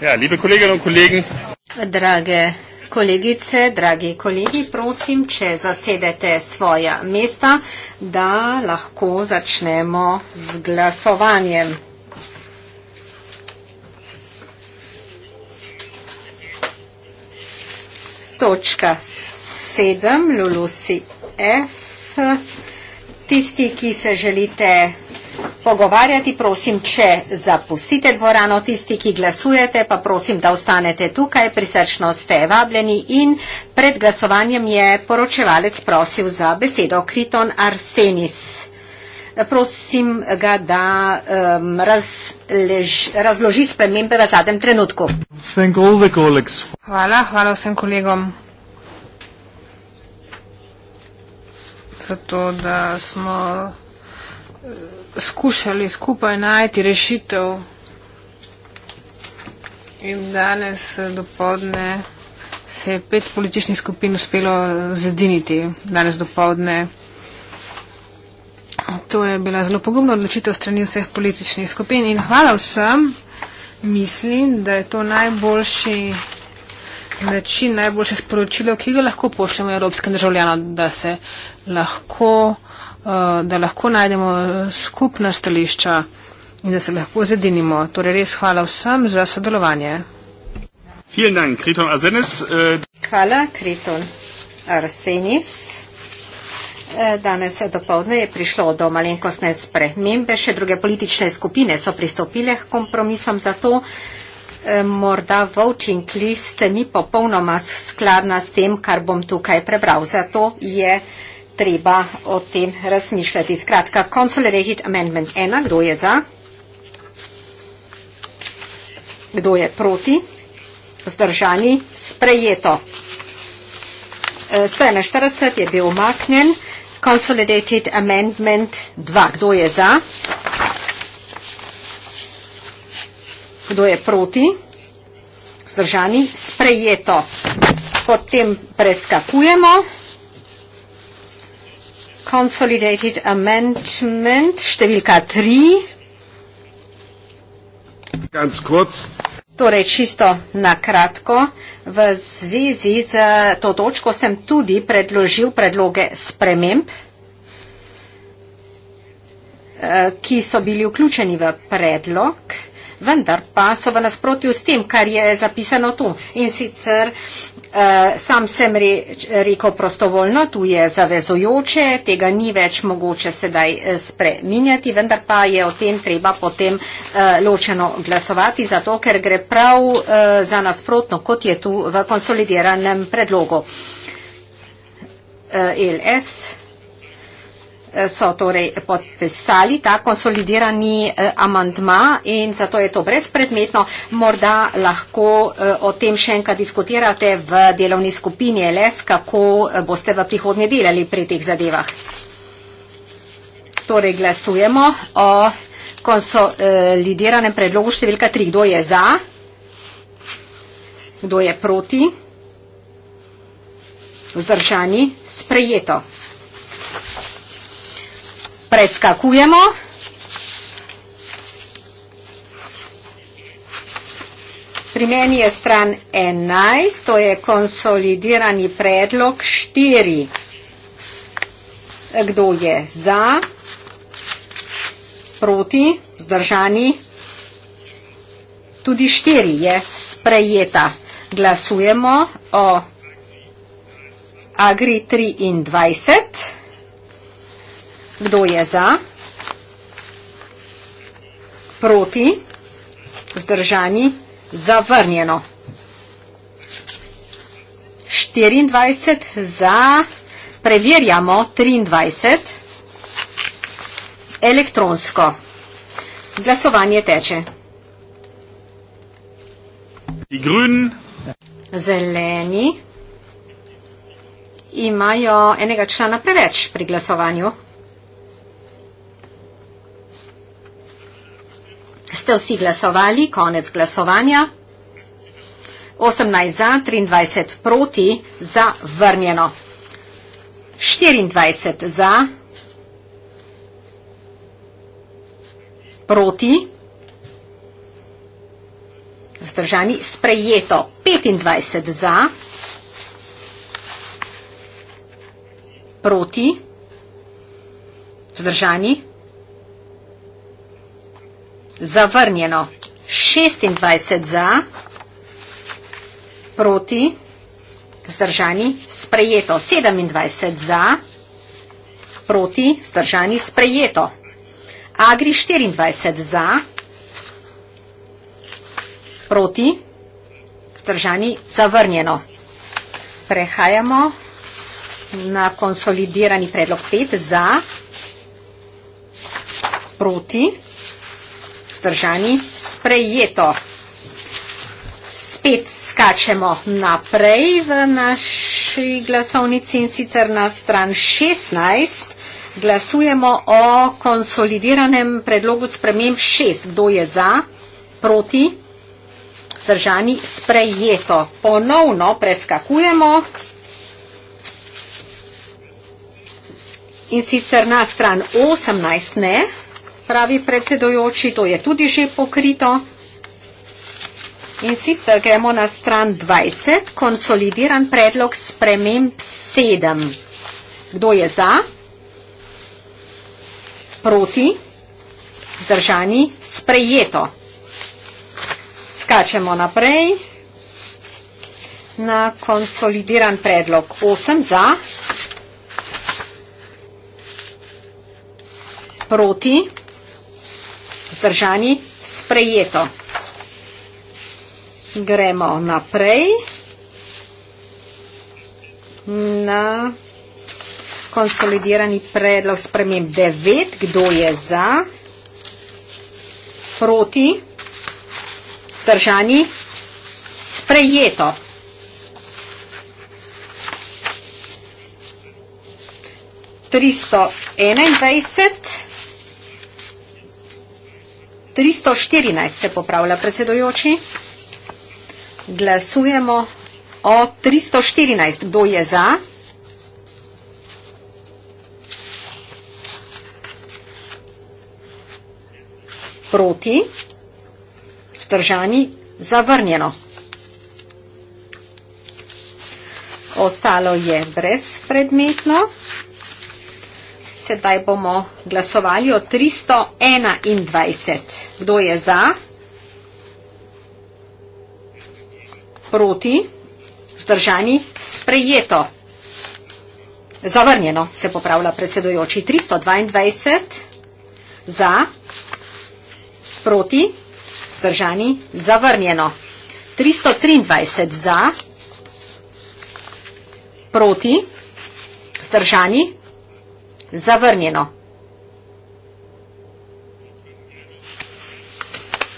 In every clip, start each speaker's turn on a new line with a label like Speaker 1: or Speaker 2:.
Speaker 1: Ja, liebe Kolleginnen und Kollegen.
Speaker 2: Drage kolegice, dragi kolegi, prosim, če zasedete svoja mesta, da lahko začnemo z glasovanjem. Točka 7, Lulusi F. Tisti, ki se želite pogovarjati. Prosim, če zapustite dvorano, tisti, ki glasujete, pa prosim, da ostanete tukaj, prisrčno ste vabljeni in pred glasovanjem je poročevalec prosil za besedo Kriton Arsenis. Prosim ga, da um, razlež, razloži spremembe v zadnjem trenutku.
Speaker 3: Hvala, hvala vsem kolegom. Zato, da smo skušali skupaj najti rešitev. In danes eh, do povdne se je pet političnih skupin uspelo zediniti. Danes do povdne. To je bila zelo pogumna odločitev strani vseh političnih skupin in hvala vsem. Mislim, da je to najboljši način, najboljše sporočilo, ki ga lahko pošljemo evropskim državljanom, da se lahko Eh, da lahko najdemo eh, skupna stališča in da se lahko zedinimo. Torej res hvala vsem za sodelovanje.
Speaker 1: Eh,
Speaker 3: hvala, Kriton Arsenis.
Speaker 2: Danes do povdne je prišlo do malenkostne spremembe, še druge politične skupine so pristopile k kompromisom za to. Morda voting list ni popolnoma skladna s tem, kar bom tukaj prebral. Zato je treba o tem razmišljati. Skratka, consolidated amendment 1, kdo je za? Kdo je proti? Zdržani? Sprejeto. 141 e, je bil omaknjen. Consolidated amendment 2, kdo je za? Kdo je proti? Zdržani? Sprejeto. Potem preskakujemo. Consolidated Amendment številka 3.
Speaker 1: Ganz kurz.
Speaker 2: Torej, čisto na kratko, v zvezi z eh, to točko sem tudi predložil predloge sprememb, eh, ki so bili vključeni v predlog vendar pa so v nasprotju s tem, kar je zapisano tu. In sicer eh, sam sem re, rekel prostovoljno, tu je zavezojoče, tega ni več mogoče sedaj eh, spreminjati, vendar pa je o tem treba potem eh, ločeno glasovati, zato ker gre prav eh, za nasprotno, kot je tu v konsolideranem predlogu. Eh, LS, so torej podpisali ta konsolidirani eh, amantma in zato je to brezpredmetno. Morda lahko eh, o tem še enkrat diskutirate v delovni skupini LS, kako eh, boste v prihodnje delali pri teh zadevah. Torej glasujemo o konsolidiranem predlogu številka 3. Kdo je za? Kdo je proti? Vzdržani? Sprejeto preskakujemo. Pri meni je stran 11, to je konsolidirani predlog 4. Kdo je za, proti, zdržani? Tudi 4 je sprejeta. Glasujemo o Agri 23. Kdo je za? Proti? Vzdržani? Zavrnjeno. 24 za. Preverjamo 23. Elektronsko. Glasovanje teče. Zeleni imajo enega člana preveč pri glasovanju. Ste vsi glasovali? Konec glasovanja. 18 za, 23 proti, zavrnjeno. 24 za, proti, vzdržani, sprejeto. 25 za, proti, vzdržani, sprejeto zavrnjeno. 26 za, proti, vzdržani, sprejeto. 27 za, proti, vzdržani, sprejeto. Agri 24 za, proti, vzdržani, zavrnjeno. Prehajamo na konsolidirani predlog 5 za, proti, vzdržani, zavrnjeno vzdržani, sprejeto. Spet skačemo naprej v naši glasovnici in sicer na stran 16. Glasujemo o konsolidiranem predlogu sprememb 6. Kdo je za? Proti? Vzdržani, sprejeto. Ponovno preskakujemo. In sicer na stran 18 ne, pravi predsedojoči, to je tudi že pokrito. In sicer gremo na stran 20, konsolidiran predlog sprememb 7. Kdo je za? Proti? Zdržani? Sprejeto. Skačemo naprej na konsolidiran predlog 8 za, proti, Zdržani, sprejeto. Gremo naprej na konsolidirani predlog sprememb 9. Kdo je za? Proti? Zdržani, sprejeto. 321. 314 se popravlja predsedojoči. Glasujemo o 314. Kdo je za? Proti? Stržani? Zavrnjeno. Ostalo je brezpredmetno sedaj bomo glasovali o 321. Kdo je za? Proti? Zdržani? Sprejeto. Zavrnjeno se popravlja predsedojoči. 322 za, proti, zdržani, zavrnjeno. 323 za, proti, zdržani, Zavrnjeno.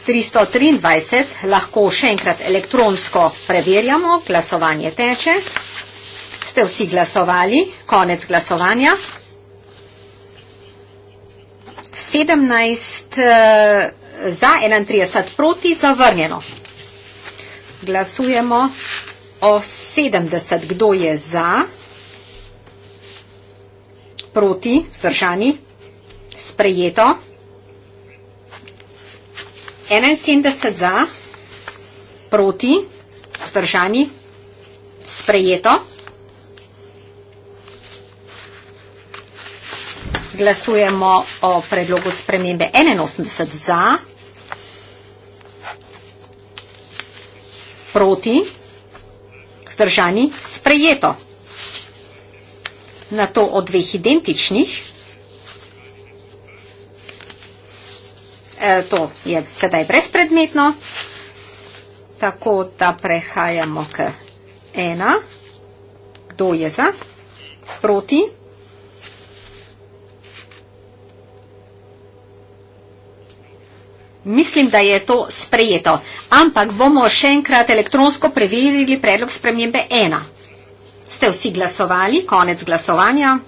Speaker 2: 323 lahko še enkrat elektronsko preverjamo, glasovanje teče. Ste vsi glasovali, konec glasovanja. 17 eh, za, 31 proti, zavrnjeno. Glasujemo o 70, kdo je za proti, vzdržani, sprejeto, 71 za, proti, vzdržani, sprejeto, glasujemo o predlogu spremembe 81 za, proti, vzdržani, sprejeto na to o dveh identičnih. E, to je sedaj brezpredmetno, tako da prehajamo k ena, kdo je za, proti. Mislim, da je to sprejeto, ampak bomo še enkrat elektronsko preverili predlog spremembe 1. Ste vsi glasovali? Konec glasovanja.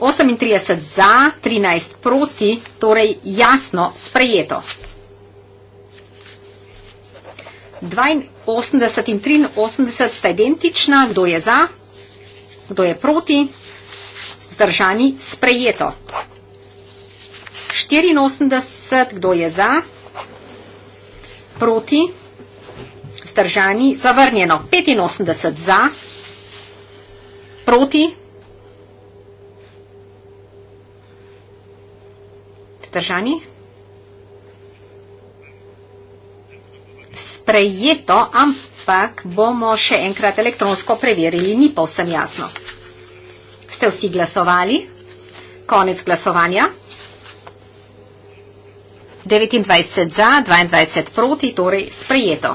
Speaker 2: 38 za, 13 proti, torej jasno sprejeto. 82 in 83 sta identična, kdo je za, kdo je proti, vzdržani sprejeto. 84, kdo je za, proti, vzdržani, zavrnjeno 85 za, proti, vzdržani, sprejeto, ampak bomo še enkrat elektronsko preverili, ni povsem jasno. Ste vsi glasovali? Konec glasovanja. 29 za, 22 proti, torej sprejeto.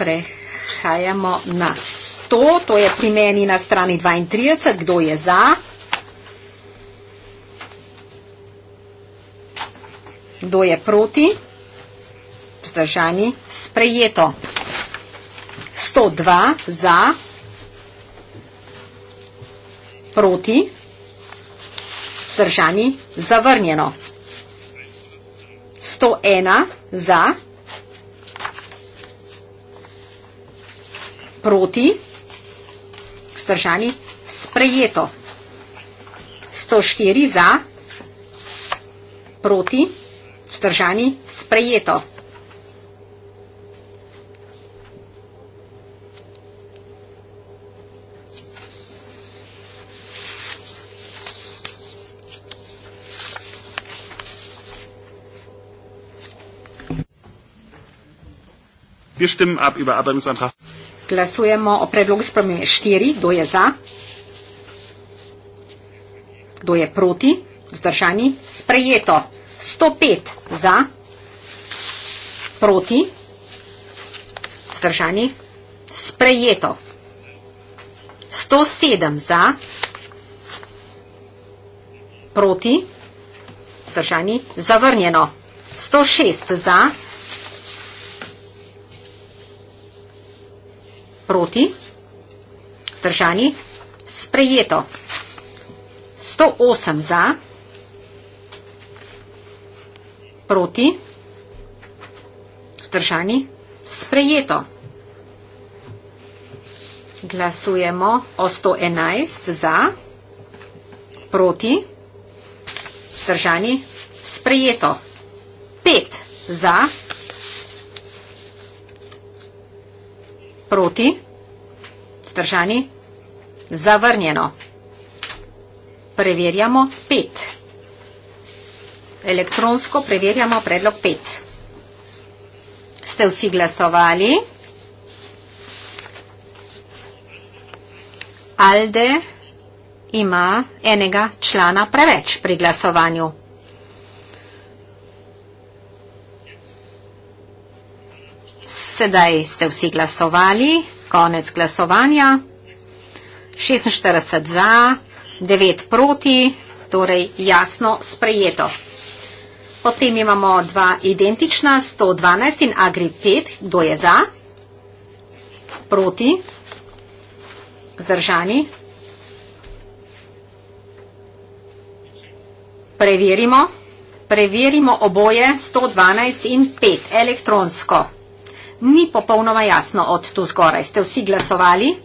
Speaker 2: prehajamo na 100, to je pri meni na strani 32, kdo je za? Kdo je proti? Zdržani, sprejeto. 102 za, proti, zdržani, zavrnjeno. 101 za, proti. proti, stržani, sprejeto. 104 za, proti, stržani, sprejeto.
Speaker 1: Wir stimmen ab über Abänderungsantrag.
Speaker 2: Glasujemo o predlogu spremembe 4. Kdo je za? Kdo je proti? Zdržani? Sprejeto. 105 za, proti, zdržani, sprejeto. 107 za, proti, zdržani, zavrnjeno. 106 za, proti. proti, vzdržani, sprejeto. 108 za, proti, vzdržani, sprejeto. Glasujemo o 111 za, proti, vzdržani, sprejeto. 5 za, proti. Proti? Zdržani? Zavrnjeno. Preverjamo pet. Elektronsko preverjamo predlog pet. Ste vsi glasovali? Alde ima enega člana preveč pri glasovanju. Sedaj ste vsi glasovali, konec glasovanja. 46 za, 9 proti, torej jasno sprejeto. Potem imamo dva identična, 112 in Agri 5, kdo je za, proti, zdržani. Preverimo, preverimo oboje 112 in 5 elektronsko ni popolnoma jasno od tu zgoraj. Ste vsi glasovali?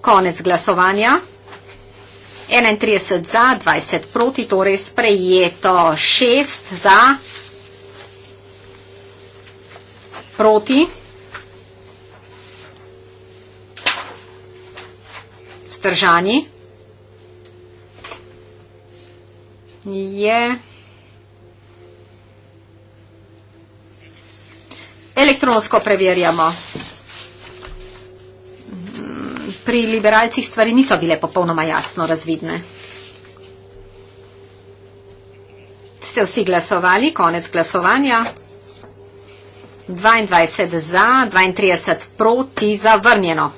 Speaker 2: Konec glasovanja. 31 za, 20 proti, torej sprejeto 6 za, proti. Vzdržani. Je. Yeah. elektronsko preverjamo. Pri liberalcih stvari niso bile popolnoma jasno razvidne. Ste vsi glasovali, konec glasovanja. 22 za, 32 proti, zavrnjeno.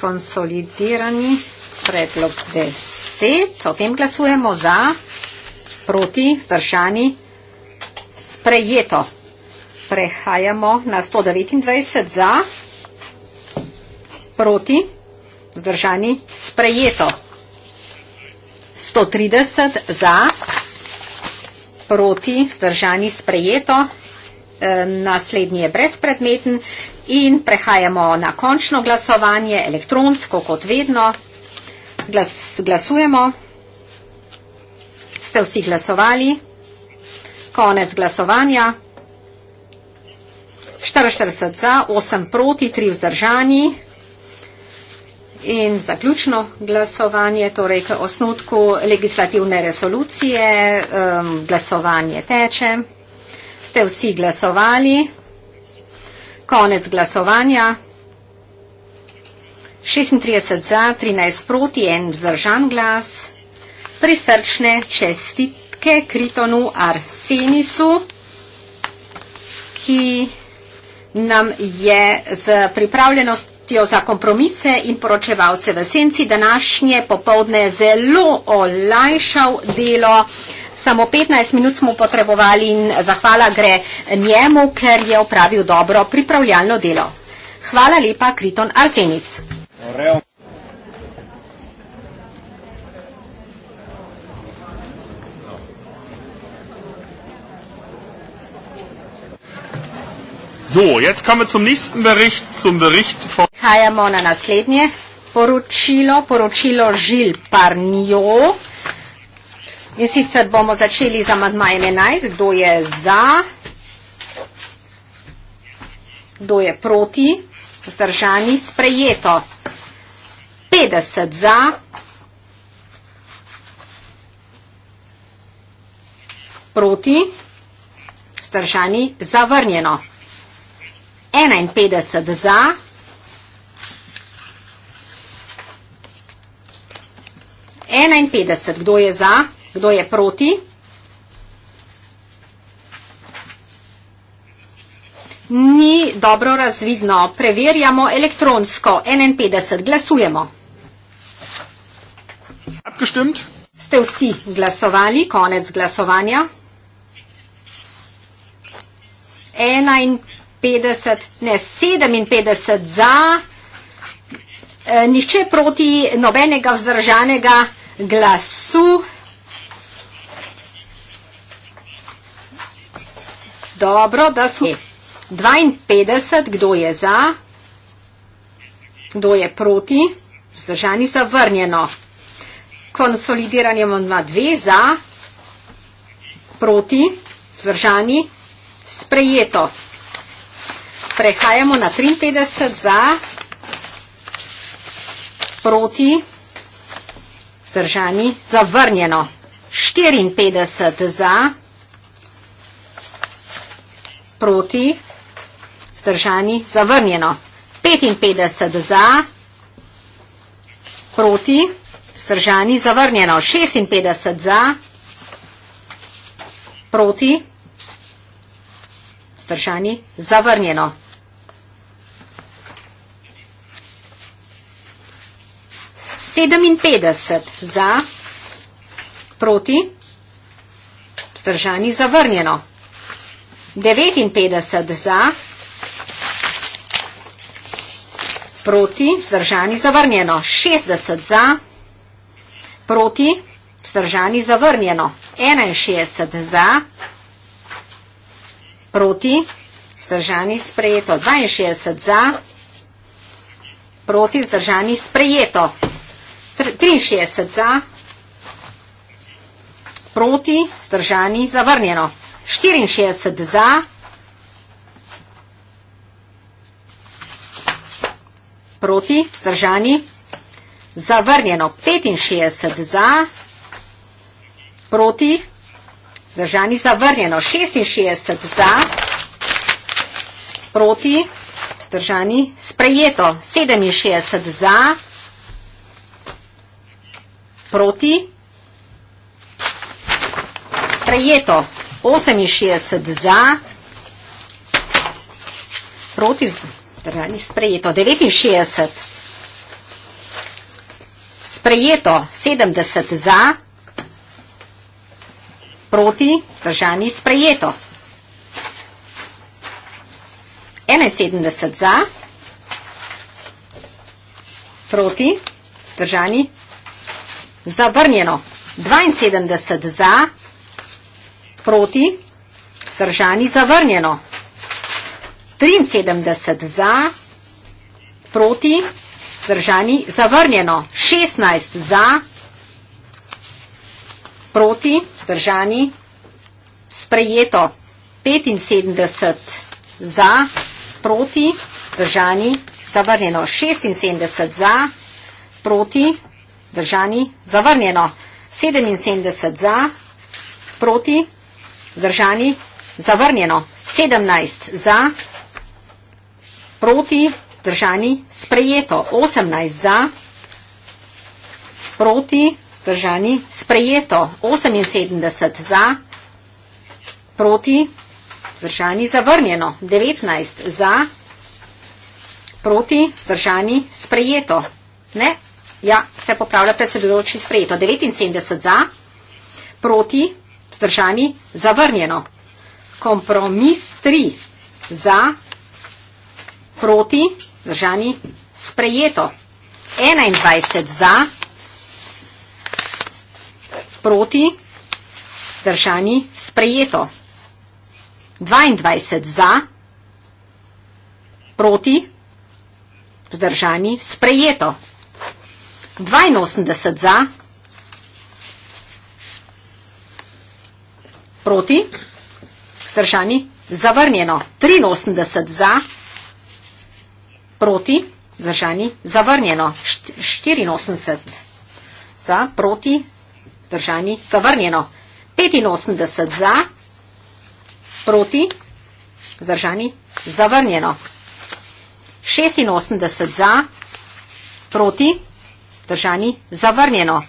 Speaker 2: Konsolidirani predlog deset, o tem glasujemo za, proti, vzdržani, sprejeto. Prehajamo na 129 za, proti, vzdržani, sprejeto. 130 za, proti, vzdržani, sprejeto. E, naslednji je brezpredmeten. In prehajamo na končno glasovanje elektronsko, kot vedno, Glas, glasujemo. Ste vsi glasovali? Konec glasovanja. 44 za, 8 proti, 3 vzdržani. In zaključno glasovanje, torej k osnutku legislativne resolucije, um, glasovanje teče. Ste vsi glasovali? Konec glasovanja. 36 za, 13 proti, en vzdržan glas. Prisrčne čestitke Kritonu Arsenisu, ki nam je z pripravljenostjo za kompromise in poročevalce v senci današnje popovdne zelo olajšal delo. Samo 15 minut smo potrebovali in zahvala gre njemu, ker je opravil dobro pripravljalno delo. Hvala lepa, Kriton Arsenis.
Speaker 1: Real. So, jetzt kommen wir zum nächsten Bericht, zum Bericht von
Speaker 2: Kaja Mona Naslednje, Poročilo, Poročilo Žil Parnio. In sicer bomo začeli z amadmajem 11, kdo je za, kdo je proti, vzdržani, sprejeto. 50 za, 1 proti, vzdržani zavrnjeno. 51 za, 51, kdo je za, kdo je proti. Ni dobro razvidno, preverjamo elektronsko, 51, glasujemo. Abgestimmt. Ste vsi glasovali? Konec glasovanja. 51, ne 57 za, e, nihče proti nobenega vzdržanega glasu. Dobro, da smo. 52, kdo je za, kdo je proti, vzdržani zavrnjeno konsolidiranjem odma dve za, proti, vzdržani, sprejeto. Prehajamo na 53 za, proti, vzdržani, zavrnjeno. 54 za, proti, vzdržani, zavrnjeno. 55 za, proti, vzdržani, zavrnjeno. Vzdržani zavrnjeno. 56 za. Proti. Vzdržani zavrnjeno. Sedeminpetdeset za, proti, vzdržani zavrnjeno. Devetinpetdeset za, proti, vzdržani zavrnjeno. Šestdeset za proti, vzdržani zavrnjeno. 61 za, proti, vzdržani sprejeto. 62 za, proti, vzdržani sprejeto. 63 za, proti, vzdržani zavrnjeno. 64 za, proti, vzdržani zavrnjeno zavrnjeno 65 za, proti, zdržani zavrnjeno 66 za, proti, zdržani sprejeto 67 za, proti, sprejeto 68 za, proti, zdržani sprejeto 69 za sprejeto 70 za, proti držani sprejeto. 71 za, proti držani zavrnjeno. 72 za, proti držani zavrnjeno. 73 za, proti držani zavrnjeno. Vzdržani zavrnjeno. 16 za, proti, vzdržani sprejeto. 75 za, proti, vzdržani zavrnjeno. 76 za, proti, vzdržani zavrnjeno. 77 za, proti, vzdržani zavrnjeno. 17 za, proti, vzdržani, sprejeto 18 za, proti vzdržani, sprejeto 78 za, proti vzdržani, zavrnjeno 19 za, proti vzdržani, sprejeto. Ne? Ja, se popravlja predsedujoči sprejeto. 79 za, proti vzdržani, zavrnjeno. Kompromis 3 za, proti Vzdržani. Sprejeto. 21 za. Proti. Vzdržani. Sprejeto. 22 za. Proti. Vzdržani. Sprejeto. 82 za. Proti. Vzdržani. Zavrnjeno. 83 za. Proti proti, držani, zavrnjeno, 84 za, proti, držani, zavrnjeno, 85 za, proti, držani, zavrnjeno, 86 za, proti, držani, zavrnjeno,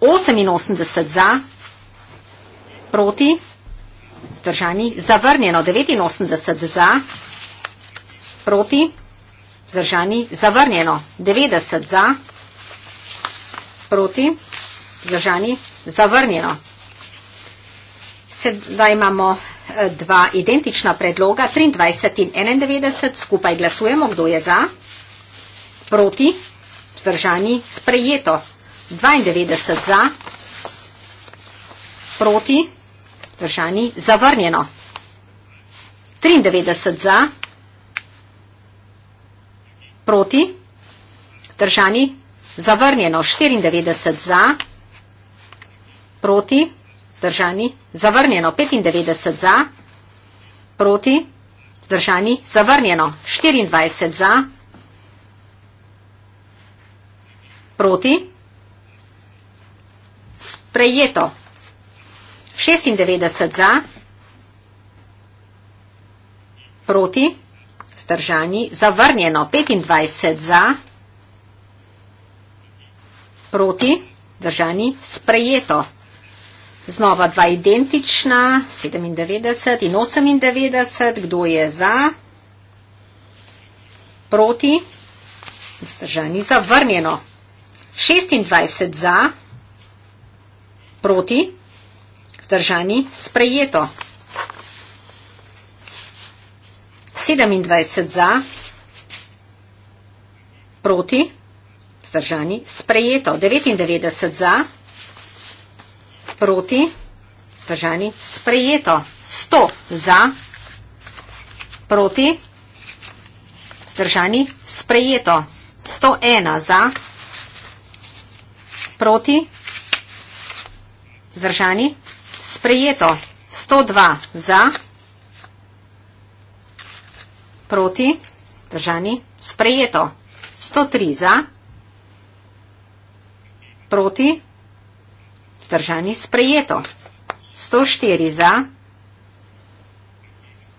Speaker 2: 88 za, proti, držani, zavrnjeno, 89 za, proti, držani, zavrnjeno, Zdržani zavrnjeno. 90 za, proti, zdržani zavrnjeno. Sedaj imamo eh, dva identična predloga, 23 in 91, skupaj glasujemo, kdo je za, proti, zdržani sprejeto. 92 za, proti, zdržani zavrnjeno. 93 za, proti, zdržani zavrnjeno proti, držani, zavrnjeno 94 za, proti, držani, zavrnjeno 95 za, proti, držani, zavrnjeno 24 za, proti, sprejeto 96 za, proti, Vzdržani, zavrnjeno 25 za, proti, vzdržani, sprejeto. Znova dva identična, 97 in 98, kdo je za, proti, vzdržani, zavrnjeno. 26 za, proti, vzdržani, sprejeto. 27 za, proti, zdržani, sprejeto. 99 za, proti, zdržani, sprejeto. 100 za, proti, zdržani, sprejeto. 101 za, proti, zdržani, sprejeto. 102 za, proti, zdržani, sprejeto. Proti. Držani. Sprejeto. 103 za. Proti. Zdržani. Sprejeto. 104 za.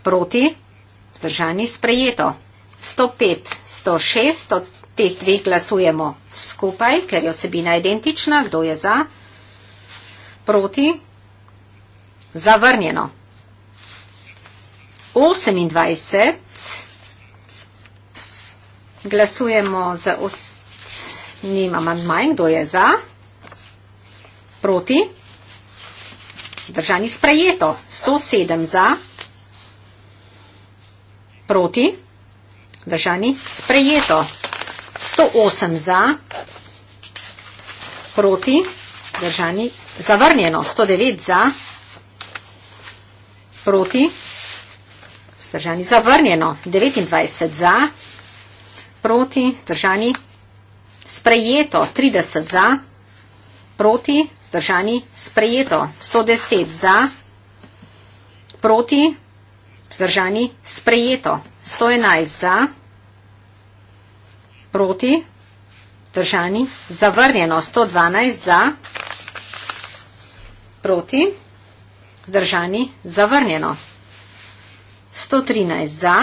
Speaker 2: Proti. Zdržani. Sprejeto. 105, 106, od teh dveh glasujemo skupaj, ker je osebina identična, kdo je za, proti, zavrnjeno. 28, Glasujemo za ustni amandmaj. Kdo je za? Proti? Držani sprejeto. 107 za. Proti? Držani sprejeto. 108 za. Proti? Držani zavrnjeno. 109 za. Proti? Zdržani zavrnjeno. 29 za proti, zdržani, sprejeto, 30 za, proti, zdržani, sprejeto, 110 za, proti, zdržani, sprejeto, 111 za, proti, zdržani, zavrnjeno, 112 za, proti, zdržani, zavrnjeno, 113 za,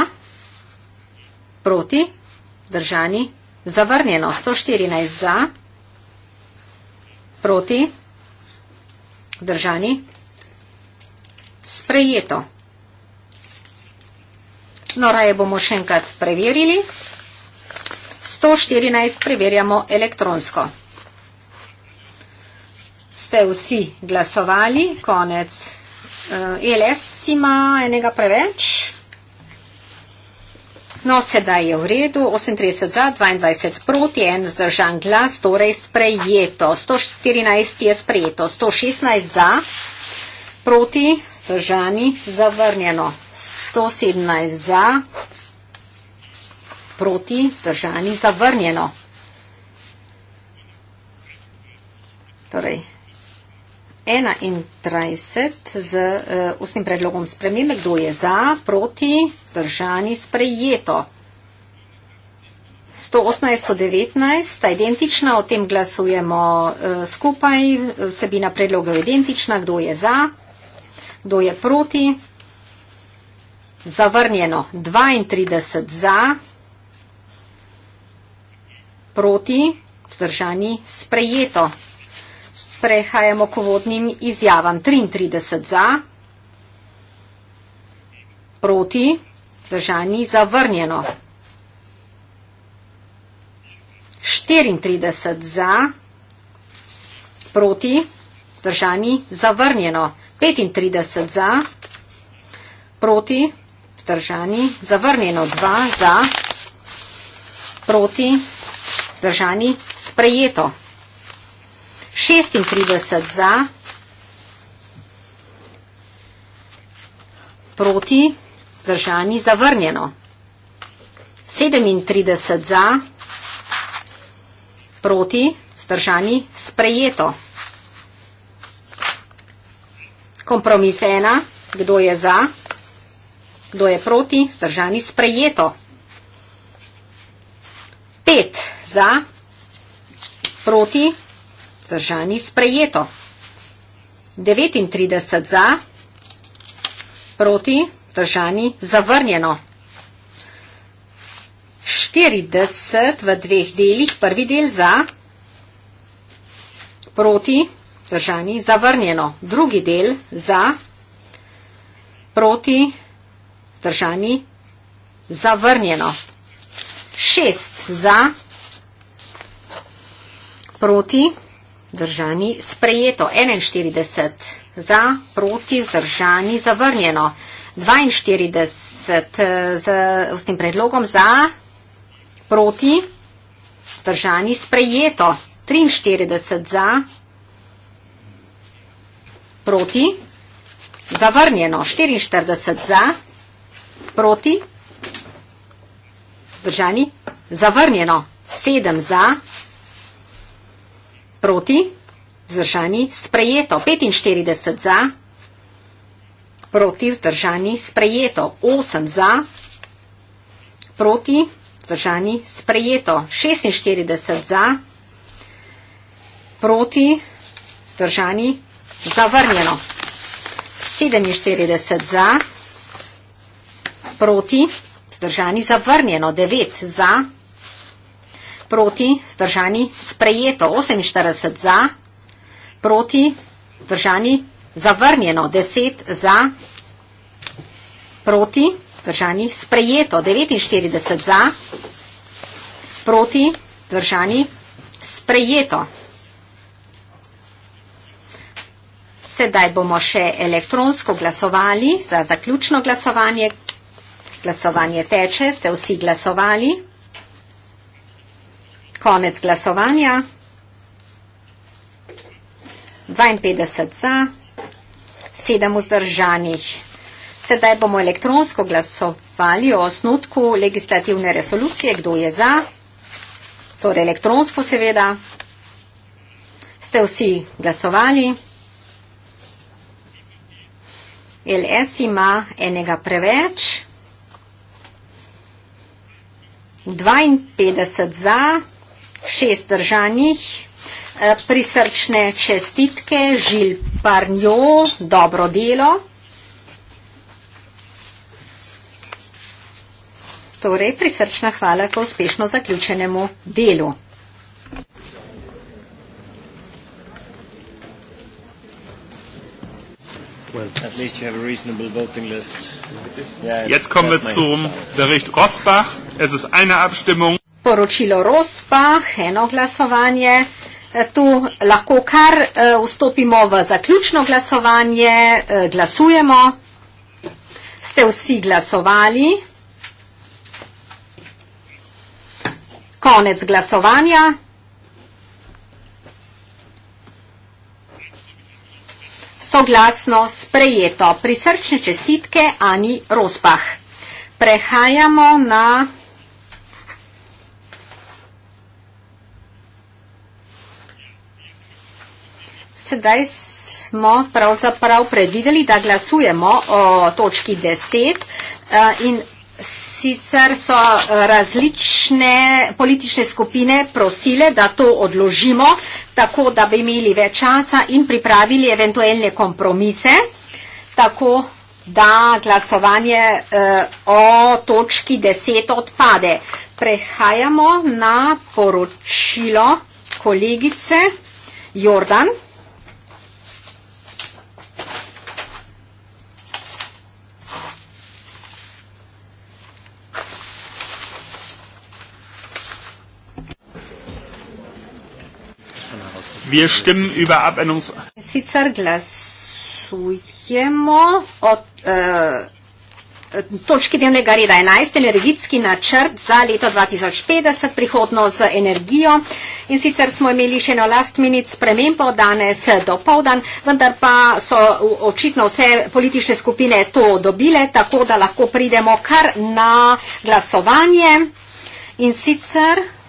Speaker 2: proti, zdržani, vzdržani. Zavrnjeno 114 za, proti, vzdržani, sprejeto. No, raje bomo še enkrat preverili. 114 preverjamo elektronsko. Ste vsi glasovali, konec. ELS eh, e ima enega preveč. No, sedaj je v redu. 38 za, 22 proti, en zdržan glas, torej sprejeto. 114 je sprejeto. 116 za, proti, zdržani, zavrnjeno. 117 za, proti, zdržani, zavrnjeno. Torej, 21 z uh, ustnim predlogom spremembe, kdo je za, proti, držani, sprejeto. 118, 119 sta identična, o tem glasujemo uh, skupaj, vsebina predloga je identična, kdo je za, kdo je proti. Zavrnjeno 32 za, proti, zdržani, sprejeto. Prehajamo k vodnim izjavam. 33 za, proti, zdržani, zavrnjeno. 34 za, proti, zdržani, zavrnjeno. 35 za, proti, zdržani, zavrnjeno. 2 za, proti, zdržani, sprejeto. 36 za, proti, zdržani, zavrnjeno. 37 za, proti, zdržani, sprejeto. Kompromis ena, kdo je za, kdo je proti, zdržani, sprejeto. 5 za, proti, zdržani vzdržani sprejeto. 39 za, proti, vzdržani zavrnjeno. 40 v dveh delih, prvi del za, proti, vzdržani zavrnjeno. Drugi del za, proti, vzdržani zavrnjeno. 6 za, proti, vzdržani zavrnjeno. Zdržani, sprejeto 41 za, proti, zdržani, zavrnjeno 42 z, s tem predlogom za, proti, zdržani, sprejeto 43 za, proti, zavrnjeno 44 za, proti, zdržani, zavrnjeno 7 za, proti, vzdržani, sprejeto, 45 za, proti, vzdržani, sprejeto, 8 za, proti, vzdržani, sprejeto, 46 za, proti, vzdržani, zavrnjeno, 47 za, proti, vzdržani, zavrnjeno, 9 za, proti, proti, vzdržani, sprejeto 48 za, proti, vzdržani, zavrnjeno 10 za, proti, vzdržani, sprejeto 49 za, proti, vzdržani, sprejeto. Sedaj bomo še elektronsko glasovali za zaključno glasovanje. Glasovanje teče, ste vsi glasovali konec glasovanja. 52 za, 7 vzdržanih. Sedaj bomo elektronsko glasovali o osnutku legislativne resolucije. Kdo je za? Torej elektronsko seveda. Ste vsi glasovali? LS ima enega preveč. 52 za, šest držanjih. Eh, prisrčne čestitke, žil parnjo, dobro delo. Torej, prisrčna hvala k uspešno zaključenemu delu.
Speaker 4: Well, yeah, Jetzt kommen wir zum
Speaker 1: Bericht Rosbach. Es ist eine Abstimmung poročilo
Speaker 2: Rospa, eno glasovanje. E, tu lahko kar e, vstopimo v zaključno glasovanje. E, glasujemo. Ste vsi glasovali? Konec glasovanja. Soglasno sprejeto. Prisrčne čestitke Ani Rospah. Prehajamo na sedaj smo pravzaprav predvideli, da glasujemo o točki 10 eh, in sicer so eh, različne politične skupine prosile, da to odložimo, tako da bi imeli več časa in pripravili eventualne kompromise, tako da glasovanje eh, o točki 10 odpade. Prehajamo na poročilo kolegice Jordan.
Speaker 1: Wir stimmen über Abänderungs...
Speaker 2: Sicer glasujemo o eh, točki dnevnega reda 11, energetski načrt za leto 2050, prihodno z energijo. In sicer smo imeli še eno last minute spremembo danes eh, do povdan, vendar pa so očitno vse politične skupine to dobile, tako da lahko pridemo kar na glasovanje. In sicer...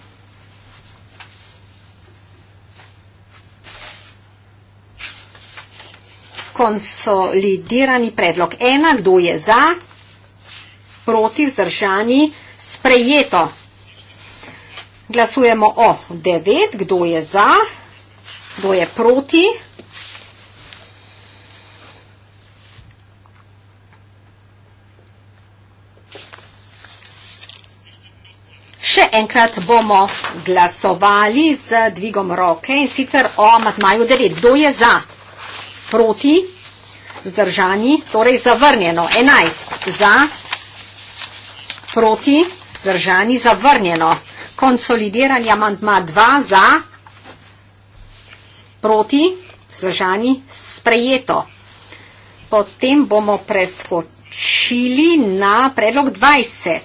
Speaker 2: konsolidirani predlog. Ena, kdo je za, proti, zdržani, sprejeto. Glasujemo o devet, kdo je za, kdo je proti. Še enkrat bomo glasovali z dvigom roke in sicer o Matmaju 9. Kdo je za? proti, zdržani, torej zavrnjeno. 11 za, proti, zdržani, zavrnjeno. Konsolidiranje amantma 2 za, proti, zdržani, sprejeto. Potem bomo preskočili na predlog 20.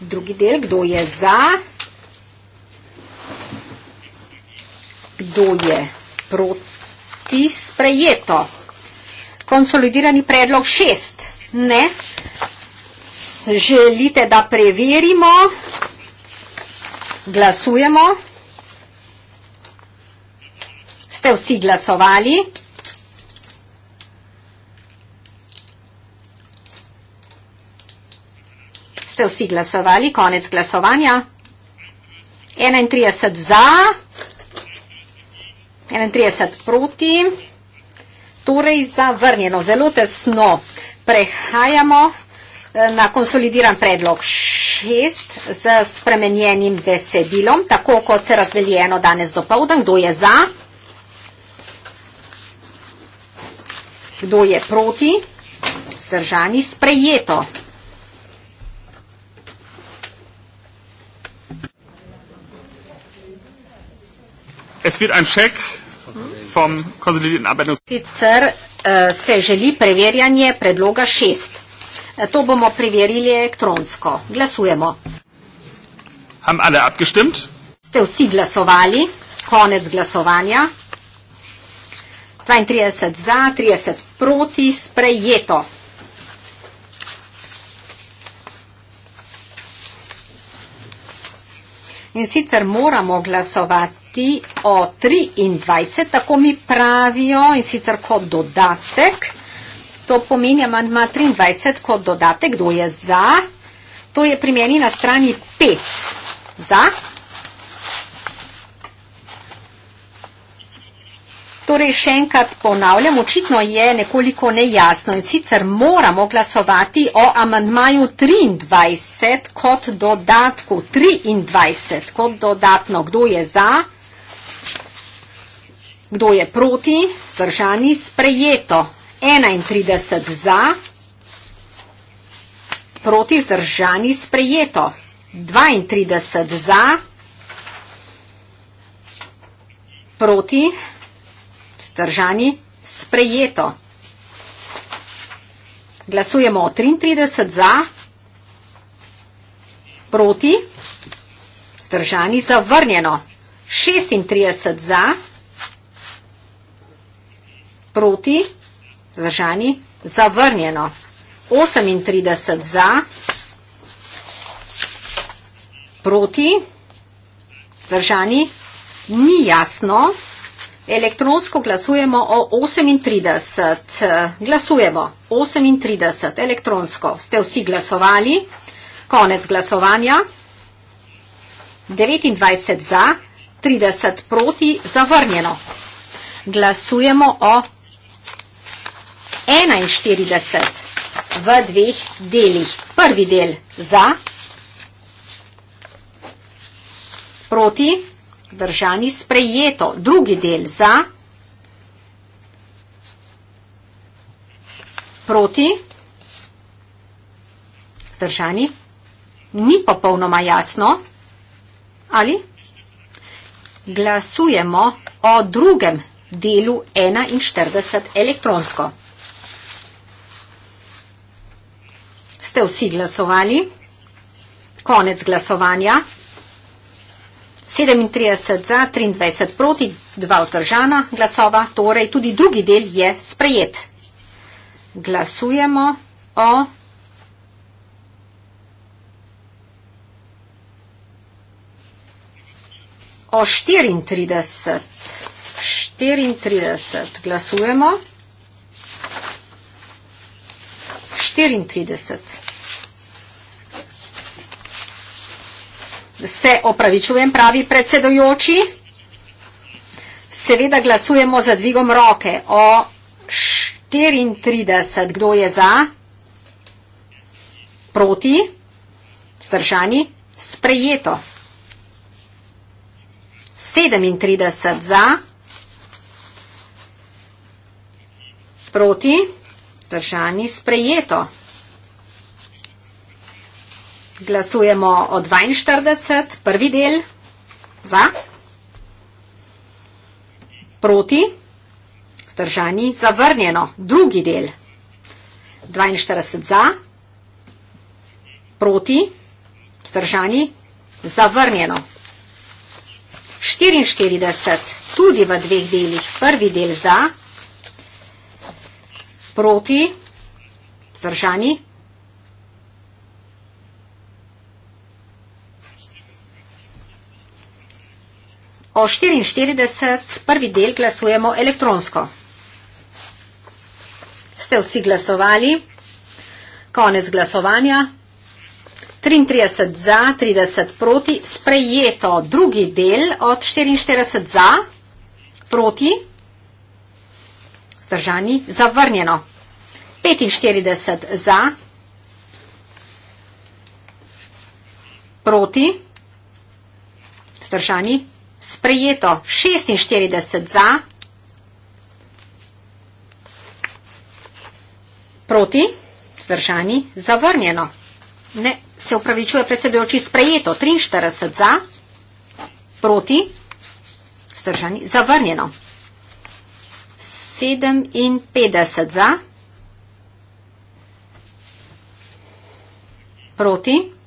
Speaker 2: Drugi del, kdo je za, kdo je proti biti sprejeto. Konsolidirani predlog šest. Ne. Želite, da preverimo? Glasujemo. Ste vsi glasovali? Ste vsi glasovali? Konec glasovanja. 31 za. 31 proti, torej zavrnjeno, zelo tesno. Prehajamo eh, na konsolidiran predlog 6 z spremenjenim besedilom, tako kot razdeljeno danes do povdan. Kdo je za? Kdo je proti? Zdržani sprejeto.
Speaker 1: Es wird ein Scheck vom konsolidierten
Speaker 2: Abrechnungssicher. Eh, se želi preverjanje predloga 6. Eh, to bomo preverili elektronsko. Glasujemo.
Speaker 1: Haben alle abgestimmt?
Speaker 2: Ste vsi glasovali? Konec glasovanja. 32 za, 30 proti, sprejeto. In sicer moramo glasovati ti o 23, tako mi pravijo in sicer kot dodatek. To pomeni amandma 23 kot dodatek, kdo je za. To je pri meni na strani 5. Za. Torej, še enkrat ponavljam, očitno je nekoliko nejasno in sicer moramo glasovati o amandmaju 23 kot dodatku. 23 kot dodatno. Kdo je za? Kdo je proti? Vzdržani sprejeto. 31 za, proti vzdržani sprejeto. 32 za, proti vzdržani sprejeto. Glasujemo 33 za, proti vzdržani zavrnjeno. 36 za, proti vzdržani zavrnjeno proti, zdržani, zavrnjeno. 38 za, proti, zdržani, ni jasno. Elektronsko glasujemo o 38. Glasujemo 38 elektronsko. Ste vsi glasovali? Konec glasovanja. 29 za, 30 proti, zavrnjeno. Glasujemo o 41 v dveh delih. Prvi del za, proti, držani sprejeto. Drugi del za, proti, držani, ni popolnoma jasno, ali glasujemo o drugem delu 41 elektronsko. ste vsi glasovali. Konec glasovanja. 37 za, 23 proti, dva vzdržana glasova, torej tudi drugi del je sprejet. Glasujemo o o 34. 34 glasujemo. 34. se opravičujem, pravi predsedojoči. Seveda glasujemo za dvigom roke o 34. Kdo je za? Proti? Zdržani? Sprejeto. 37 za? Proti? Zdržani? Sprejeto. Glasujemo o 42, prvi del. Za? Proti? Zdržani? Zavrnjeno. Drugi del. 42 za? Proti? Zdržani? Zavrnjeno. 44, tudi v dveh delih. Prvi del za? Proti? Zdržani? Zavrnjeno. O 44. prvi del glasujemo elektronsko. Ste vsi glasovali? Konec glasovanja. 33 za, 30 proti. Sprejeto drugi del od 44 za, proti. Zdržani, zavrnjeno. 45 za, proti. Zdržani, sprejeto 46 za, proti, zdržani, zavrnjeno. Ne, se upravičuje predsedujoči sprejeto 43 za, proti, zdržani, zavrnjeno. 57 za, proti, zdržani, zavrnjeno.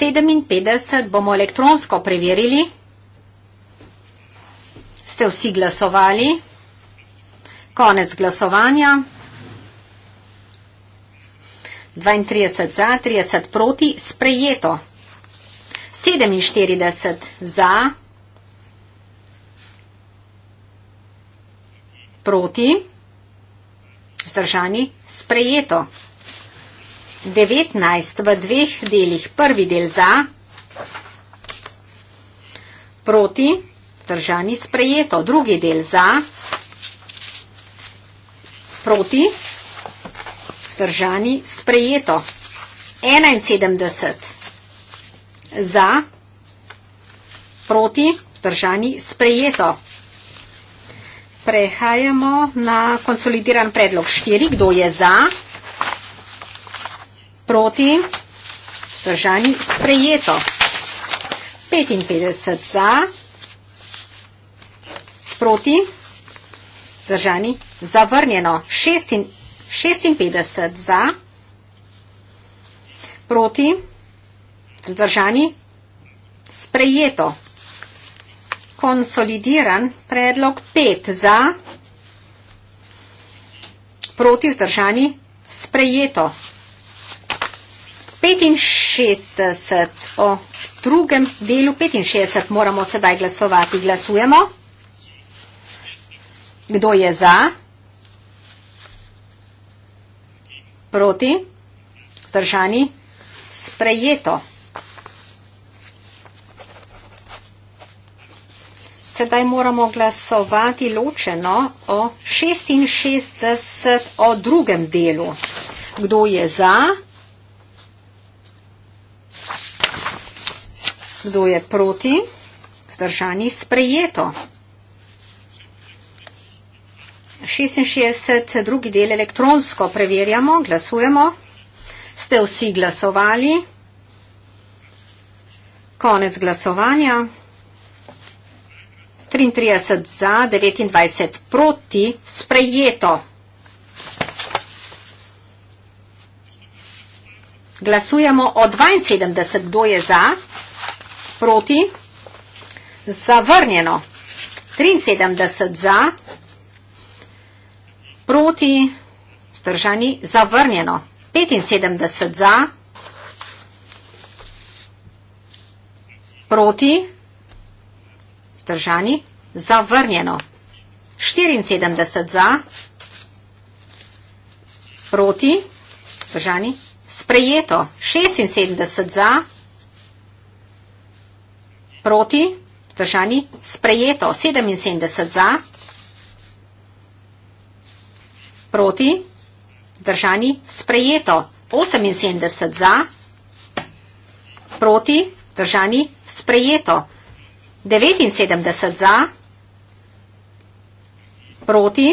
Speaker 2: 57 bomo elektronsko preverili. Ste vsi glasovali? Konec glasovanja. 32 za, 30 proti, sprejeto. 47 za, proti, zdržani, sprejeto. 19 v dveh delih. Prvi del za, proti, držani sprejeto. Drugi del za, proti, držani sprejeto. 71 za, proti, držani sprejeto. Prehajamo na konsolidiran predlog 4. Kdo je za? proti, vzdržani, sprejeto. 55 za, proti, vzdržani, zavrnjeno. 56 za, proti, vzdržani, sprejeto. Konsolidiran predlog 5 za, proti, vzdržani, sprejeto. 65, o drugem delu 65 moramo sedaj glasovati. Glasujemo. Kdo je za? Proti? Zdržani? Sprejeto. Sedaj moramo glasovati ločeno o 66 o drugem delu. Kdo je za? Kdo je proti? Zdržani sprejeto. 66. drugi del elektronsko preverjamo, glasujemo. Ste vsi glasovali? Konec glasovanja. 33 za, 29 proti, sprejeto. Glasujemo o 72, kdo je za proti, zavrnjeno 73 za, proti, vzdržani, zavrnjeno 75 za, proti, vzdržani, zavrnjeno 74 za, proti, vzdržani, sprejeto 76 za, proti, proti, držani, sprejeto 77 za, proti, držani, sprejeto 78 za, proti, držani, sprejeto 79 za, proti,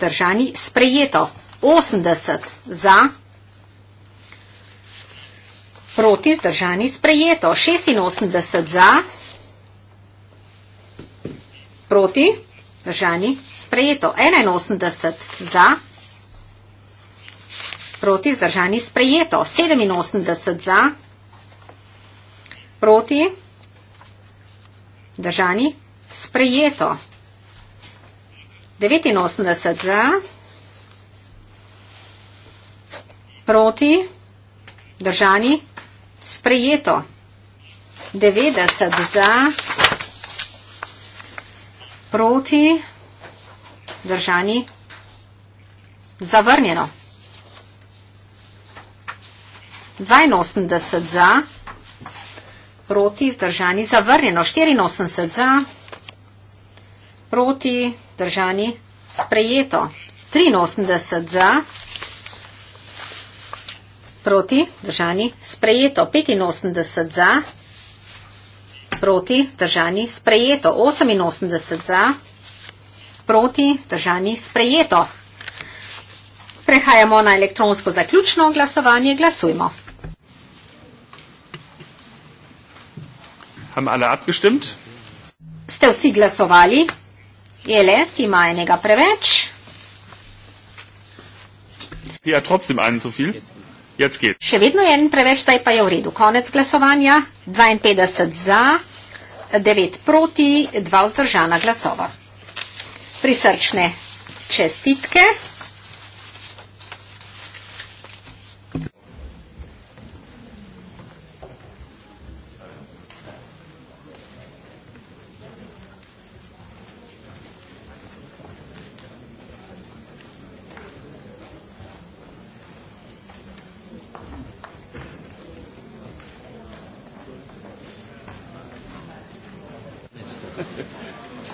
Speaker 2: držani, sprejeto 80 za, proti, držani, sprejeto 80 za, proti zdržani sprejeto, 86 za, proti zdržani sprejeto, 81 za, proti zdržani sprejeto, 87 za, proti zdržani sprejeto, 89 za, proti Držani sprejeto. 90 za, proti, držani, zavrnjeno. 82 za, proti, držani, zavrnjeno. 84 za, proti, držani, sprejeto. 83 za, proti, držani, zavrnjeno proti, držani, sprejeto, 85 za, proti, držani, sprejeto, 88 za, proti, držani, sprejeto. Prehajamo na elektronsko zaključno glasovanje, glasujmo.
Speaker 1: Haben alle abgestimmt?
Speaker 2: Ste vsi glasovali? ELS ima enega preveč.
Speaker 1: Ja, trotzdem einen zu viel. Jetzt. Jacki. Še
Speaker 2: vedno je en preveč, taj pa je v redu. Konec glasovanja, 52 za, 9 proti, 2 vzdržana glasova. Prisrčne čestitke.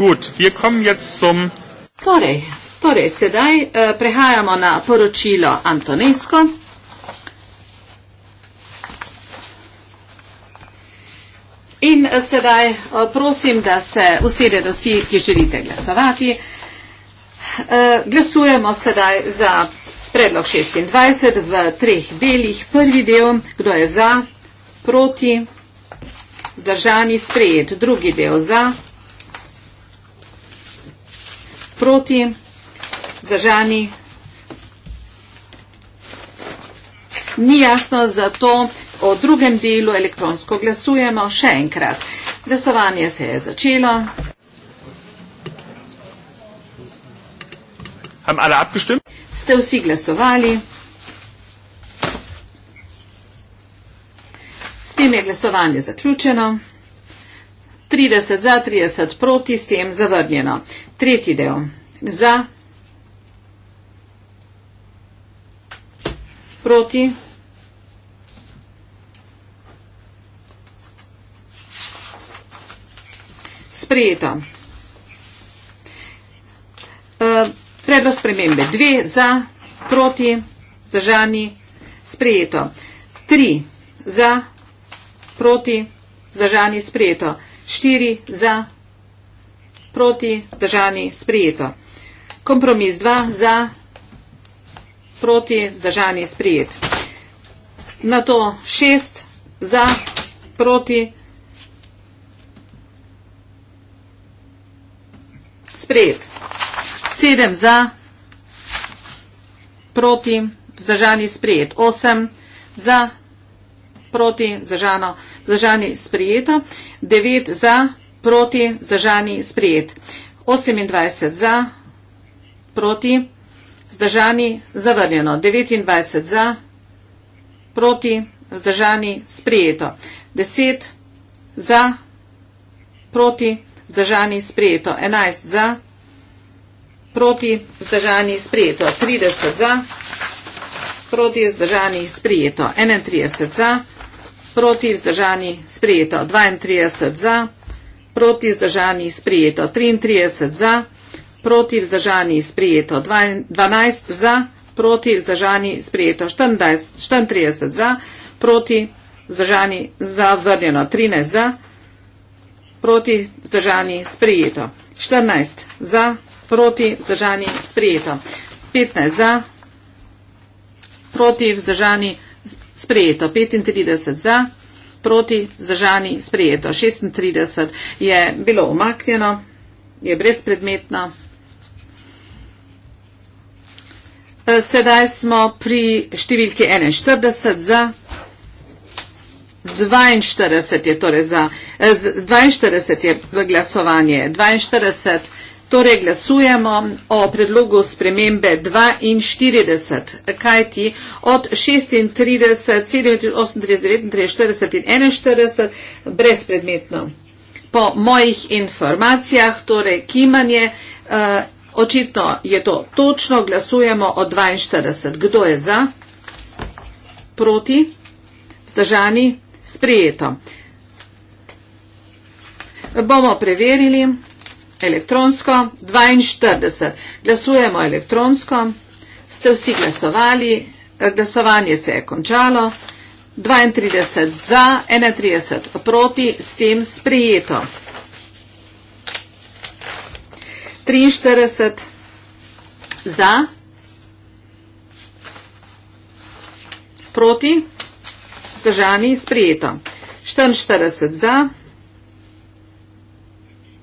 Speaker 1: Gut, wir kommen jetzt zum.
Speaker 4: Torej, torej sedaj eh, prehajamo na poročilo Antonesko. In eh, sedaj eh, prosim, da se usedete vsi, ki želite glasovati. Eh, glasujemo sedaj za predlog 26 v treh delih. Prvi del, kdo je za, proti, zdržani, sprejet. Drugi del za, proti, zažani. Ni jasno, zato o drugem delu elektronsko glasujemo še enkrat. Glasovanje se je začelo. Ste vsi glasovali? S tem je glasovanje zaključeno. 30 za, 30 proti, s tem zavrnjeno. Tretji del. Za, proti, sprejeto. E, predlog spremembe. Dve za, proti, zdržani, sprejeto. Tri za, proti, zdržani, sprejeto. 4 za, proti, vzdržani, sprijeto. Kompromis 2 za, proti, vzdržani, sprijet. Na to 6 za, proti, sprijet. 7 za, proti, vzdržani, sprijet. 8 za, proti, vzdržano, sprijet zdržani sprejeto, 9 za, proti, zdržani sprejet, 28 za, proti, zdržani zavrnjeno, 29 za, proti, zdržani sprejeto, 10 za, proti, zdržani sprejeto, 11 za, proti, zdržani sprejeto, 30 za, proti, zdržani sprejeto, 31 za, proti, zdržani sprejeto, proti vzdržani sprejeto 32 za, proti vzdržani sprejeto 33 za, proti vzdržani sprejeto 12 za, proti vzdržani sprejeto 34 za, proti vzdržani zavrnjeno 13 za, proti vzdržani sprejeto 14 za, proti vzdržani sprejeto 15 za, proti vzdržani sprejeto sprejeto 35 za, proti zdržani sprejeto 36 je bilo omaknjeno, je brezpredmetno. Eh, sedaj smo pri številki 41 za, 42 je torej za, 42 eh, je glasovanje, 42 je Torej glasujemo o predlogu spremembe 42, kajti od 36, 37, 38, 39, 40 in 41 brezpredmetno. Po mojih informacijah, torej kimanje, eh, očitno je to točno, glasujemo o 42. Kdo je za? Proti? Zdržani? Sprejeto. Bomo preverili elektronsko 42. Glasujemo elektronsko. Ste vsi glasovali, eh, glasovanje se je končalo. 32 za, 31 proti, s tem sprejeto. 43 za, proti, zdržani, sprejeto. 44 za, 31 proti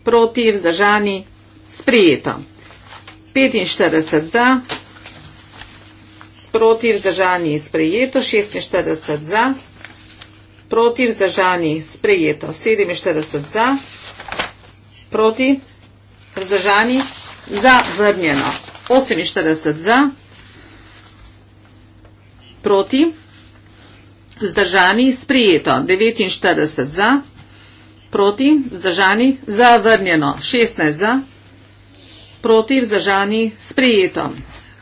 Speaker 4: proti, vzdržani, sprijeto. 45 za, proti, vzdržani, sprijeto, 46 za, proti, vzdržani, sprijeto, 47 za, proti, vzdržani, zavrnjeno, 48 za, proti, vzdržani, sprijeto, 49 za, proti, vzdržani, sprijeto, Proti, vzdržani, zavrnjeno. 16 za, proti, vzdržani, sprijeto.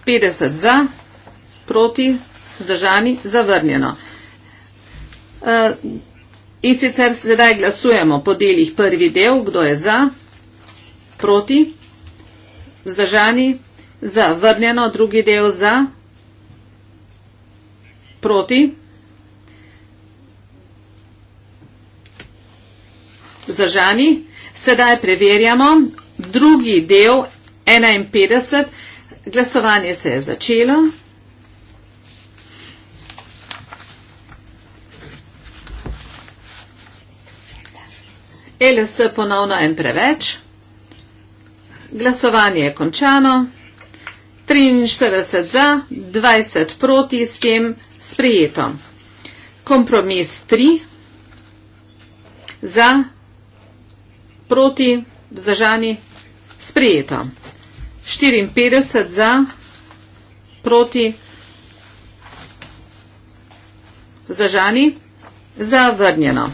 Speaker 4: 50 za, proti, vzdržani, zavrnjeno. E, in sicer sedaj glasujemo po delih prvi del, kdo je za, proti, vzdržani, zavrnjeno, drugi del za, proti, vzdržani. vzdržani. Sedaj preverjamo drugi del 51. Glasovanje se je začelo. LS ponovno en preveč. Glasovanje je končano. 43 za, 20 proti s tem sprejeto. Kompromis 3 za proti, vzdržani, sprejeto. 54 za, proti, vzdržani, zavrnjeno.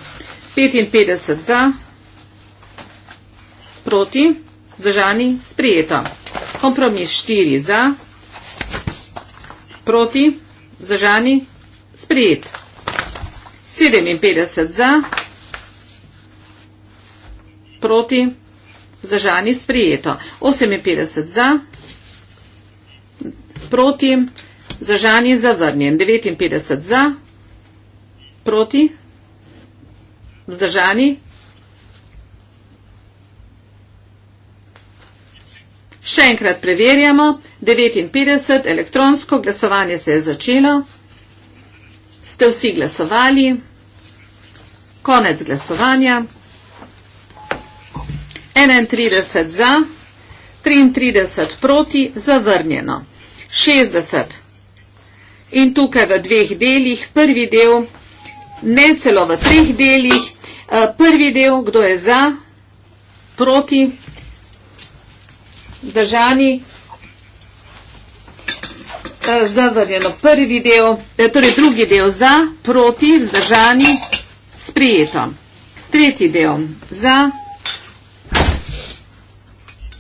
Speaker 4: 55 za, proti, vzdržani, sprejeto. Kompromis 4 za, proti, vzdržani, sprejet. 57 za, proti, vzdržani, sprejeto proti, vzdržani sprijeto. 58 za, proti, vzdržani zavrnjen. 59 za, proti, vzdržani 59. Še enkrat preverjamo. 59, elektronsko glasovanje se je začelo. Ste vsi glasovali? Konec glasovanja. 31 za, 33 proti, zavrnjeno. 60. In tukaj v dveh delih, prvi del, ne celo v treh delih, eh, prvi del, kdo je za, proti, držani, eh, zavrnjeno. Prvi del, eh, torej drugi del za, proti, vzdržani, sprijeto. Tretji del za, proti,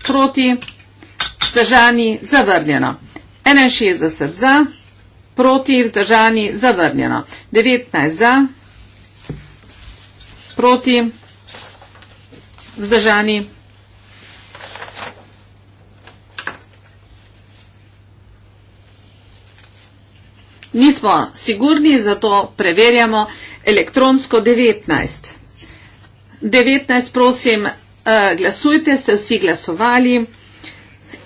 Speaker 4: proti, vzdržani, zavrnjeno. 61 za, proti, vzdržani, zavrnjeno. 19 za, proti, vzdržani, Nismo sigurni, zato preverjamo elektronsko 19. 19, prosim, uh, glasujte, ste vsi glasovali.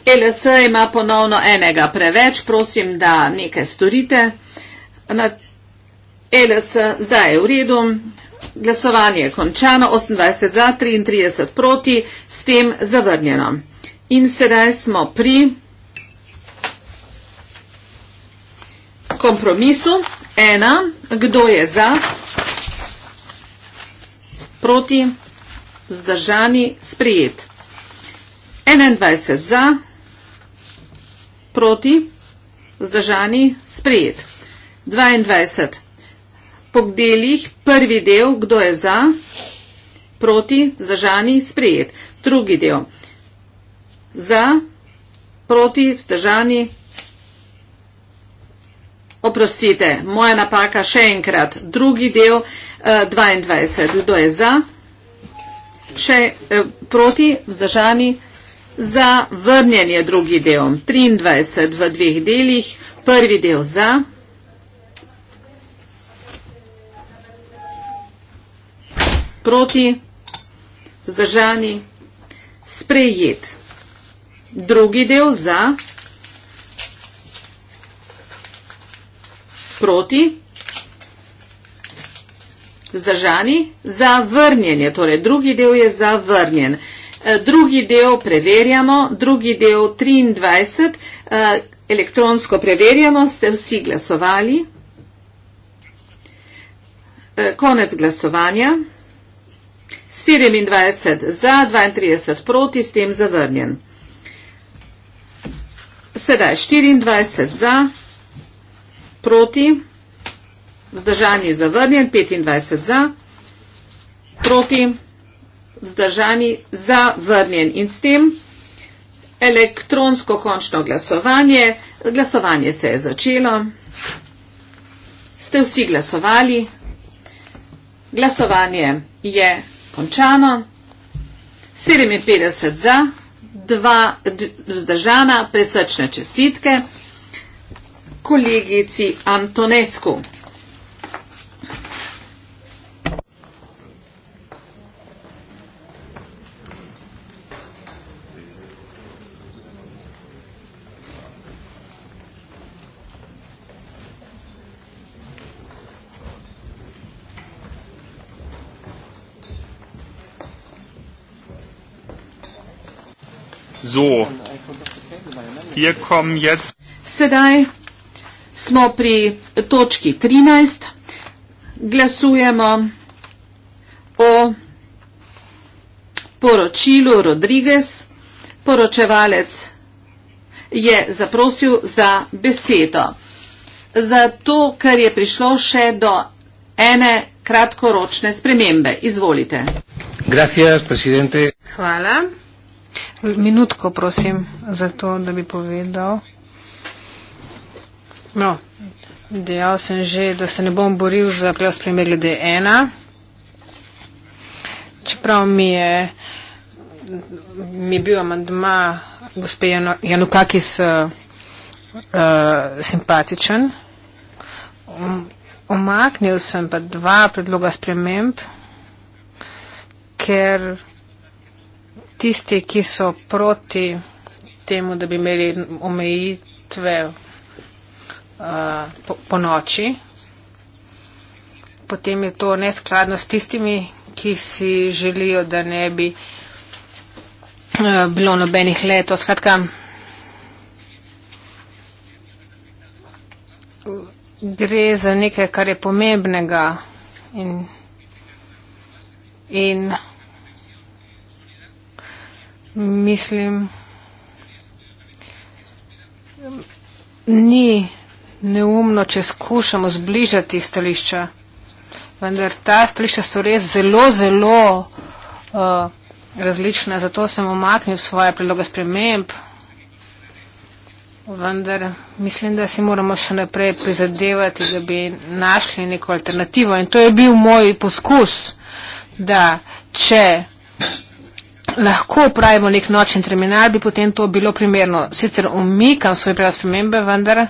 Speaker 4: LS ima ponovno enega preveč, prosim, da nekaj storite. Na LS zdaj je v redu. Glasovanje je končano, 28 za, 33 proti, s tem zavrnjeno. In sedaj smo pri kompromisu. Ena, kdo je za, proti, vzdržani, sprijet. 21 za, proti, vzdržani, sprijet. 22 po delih, prvi del, kdo je za, proti, vzdržani, sprijet. Drugi del, za, proti, vzdržani, oprostite, moja napaka še enkrat, drugi del, 22, eh, kdo je za, proti, vzdržani, sprijet če, eh, proti vzdržani za vrnjenje drugi del. 23 v dveh delih, prvi del za. Proti vzdržani sprejet. Drugi del za. Proti. Zdržani? Zavrnjen je, torej drugi del je zavrnjen. E, drugi del preverjamo, drugi del 23, e, elektronsko preverjamo, ste vsi glasovali. E, konec glasovanja. 27 za, 32 proti, s tem zavrnjen. Sedaj 24 za, proti. Vzdržan je zavrnjen, 25 za, proti, vzdržani, zavrnjen in s tem elektronsko končno glasovanje. Glasovanje se je začelo. Ste vsi glasovali? Glasovanje je končano. 57 za, dva vzdržana, presrčne čestitke kolegici Antonescu.
Speaker 1: So, wir kommen jetzt.
Speaker 4: Sedaj smo pri točki 13. Glasujemo o poročilu Rodriguez. Poročevalec je zaprosil za besedo. Zato, ker je prišlo še do ene kratkoročne spremembe. Izvolite.
Speaker 3: Gracias, Hvala. Minutko, prosim, za to, da bi povedal. No, dejal sem že, da se ne bom boril za glas primer glede ena. Čeprav mi je, mi je bil amandma gospe Janukakis uh, simpatičen. Omaknil um, sem pa dva predloga sprememb, ker tisti, ki so proti temu, da bi imeli omejitve uh, po, po noči, potem je to neskladno s tistimi, ki si želijo, da ne bi uh, bilo nobenih letov. Skratka, gre za nekaj, kar je pomembnega in, in mislim, ni neumno, če skušamo zbližati stališča, vendar ta stališča so res zelo, zelo uh, različna, zato sem omaknil svoje predloge sprememb. Vendar mislim, da si moramo še naprej prizadevati, da bi našli neko alternativo. In to je bil moj poskus, da če lahko upravimo nek nočni terminal, bi potem to bilo primerno. Sicer umikam svoje prav spremembe, vendar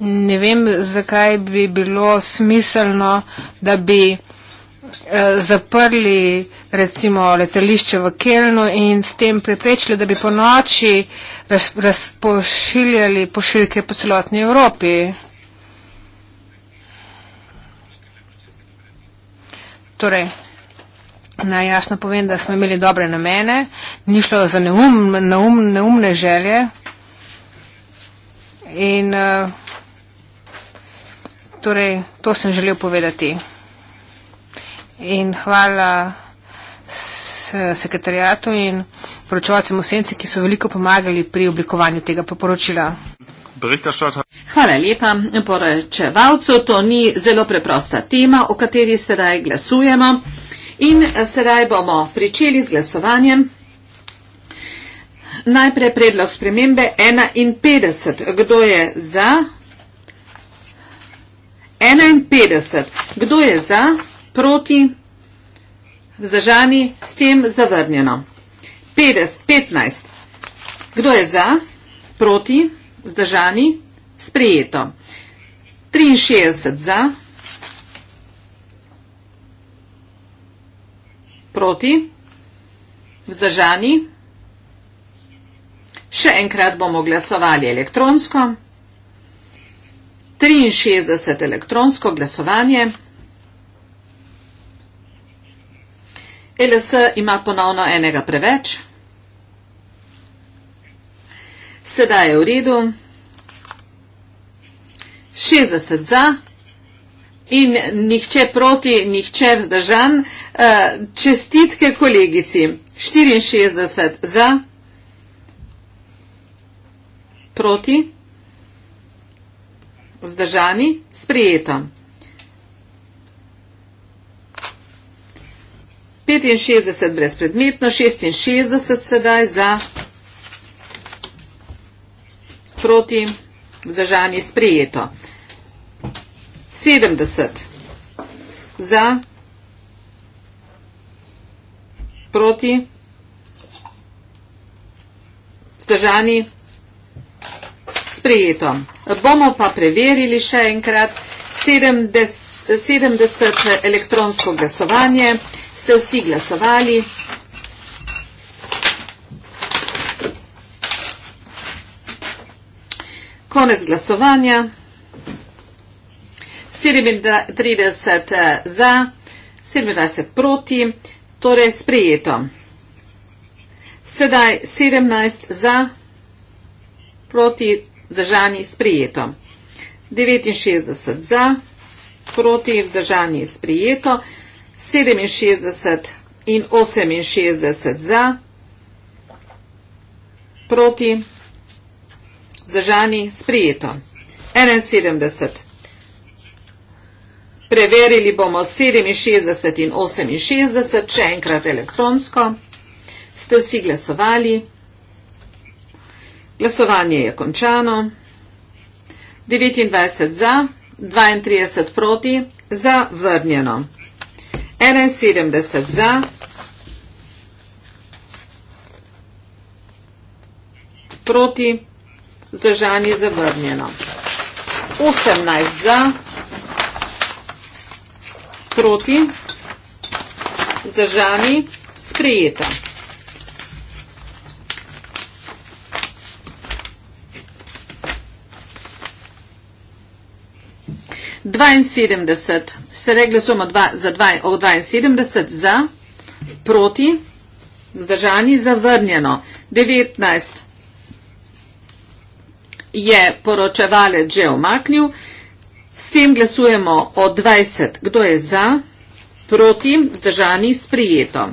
Speaker 3: ne vem, zakaj bi bilo smiselno, da bi eh, zaprli recimo letališče v Kelnu in s tem preprečili, da bi po noči razpošiljali pošiljke po celotni Evropi. Torej, Naj jasno povem, da smo imeli dobre namene, ni šlo za neum, neum, neumne želje. In eh, torej, to sem želel povedati. In hvala sekretarjatu in poročevalcem v senci, ki so veliko pomagali pri oblikovanju tega poročila. Hvala lepa poročevalcu.
Speaker 4: To ni zelo preprosta tema, o kateri sedaj glasujemo. In eh, sedaj bomo pričeli z glasovanjem. Najprej predlog spremembe 51. Kdo je za? 51. Kdo je za? Proti? Vzdržani? S tem zavrnjeno. 50. 15. Kdo je za? Proti? Vzdržani? Sprejeto. 63 za, proti, vzdržani. Še enkrat bomo glasovali elektronsko. 63 elektronsko glasovanje. LS ima ponovno enega preveč. Sedaj je v redu. 60 za, in nihče proti, nihče vzdržan. Eh, čestitke kolegici. 64 za, proti, vzdržani, sprijeto. 65 brezpredmetno, 66 sedaj za, proti, vzdržani, sprijeto. 70 za, proti, vzdržani, sprejeto. Bomo pa preverili še enkrat 70, 70 elektronsko glasovanje. Ste vsi glasovali? Konec glasovanja. 34 eh, za, 27 proti, torej sprejeto. Sedaj 17 za, proti vzdržani sprejeto. 69 za, proti vzdržani sprejeto. 67 in 68 za, proti vzdržani sprejeto. 71 za. Preverili bomo 67 in 68, še enkrat elektronsko. Ste vsi glasovali? Glasovanje je končano. 29 za, 32 proti, zavrnjeno. 71 za, 3 proti, zdržanje zavrnjeno. 18 za, 3 proti, proti, zdržani, sprijeta. Dvainsedemdeset, se regle somo za dvainsedemdeset, za, proti, zdržani, zavrnjeno. Devetnaest je poročevalec že omaknil, S tem glasujemo o 20. Kdo je za? Proti? Vzdržani? Sprijeto.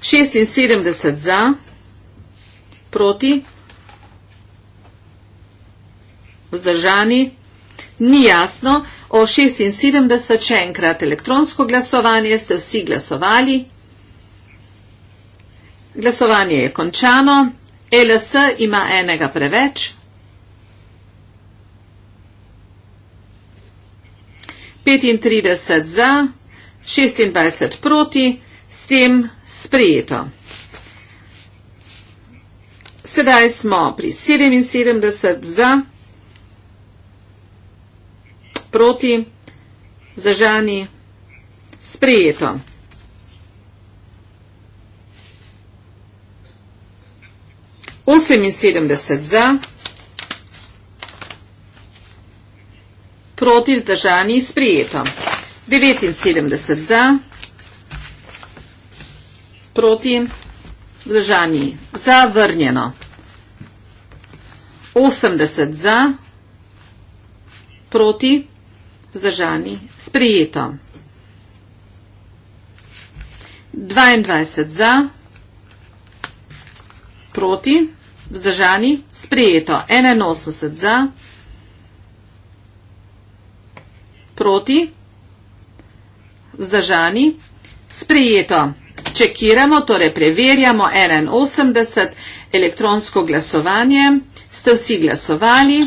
Speaker 4: 76 za? Proti? Vzdržani? Ni jasno. O 76 še enkrat elektronsko glasovanje. Ste vsi glasovali? Glasovanje je končano. LS ima enega preveč, 35 za, 26 proti, s tem sprejeto. Sedaj smo pri 77 za, proti, zdržani, sprejeto. Osemindsedemdeset za. proti vzdržani sprijeto. 79 za, proti vzdržani zavrnjeno. 80 za, proti vzdržani sprijeto. 22 za, proti vzdržani sprijeto. 81 za, proti vzdržani sprijeto proti, zdržani, sprejeto. Čekiramo, torej preverjamo 81 elektronsko glasovanje. Ste vsi glasovali?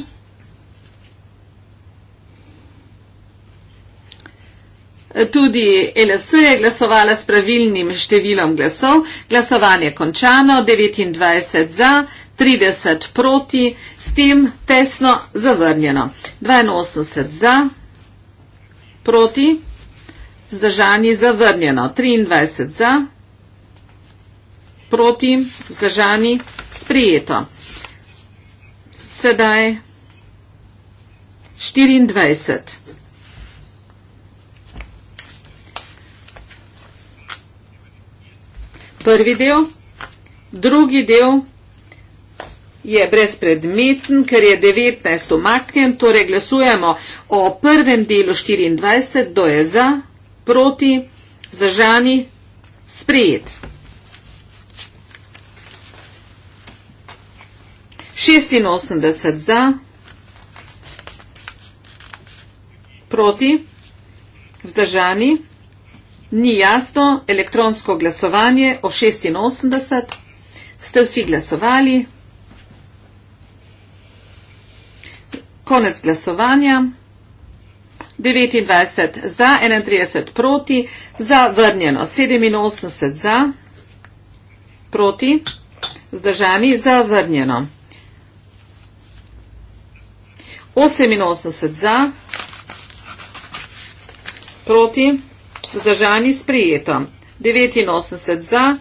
Speaker 4: Tudi LS je glasovala s pravilnim številom glasov. Glasovanje končano, 29 za, 30 proti, s tem tesno zavrnjeno. 82 za, Proti? Zdržani zavrnjeno. 23 za. Proti? Zdržani sprijeto. Sedaj 24. Prvi del, drugi del, je brezpredmeten, ker je 19 omaknjen, torej glasujemo o prvem delu 24, do je za, proti, zdržani, sprejet. 86 za, proti, vzdržani, ni jasno, elektronsko glasovanje o 86, ste vsi glasovali, Konec glasovanja. 29 za, 31 proti, za vrnjeno 87 za, proti, vzdržani za vrnjeno. 88 za, proti, vzdržani sprijeto. 89 za,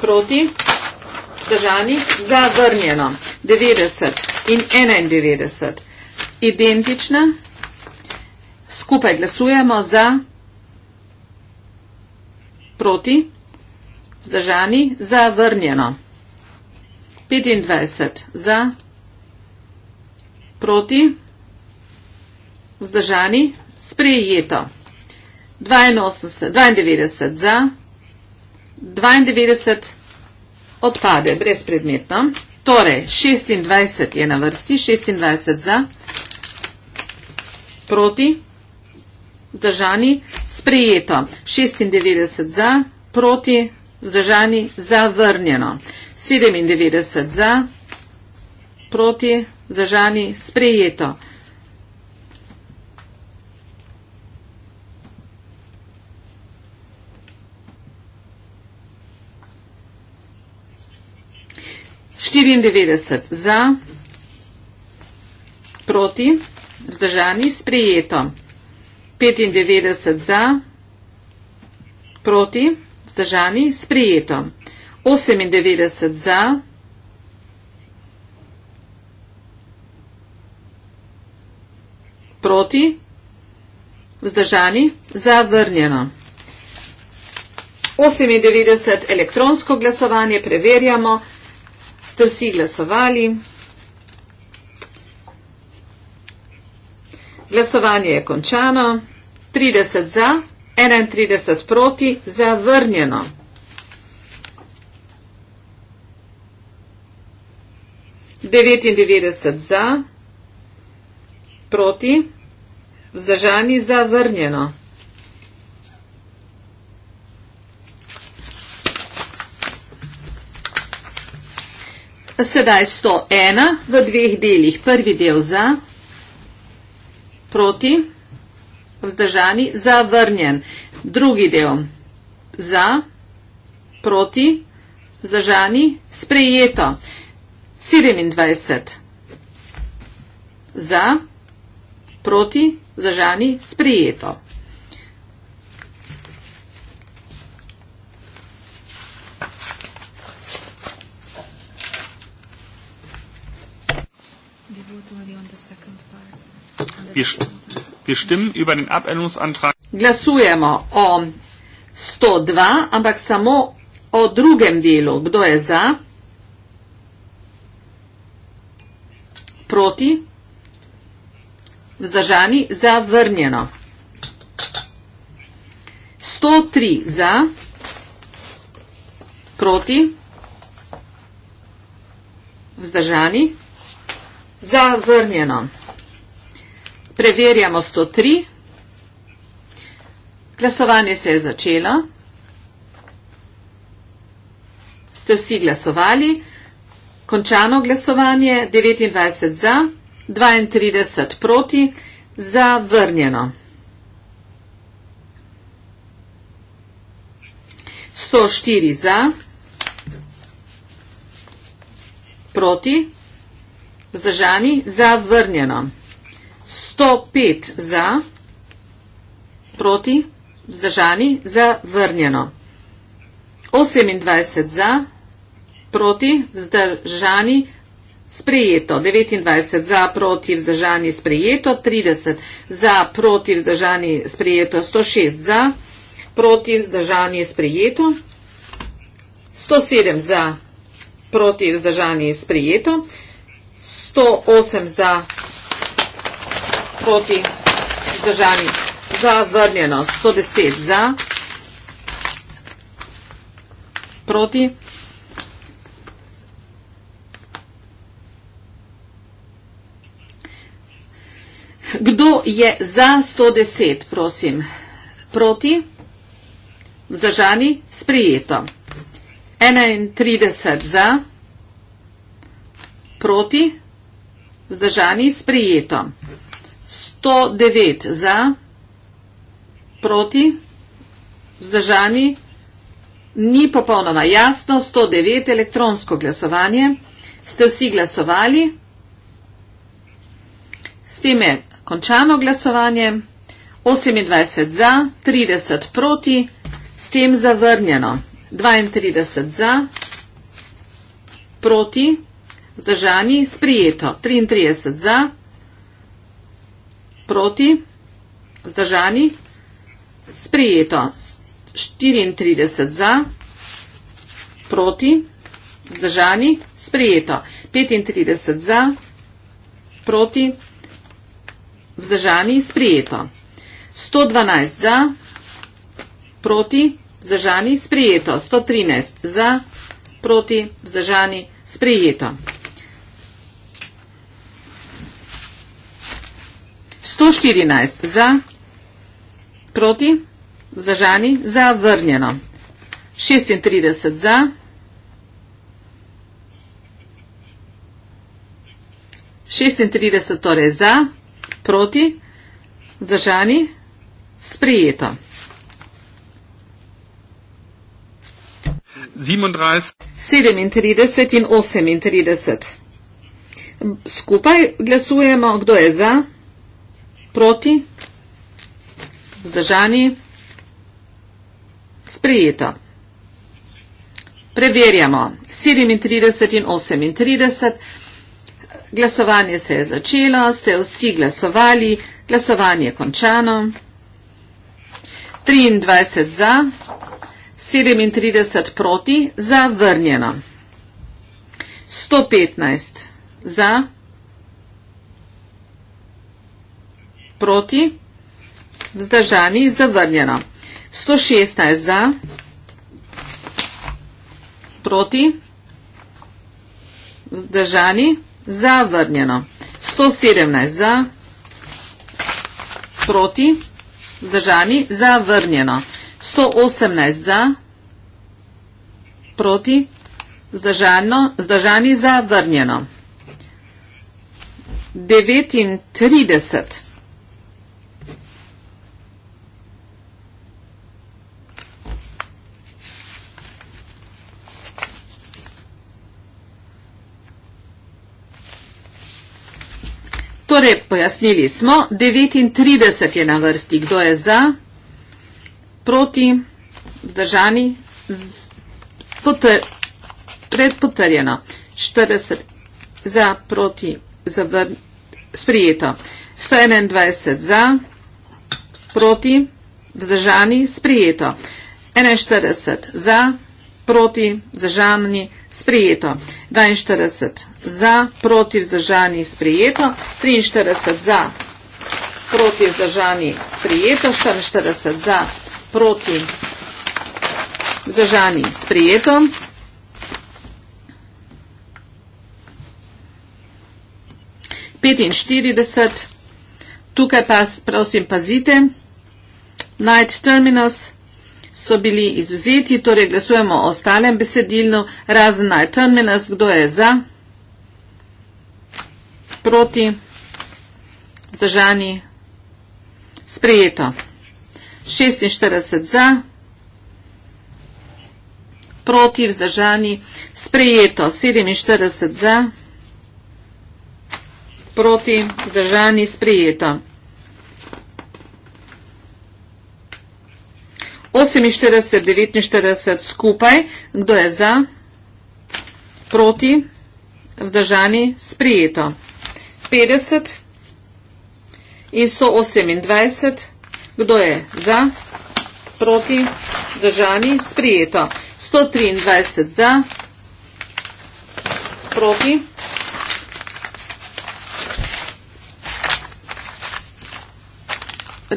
Speaker 4: proti, vzdržani za vrnjeno. 90 za in 91. Identična. Skupaj glasujemo za proti, zdržani, za vrnjeno. 25 za proti, vzdržani, sprejeto. 82, 92 za, 92 odpade brezpredmetno. Torej, 26 je na vrsti, 26 za, proti, vzdržani, sprejeto. 96 za, proti, vzdržani, zavrnjeno. 97 za, proti, vzdržani, sprejeto. 96 za, proti, vzdržani, sprejeto. 94 za, proti, vzdržani, sprejeto. 95 za, proti, vzdržani, sprejeto. 98 za, proti, vzdržani, zavrnjeno. 98 elektronsko glasovanje, preverjamo ste vsi glasovali. Glasovanje je končano. 30 za, 31 proti, zavrnjeno. devetindevetdeset za proti vzdržani zavrnjeno Sedaj 101 v dveh delih. Prvi del za, proti, vzdržani, zavrnjen. Drugi del za, proti, vzdržani, sprejeto. 27 za, proti, vzdržani, sprejeto.
Speaker 1: Wir, wir stimmen über den Abänderungsantrag. Glasujemo
Speaker 4: o 102, ampak samo o drugem delu. Kdo je za? Proti? Zdržani? Zavrnjeno. 103 za? Proti? Zdržani? 103 za? Zavrnjeno. Preverjamo 103. Glasovanje se je začelo. Ste vsi glasovali. Končano glasovanje 29 za, 32 proti, zavrnjeno. 104 za, proti, Vzdržani, zavrnjeno. 105 za, proti, vzdržani, zavrnjeno. 28 za, proti, vzdržani, sprejeto. 29 za, proti, vzdržani, sprejeto. 30 za, proti, vzdržani, sprejeto. 106 za, proti, vzdržani, sprejeto. 107 za, proti, vzdržani, sprejeto. 108 za proti zdržani za vrnjeno 110 za proti kdo je za 110 prosim proti vzdržani sprijeto 31 za proti Zdržani sprejeto. 109 za, proti, vzdržani, ni popolnoma jasno, 109 elektronsko glasovanje. Ste vsi glasovali? S tem je končano glasovanje. 28 za, 30 proti, s tem zavrnjeno. 32 za, proti, Zdržani, sprijeto. 33 za, proti, zdržani, sprijeto. 34 za, proti, zdržani, sprijeto. 35 za, proti, zdržani, sprijeto. 112 za, proti, zdržani, sprijeto. 113 za, proti, zdržani, sprijeto. 114 za, proti, vzdržani, zavrnjeno. 36 za, 36 torej za, proti, vzdržani, sprejeto.
Speaker 1: 37
Speaker 4: in 38. Skupaj glasujemo, kdo je za. Proti? Zdržani? Sprejeto. Preverjamo. 37 in 38. Glasovanje se je začelo, ste vsi glasovali, glasovanje je končano. 23 za, 37 proti, zavrnjeno. 115 za. proti, vzdržani, zavrnjeno. 116 za, proti, vzdržani, zavrnjeno. 117 za, proti, vzdržani, zavrnjeno. 118 za, proti, vzdržani, zavrnjeno. 39 za, proti, vzdržani, zavrnjeno. Torej, pojasnili smo, 39 je na vrsti, kdo je za, proti, vzdržani, predpotrjeno, 40 za, proti, sprijeto, 121 za, proti, vzdržani, sprijeto, 41 za, proti, proti, zdržani, sprijeto. 42 za, proti, zdržani, sprijeto. 43 za, proti, zdržani, sprijeto. 44 za, proti, zdržani, sprijeto. 45, tukaj pa prosim pazite, night terminus, so bili izvzeti, torej glasujemo o ostalem besedilno, razen naj terminus, kdo je za, proti, vzdržani, sprejeto. 46 za, proti, vzdržani, sprejeto. 47 za, proti, vzdržani, sprejeto. 48, 49 skupaj. Kdo je za? Proti? Vzdržani? Sprijeto. 50 in 128. Kdo je za? Proti? Vzdržani? Sprijeto. 123 za? Proti? Vzdržani?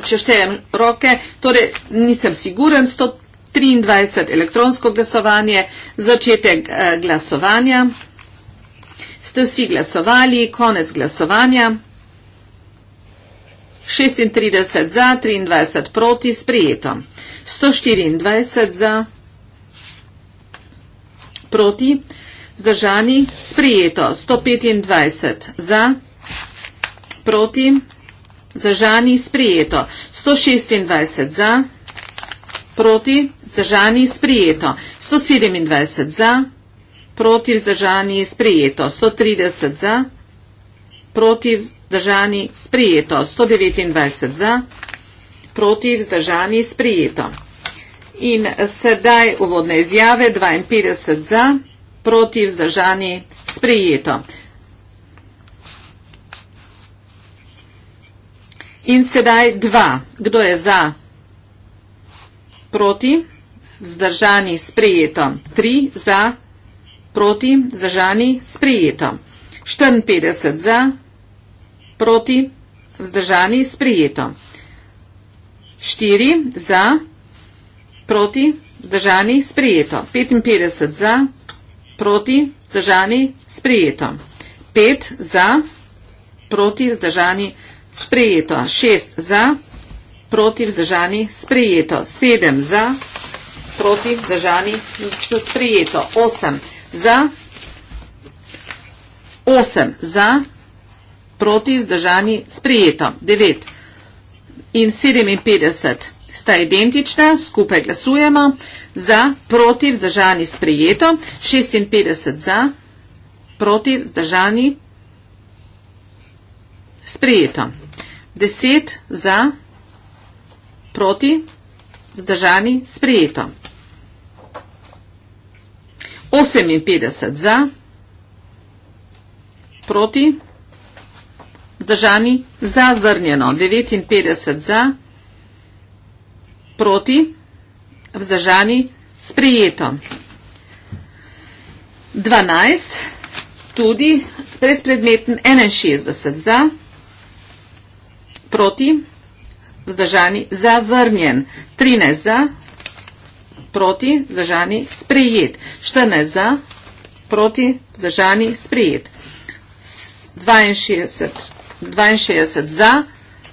Speaker 4: če štejem roke, torej nisem siguren, 123 elektronsko glasovanje, začetek eh, glasovanja. Ste vsi glasovali, konec glasovanja. 36 za, 23 proti, sprijeto. 124 za, proti, zdržani, sprijeto. 125 za, proti, sprijeto. Zažani sprijeto. 126 za, proti. Zažani sprijeto. 127 za, proti. Zažani sprijeto. 130 za, proti. Zažani sprijeto. 129 za, proti. Zažani sprijeto. In sedaj uvodne izjave 52 za, proti. Zažani sprijeto. In sedaj dva. Kdo je za? Proti? Zdržani? Sprejeto. Tri za? Proti? Zdržani? Sprejeto. 54 za? Proti? Zdržani? Sprejeto. Štiri za? Proti? Zdržani? Sprejeto. 55 za? Proti? Zdržani? Sprejeto. Pet za? Proti? Zdržani? Sprejeto. Sprejeto. Šest za, proti vzdržani. Sprejeto. Sedem za, proti vzdržani. Sprejeto. Osem za, osem za, proti vzdržani. Sprejeto. Devet in sedeminpedeset sta identična, skupaj glasujemo, za, proti, vzdržani, sprejeto, 56 za, proti, vzdržani, sprejeto. 10 za, proti, vzdržani, sprejeto. 58 za, proti, vzdržani, zavrnjeno. 59 za, proti, vzdržani, sprejeto. 12, tudi, prespredmeten 61 za, proti, Proti? Zdržani? Zavrnjen. 13 za? Proti? Zdržani? Sprejet. 14 za? Proti? Zdržani? Sprejet. 62 za?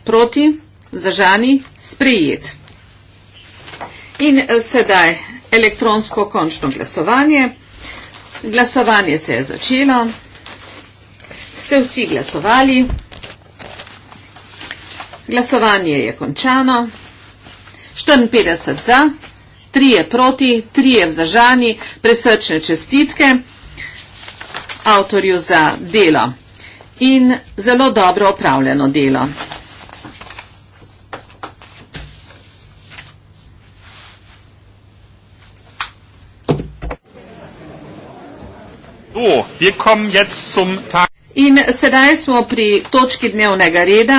Speaker 4: Proti? Zdržani? Sprejet. In eh, sedaj elektronsko končno glasovanje. Glasovanje se je začelo. Ste vsi glasovali? Glasovali? Glasovanje je končano. 54 za, 3 je proti, 3 je vzdržani, presrčne čestitke avtorju za delo in zelo dobro opravljeno delo.
Speaker 1: So, wir kommen jetzt zum Tag.
Speaker 4: In sedaj smo pri točki dnevnega reda,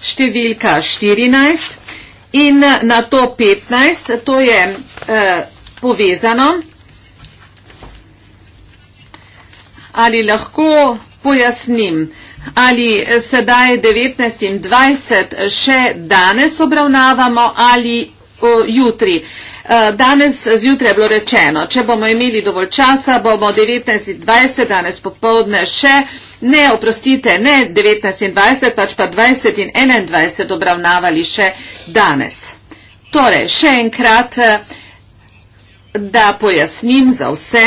Speaker 4: številka 14 in na to 15, to je eh, povezano. Ali lahko pojasnim, ali sedaj 19 in 20 še danes obravnavamo ali eh, jutri. Eh, Eh, danes zjutraj je bilo rečeno, če bomo imeli dovolj časa, bomo 19.20, danes popovdne še, ne oprostite, ne 19.20, pač pa 20 in 21 obravnavali še danes. Torej, še enkrat. Uh, Da pojasnim za vse,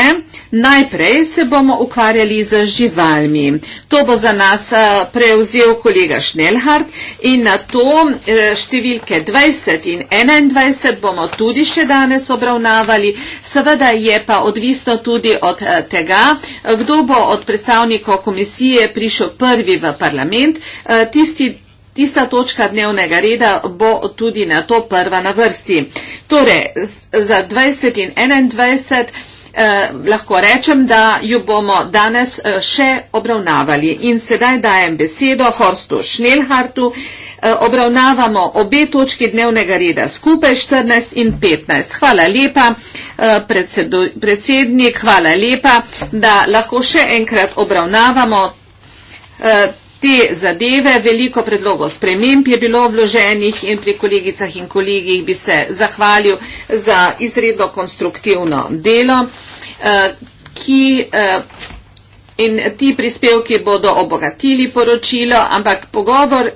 Speaker 4: najprej se bomo ukvarjali z živalmi. To bo za nas eh, prevzel kolega Šnelhard in na to eh, številke 20 in 21 bomo tudi še danes obravnavali. Seveda je pa odvisno tudi od eh, tega, kdo bo od predstavnikov komisije prišel prvi v parlament. Tisti tista točka dnevnega reda bo tudi na to prva na vrsti. Torej, za 20 in 21 eh, lahko rečem, da jo bomo danes eh, še obravnavali. In sedaj dajem besedo Horstu Šnelhartu. Eh, obravnavamo obe točki dnevnega reda skupaj 14 in 15. Hvala lepa, eh, predsedu, predsednik, hvala lepa, da lahko še enkrat obravnavamo. Eh, te zadeve. Veliko predlogov sprememb je bilo vloženih in pri kolegicah in kolegih bi se zahvalil za izredno konstruktivno delo, eh, ki eh, in ti prispevki bodo obogatili poročilo, ampak pogovor,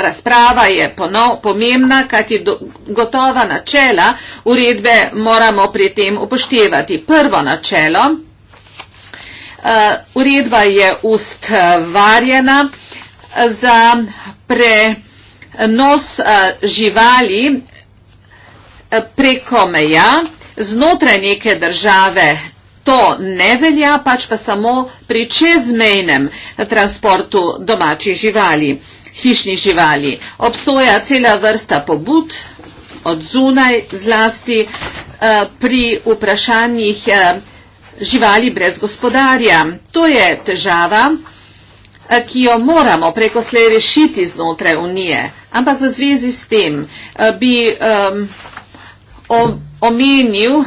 Speaker 4: razprava je ponov pomembna, kajti gotova načela uredbe moramo pri tem upoštevati. Prvo načelo, Eh, uredba je ustvarjena eh, za prenos eh, živali preko meja znotraj neke države. To ne velja, pač pa samo pri čezmejnem transportu domačih živali, hišnih živali. Obstoja cela vrsta pobud od zunaj zlasti pri vprašanjih živali brez gospodarja. To je težava, eh, ki jo moramo preko slej rešiti znotraj Unije. Ampak v zvezi s tem eh, bi omenil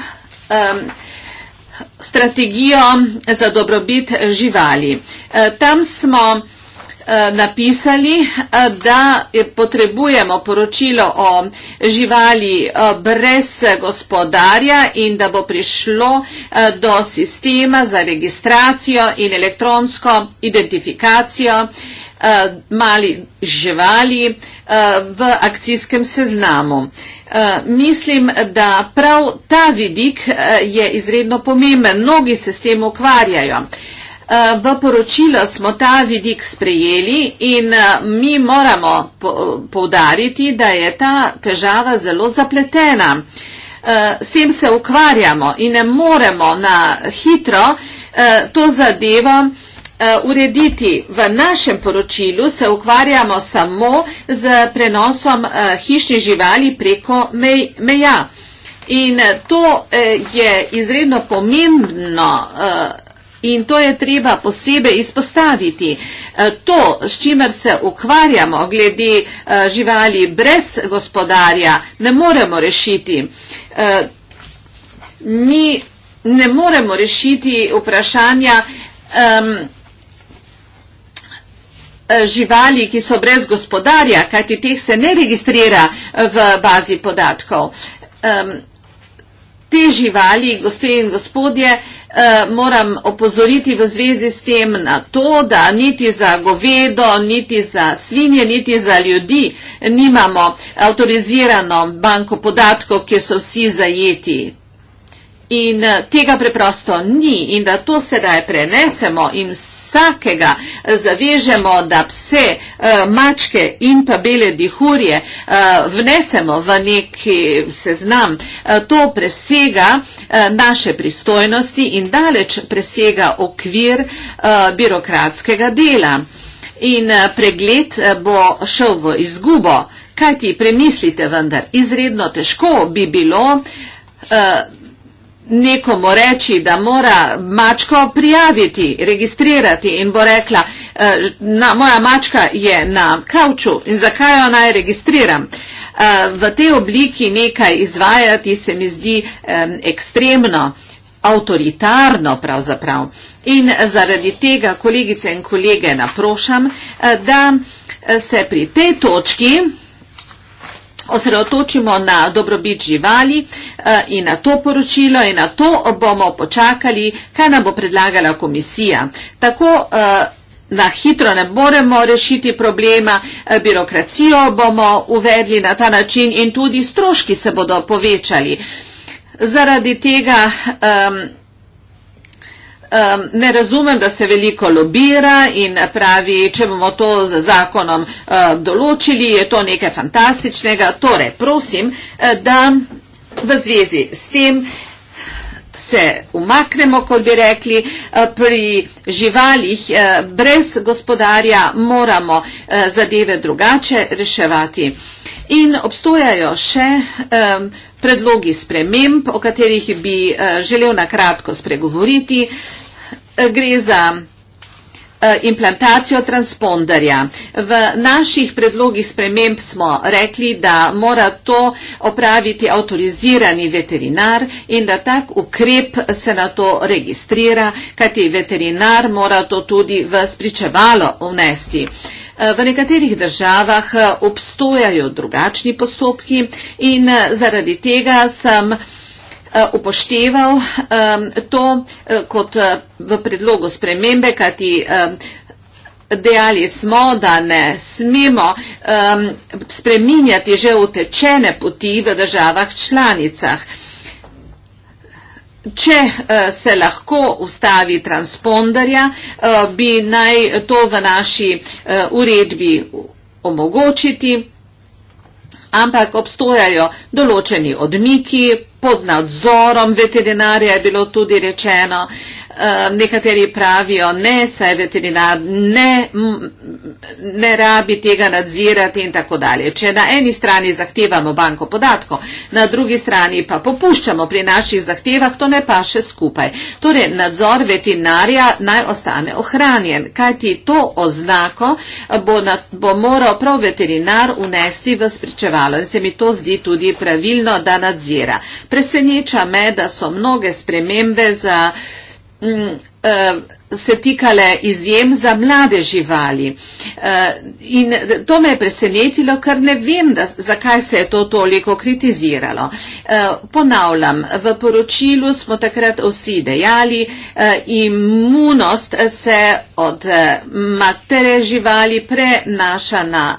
Speaker 4: strategijo za dobrobit živali. Eh, tam smo Eh, napisali, eh, da potrebujemo poročilo o živali eh, brez gospodarja in da bo prišlo do sistema za registracijo in elektronsko identifikacijo mali živali v akcijskem seznamu. Mislim, da prav ta vidik je izredno pomemben. Mnogi se s tem ukvarjajo. Eh, v poročilo smo ta vidik sprejeli in eh, mi moramo povdariti, da je ta težava zelo zapletena. Eh, s tem se ukvarjamo in ne moremo na hitro to zadevo urediti. V našem poročilu se ukvarjamo samo z prenosom hišnih živali preko meja. In to je izredno pomembno In to je treba posebej izpostaviti. E, to, s čimer se ukvarjamo glede e, živali brez gospodarja, ne moremo rešiti. E, mi ne moremo rešiti vprašanja živali, ki so brez gospodarja, kajti teh se ne registrira v bazi podatkov te živali, gospe in gospodje, eh, moram opozoriti v zvezi s tem na to, da niti za govedo, niti za svinje, niti za ljudi nimamo avtorizirano banko podatkov, kjer so vsi zajeti in eh, tega preprosto ni in da to sedaj prenesemo in vsakega zavežemo, da pse, eh, mačke in pa bele dihurje eh, vnesemo v neki seznam. To presega naše pristojnosti in daleč presega okvir birokratskega dela. In pregled bo šel v izgubo, kaj ti premislite vendar. Izredno težko bi bilo nekomu reči, da mora mačko prijaviti, registrirati in bo rekla, eh, na, moja mačka je na kauču in zakaj jo naj registriram. Eh, v tej obliki nekaj izvajati se mi zdi ekstremno, avtoritarno pravzaprav. In zaradi tega, kolegice in kolege, naprošam, eh, da se pri tej točki osredotočimo na dobrobit živali eh, in na to poročilo in na to bomo počakali, kaj nam bo predlagala komisija. Tako eh, na hitro ne moremo rešiti problema, eh, birokracijo bomo uvedli na ta način in tudi stroški se bodo povečali. Zaradi tega um, ne razumem, da se veliko lobira in pravi, če bomo to z zakonom določili, je to nekaj fantastičnega. Torej, prosim, eh, da v zvezi s tem se umaknemo, kot bi rekli, eh, pri živalih eh, brez gospodarja moramo zadeve drugače reševati. In obstojajo še predlogi sprememb, o katerih bi želel na kratko spregovoriti. Eh, gre za eh, implantacijo transponderja. V naših predlogih sprememb smo rekli, da mora to opraviti avtorizirani veterinar in da tak ukrep se na to registrira, kajti veterinar mora to tudi v spričevalo vnesti. Eh, v nekaterih državah obstojajo drugačni postopki in zaradi tega sem Eh, upošteval to eh, kot eh, v predlogu spremembe, kajti dejali smo, da ne smemo spreminjati že utečene poti v državah članicah. Če se lahko ustavi transponderja, bi naj to v naši uredbi omogočiti, ampak obstojajo določeni odmiki, pod nadzorom veterinarja je bilo tudi rečeno nekateri pravijo, ne, saj je veterinar, ne, ne rabi tega nadzirati in tako dalje. Če na eni strani zahtevamo banko podatkov, na drugi strani pa popuščamo pri naših zahtevah, to ne pa še skupaj. Torej, nadzor veterinarja naj ostane ohranjen, kajti to oznako eh, bo, na, bo moral prav veterinar unesti v spričevalo in se mi to zdi tudi pravilno, da nadzira. Preseneča me, da so mnoge spremembe za mm, um, se tikale izjem za mlade živali. Eh, in to me je presenetilo, ker ne vem, da, zakaj se je to toliko kritiziralo. Eh, ponavljam, v poročilu smo takrat vsi dejali, eh, imunost se od matere živali prenaša na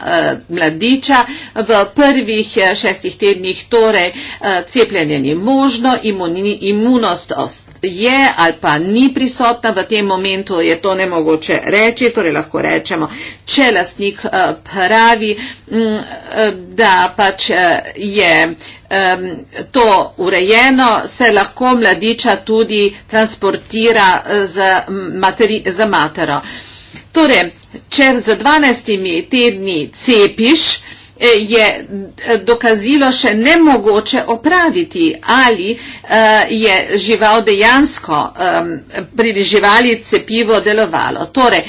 Speaker 4: mladiča. V prvih šestih tednih torej cepljenje ni možno, imunost je ali pa ni prisotna v tem momentu momentu je to ne mogoče reči, torej lahko rečemo, če lastnik eh, pravi, mm, eh, da pač eh, je to urejeno, se lahko mladiča tudi transportira z, materi, z matero. Torej, če za 12 tedni cepiš, Eh, je eh, dokazilo še nemogoče opraviti ali eh, je žival dejansko pri živali cepivo delovalo. Torej,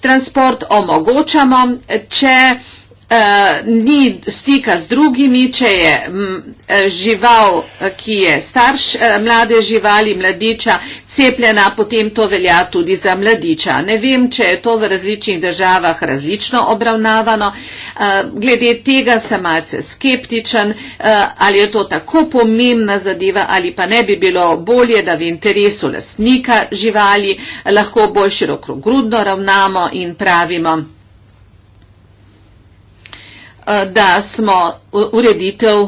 Speaker 4: transport omogočamo, če vsega, Eh, ni stika z drugimi, če je mm, eh, žival, eh, ki je starš mlade živali, mladiča, cepljena, potem to velja tudi za mladiča. Ne vem, če je to v različnih državah različno obravnavano. Glede tega sem malce skeptičen, ali je to tako pomembna zadeva ali pa ne bi bilo bolje, da v interesu lastnika živali lahko bolj širokogrudno ravnamo in pravimo. Eh, da smo ureditev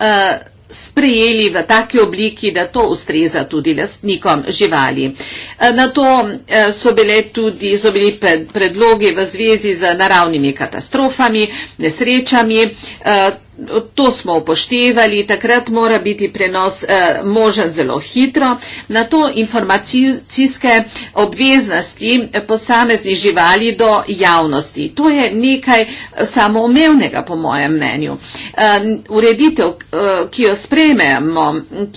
Speaker 4: eh, sprejeli v taki obliki, da to ustreza tudi lastnikom živali. Eh, na to so, bile tudi, so bili predlogi v zvezi z naravnimi katastrofami, nesrečami, To smo upoštevali, takrat mora biti prenos eh, možen zelo hitro. Na to informacijske obveznosti eh, posameznih živali do javnosti. To je nekaj eh, samoumevnega, po mojem mnenju. Eh, ureditev, eh, ki jo sprejmemo,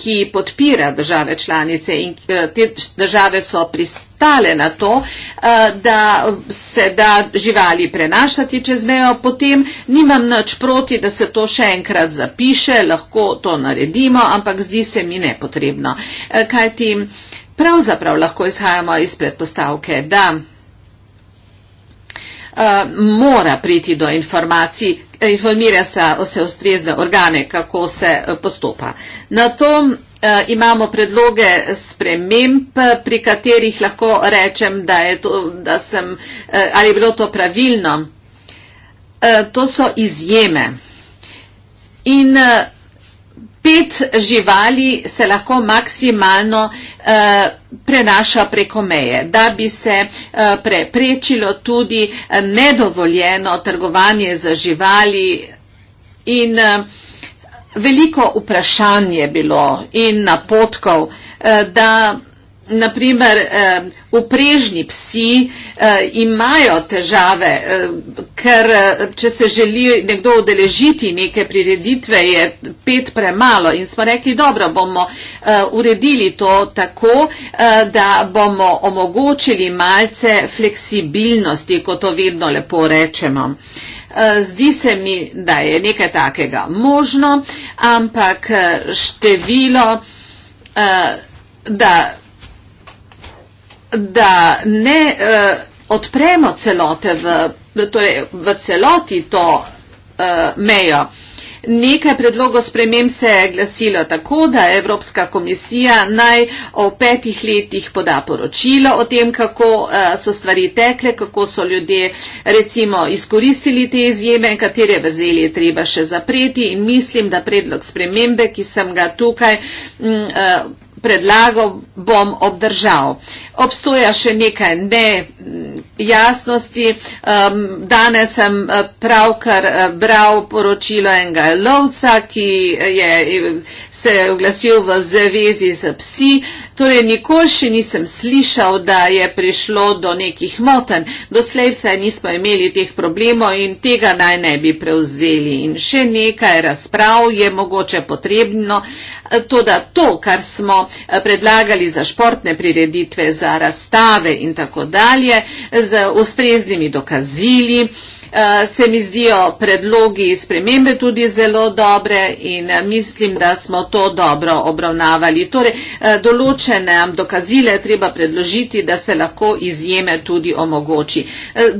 Speaker 4: ki podpira države članice in eh, te države so pristopne, pristale na to, eh, da se da živali prenašati čez mejo, potem nimam nič proti, da se to še enkrat zapiše, lahko to naredimo, ampak zdi se mi nepotrebno. Eh, Kaj ti pravzaprav lahko izhajamo iz predpostavke, da eh, mora priti do informacij, informira se vse ustrezne organe, kako se postopa. Na tom Eh, imamo predloge sprememb, pri katerih lahko rečem, da je to, da sem, eh, ali je bilo to pravilno. Eh, to so izjeme. In pet živali se lahko maksimalno prenaša preko meje, da bi se preprečilo tudi nedovoljeno trgovanje za živali in uh, veliko vprašanj je bilo in napotkov, eh, da naprimer uprežni eh, psi eh, imajo težave, ker če se želi nekdo odeležiti neke prireditve, je pet premalo in smo rekli, dobro, bomo uredili to tako, da bomo omogočili malce fleksibilnosti, kot to vedno lepo rečemo. Eh, zdi se mi, da je nekaj takega možno, ampak eh, število, eh, da, da ne odpremo celote v, torej v celoti to mejo. Nekaj predlogov sprememb se je glasilo tako, da Evropska komisija naj o petih letih poda poročilo o tem, kako eh, so stvari tekle, kako so ljudje recimo izkoristili te izjeme, katere vezeli je treba še zapreti in mislim, da predlog spremembe, ki sem ga tukaj m, mm, eh, predlagal, bom obdržal. Obstoja še nekaj nejasnosti. Danes sem eh, pravkar eh, bral poročilo enega lovca, ki je eh, se oglasil v zvezi z psi Torej, nikoli še nisem slišal, da je prišlo do nekih moten. Doslej vse nismo imeli teh problemov in tega naj ne bi prevzeli. In še nekaj razprav je mogoče potrebno, e, to da to, kar smo e, predlagali za športne prireditve, za razstave in tako dalje, z ustreznimi dokazili. Eh, se mi zdijo predlogi spremembe tudi zelo dobre in eh, mislim, da smo to dobro obravnavali. Torej, eh, določene dokazile treba predložiti, da se lahko izjeme tudi omogoči.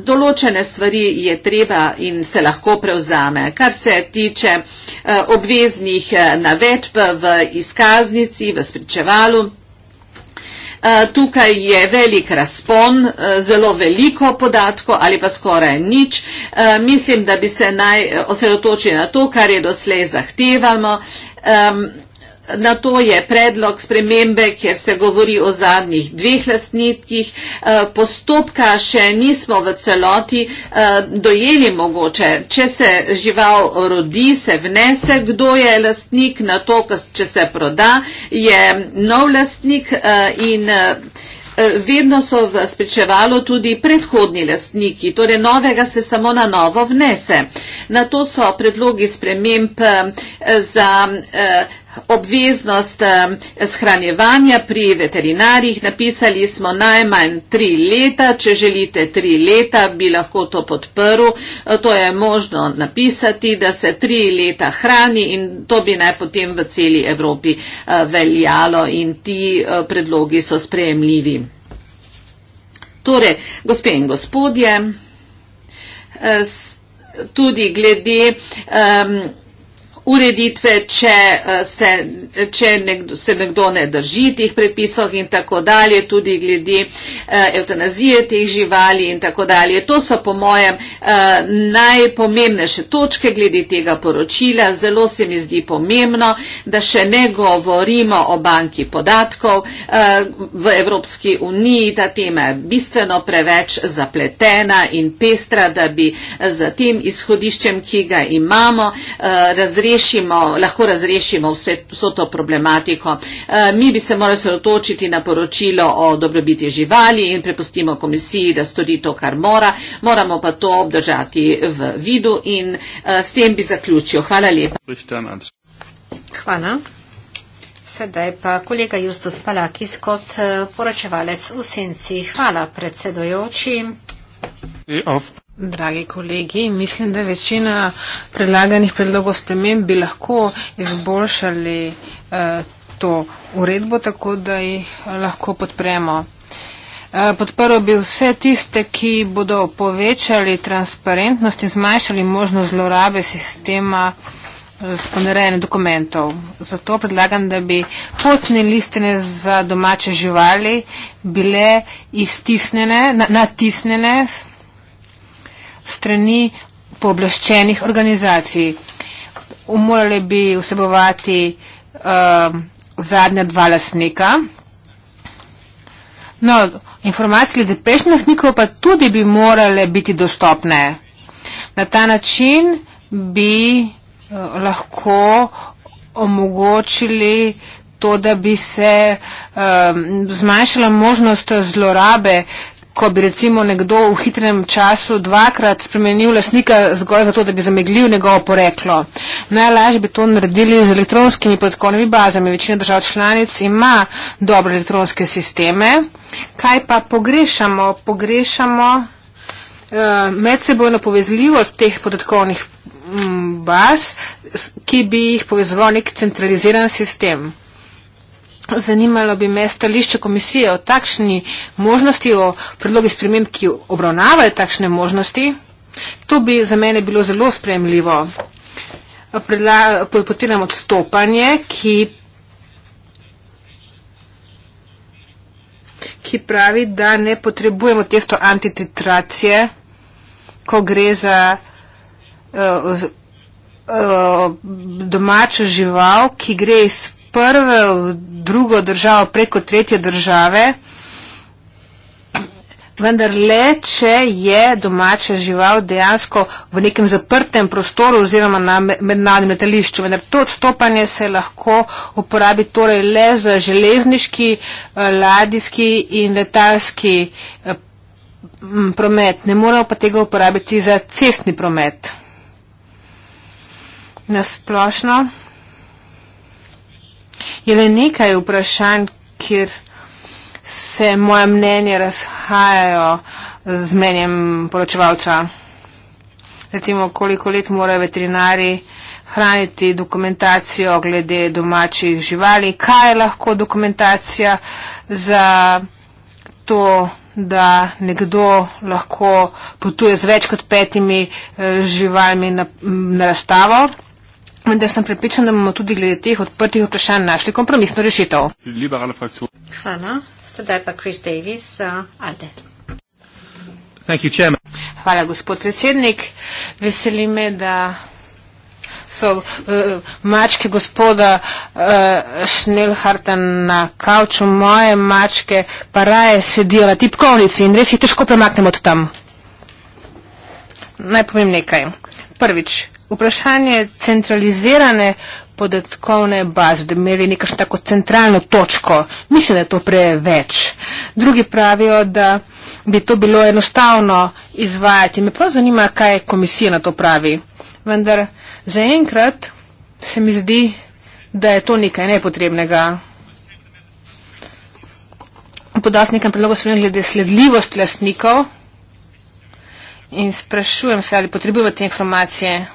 Speaker 4: Določene stvari je treba in se lahko prevzame. Kar se tiče obveznih navedb v izkaznici, v spričevalu, Eh, tukaj je velik razpon, eh, zelo veliko podatkov ali pa skoraj nič. Eh, mislim, da bi se naj osredotočili na to, kar je doslej zahtevano. Na to je predlog spremembe, kjer se govori o zadnjih dveh lastnikih. E, postopka še nismo v celoti e, dojeli mogoče. Če se žival rodi, se vnese, kdo je lastnik, na to, če se proda, je nov lastnik e, in. Vedno so v spričevalo tudi predhodni lastniki, torej novega se samo na novo vnese. Na to so predlogi sprememb za obveznost shranjevanja pri veterinarjih. Napisali smo najmanj tri leta, če želite tri leta, bi lahko to podprl. E, to je možno napisati, da se tri leta hrani in to bi naj potem v celi Evropi e, veljalo in ti e, predlogi so sprejemljivi. Torej, gospe in gospodje, tudi glede. Um, ureditve, če eh, se, če nekdo, se nekdo ne drži teh predpisov in tako dalje, tudi glede eutanazije eh, teh živali in tako dalje. To so po mojem eh, najpomembnejše točke glede tega poročila. Zelo se mi zdi pomembno, da še ne govorimo o banki podatkov. V Evropski uniji ta tema je bistveno preveč zapletena in pestra, da bi za tem izhodiščem, ki ga imamo, razrešili rešimo, lahko razrešimo vse, vso to problematiko. Eh, mi bi se morali sredotočiti na poročilo o dobrobiti živali in prepustimo komisiji, da stori to, kar mora. Moramo pa to obdržati v vidu in eh, s tem bi zaključil. Hvala lepa.
Speaker 2: Hvala. Sedaj pa kolega Justus Palakis kot eh, poročevalec v senci. Hvala predsedojoči.
Speaker 3: Dragi kolegi, mislim, da večina predlaganih predlogov sprememb bi lahko izboljšali eh, to uredbo, tako da jih eh, lahko podpremo. Eh, podprl bi vse tiste, ki bodo povečali transparentnost in zmanjšali možnost zlorabe sistema eh, sponerejene dokumentov. Zato predlagam, da bi potne listine za domače živali bile natisnjene strani pooblaščenih organizacij. Morali bi vsebovati uh, zadnja dva lasnika. No, informacije glede prejšnjih lasnikov pa tudi bi morale biti dostopne. Na ta način bi uh, lahko omogočili to, da bi se um, zmanjšala možnost zlorabe ko bi recimo nekdo v hitrem času dvakrat spremenil lasnika zgolj zato, da bi zameglil njegovo poreklo. Najlažje bi to naredili z elektronskimi podatkovnimi bazami. Večina držav članic ima dobre elektronske sisteme. Kaj pa pogrešamo? Pogrešamo eh, medsebojno povezljivost teh podatkovnih m, mm, baz, ki bi jih povezoval nek centraliziran sistem. Zanimalo bi me stališče komisije o takšni možnosti, o predlogi sprememb, ki obravnavajo takšne možnosti. To bi za mene bilo zelo spremljivo. Podpiram odstopanje, ki, ki pravi, da ne potrebujemo testo antititracije, ko gre za uh, uh, domačo žival, ki gre iz prve v drugo državo, preko tretje države, vendar le, če je domača žival dejansko v nekem zaprtem prostoru oziroma na mednarodnem letališču. Vendar to odstopanje se lahko uporabi torej le za železniški, eh, ladijski in letalski eh, promet. Ne moramo pa tega uporabiti za cestni promet. Nasplošno. Je le nekaj vprašanj, kjer se moje mnenje razhajajo z mnenjem poročevalca. Recimo, koliko let morajo veterinari hraniti dokumentacijo glede domačih živali, kaj je lahko dokumentacija za to, da nekdo lahko potuje z več kot petimi eh, živalmi na, na razstavo, vendar sem pripričan, da bomo tudi glede teh odprtih vprašanj našli kompromisno rešitev.
Speaker 2: Hvala. Sedaj pa Chris Davis, uh, eh,
Speaker 3: Alde. You, Hvala, gospod predsednik. Veseli me, da so uh, mačke gospoda uh, eh, Šnelharta na kavču, moje mačke pa raje sedijo na tipkovnici in res jih težko premaknemo od tam. Naj povem nekaj. Prvič, vprašanje centralizirane podatkovne baze, da bi imeli nekakšno tako centralno točko. Mislim, da je to preveč. Drugi pravijo, da bi to bilo enostavno izvajati. Me prav zanima, kaj komisija na to pravi. Vendar zaenkrat se mi zdi, da je to nekaj nepotrebnega. Podal sem nekaj predlogov svojim glede sledljivost lastnikov in sprašujem se, ali potrebujemo te informacije.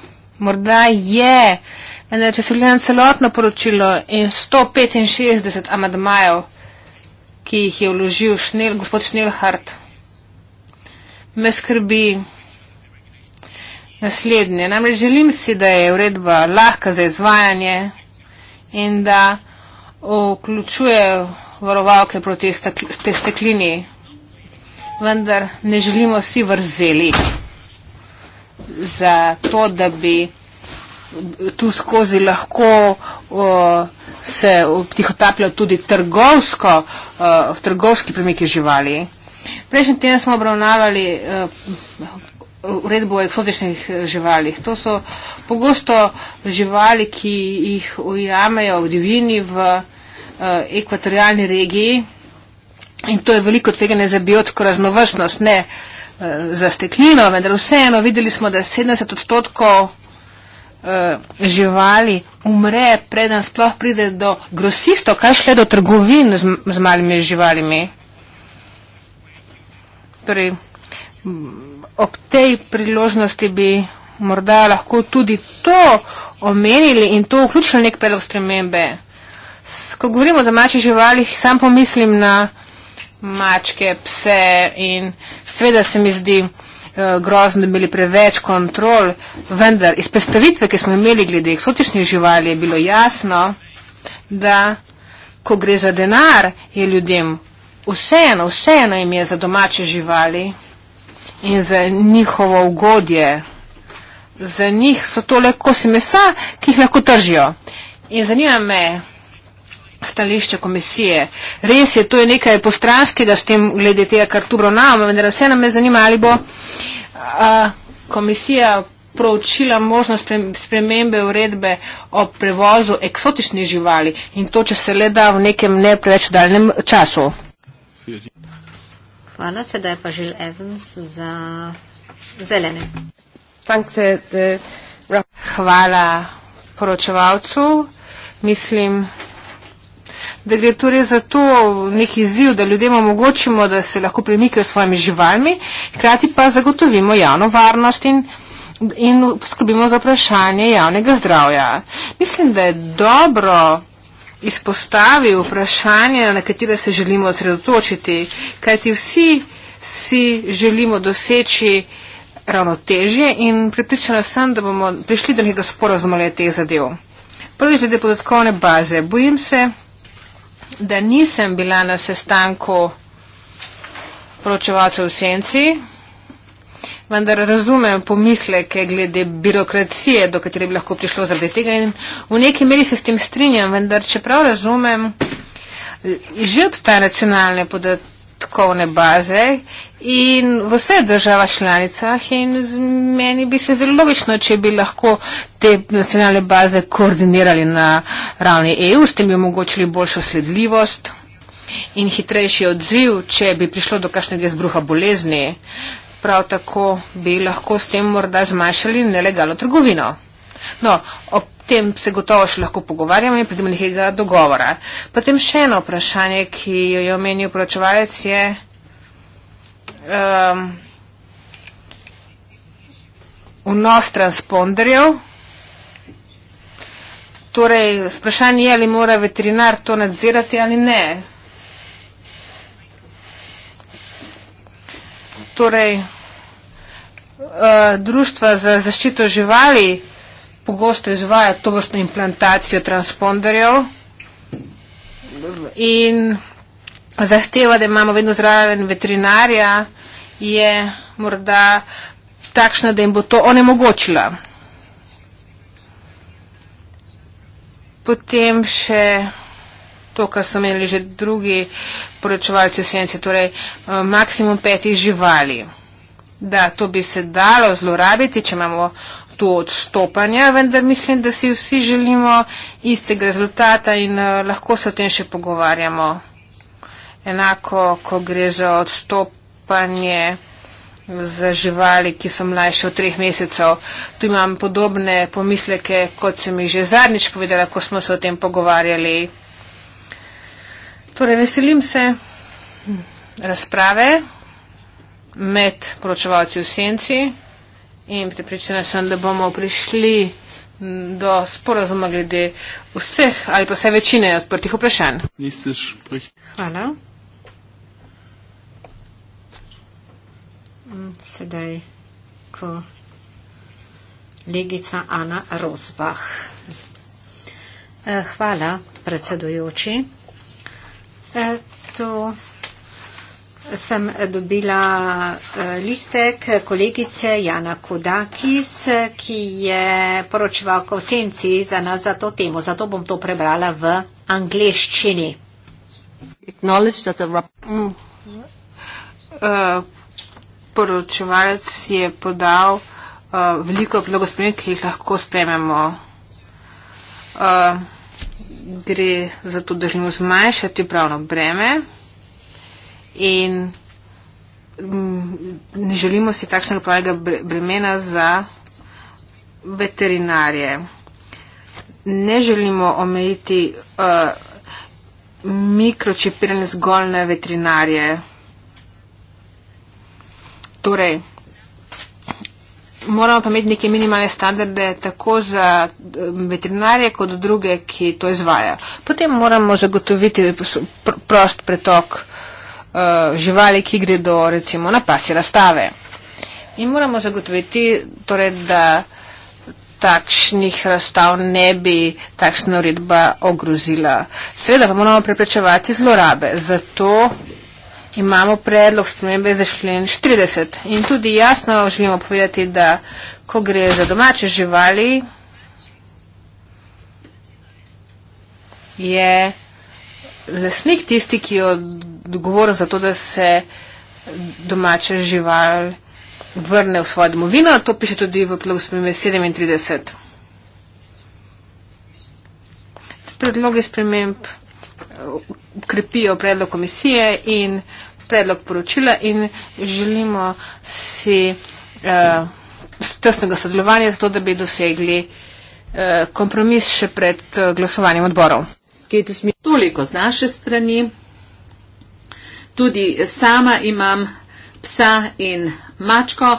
Speaker 3: Morda je, vendar če se gledam celotno poročilo in 165 amadmajev, ki jih je vložil šnel, gospod Šnelhart, me skrbi naslednje. Namreč želim si, da je uredba lahka za izvajanje in da vključuje varovalke proti stekl steklini. Vendar ne želimo si vrzeli za to, da bi tu skozi lahko o, se tihotapljal tudi trgovsko, o, trgovski premiki živali. Prejšnji teden smo obravnavali uredbo o eksotičnih živalih. To so pogosto živali, ki jih ujamejo v divini v o, ekvatorialni regiji in to je veliko tveganje za biotsko raznovrstnost. Ne, o, Eh, za steklino, vendar vseeno videli smo, da 70 odstotkov eh, živali umre, preden sploh pride do grosisto, kaj šle do trgovin z, z malimi živalimi. Torej, mm, ob tej priložnosti bi morda lahko tudi to omenili in to vključili nek predlog spremembe. Ko govorimo o domačih živalih, sam pomislim na uh, mačke, pse in seveda se mi zdi uh, grozno, da imeli preveč kontrol, vendar iz predstavitve, ki smo imeli glede eksotičnih živali, je bilo jasno, da ko gre za denar, je ljudem vseeno, vseeno jim je za domače živali in za njihovo ugodje. Za njih so to le kosi mesa, ki jih lahko tržijo. In zanima me, stališče komisije. Res je, to je nekaj postranskega s tem glede tega, kar tu ravnamo, vendar vse nam je zanimali bo. A, komisija proučila možnost spremembe uredbe o prevozu eksotičnih živali in to, če se le da v nekem ne preveč daljnem času.
Speaker 2: Hvala, sedaj pa Žil Evans za zelene. Eh,
Speaker 3: Hvala poročevalcu. Mislim, da gre torej za to nek izziv, da ljudem omogočimo, da se lahko premikajo s svojimi živalmi, hkrati pa zagotovimo javno varnost in, in poskrbimo za vprašanje javnega zdravja. Mislim, da je dobro izpostavil vprašanje, na katere se želimo osredotočiti, kajti vsi si želimo doseči ravnotežje in pripričana sem, da bomo prišli do nekega sporazumelja teh zadev. Prvič glede podatkovne baze. Bojim se, da nisem bila na sestanku poročevalcev v senci, vendar razumem pomisleke glede birokracije, do katere bi lahko prišlo zaradi tega in v neki meri se s tem strinjam, vendar čeprav razumem, že obstaja nacionalne podatke podatkovne baze in v vse država članicah in meni bi se zelo logično, če bi lahko te nacionalne baze koordinirali na ravni EU, s tem bi omogočili boljšo sledljivost in hitrejši odziv, če bi prišlo do kakšnega izbruha bolezni, prav tako bi lahko s tem morda zmanjšali nelegalno trgovino. No, ob tem se gotovo še lahko pogovarjamo in pridemo nekega dogovora. Potem še eno vprašanje, ki jo je omenil poročevalec, je, um, vnos transponderjev. Torej, vprašanje je, ali mora veterinar to nadzirati ali ne. Torej, uh, društva za zaščito živali, uh, pogosto izvaja tovrstno implantacijo transponderjev in zahteva, da imamo vedno zraven veterinarja, je morda takšna, da jim bo to onemogočila. Potem še to, kar so imeli že drugi poročevalci v senci, torej eh, maksimum petih živali. Da, to bi se dalo zlorabiti, če imamo tu odstopanja, vendar mislim, da si vsi želimo istega rezultata in eh, lahko se o tem še pogovarjamo. Enako, ko gre za odstopanje za živali, ki so mlajše od treh mesecev. Tu imam podobne pomisleke, kot sem jih že zadnjič povedala, ko smo se o tem pogovarjali. Torej, veselim se hm, razprave med poročevalci v senci in pripričana sem, da bomo prišli do sporazuma glede vseh ali pa vse večine
Speaker 1: odprtih vprašanj.
Speaker 3: Hvala.
Speaker 2: Sedaj, ko legica Ana Rosbach. Eh, hvala, predsedujoči. Eh, to sem dobila eh, listek kolegice Jana Kodakis, ki je poročevalka v senci za nas za to temo. Zato bom to prebrala v
Speaker 3: angliščini. Mm. Eh, poročevalec je podal uh, veliko vlogo sprememb, ki jih lahko sprememo. Uh, gre za to, da želimo zmanjšati pravno breme, in mm, ne želimo si takšnega pravega bremena za veterinarje. Ne želimo omejiti uh, mikročipiranje zgolj na veterinarje. Torej, moramo pa imeti neke minimalne standarde tako za um, veterinarje, kot druge, ki to izvaja. Potem moramo zagotoviti prost pretok uh, Eh, živali, ki gredo recimo na pasje razstave. In moramo zagotoviti, torej, da takšnih razstav ne bi takšna uredba ogrozila. Seveda pa moramo preprečevati zlorabe. Zato imamo predlog spremembe za člen 40. In tudi jasno želimo povedati, da ko gre za domače živali, je. Yeah lasnik tisti, ki je odgovoren za to, da se domače žival vrne v svojo domovino. To piše tudi v predlogu spremembe 37. Predlogi sprememb eh, krepijo predlog komisije in predlog poročila in želimo si uh, tesnega sodelovanja zato, da bi dosegli uh, kompromis še pred uh, glasovanjem odborov geht es mir toliko z naše strani. Tudi sama imam
Speaker 4: psa in mačko,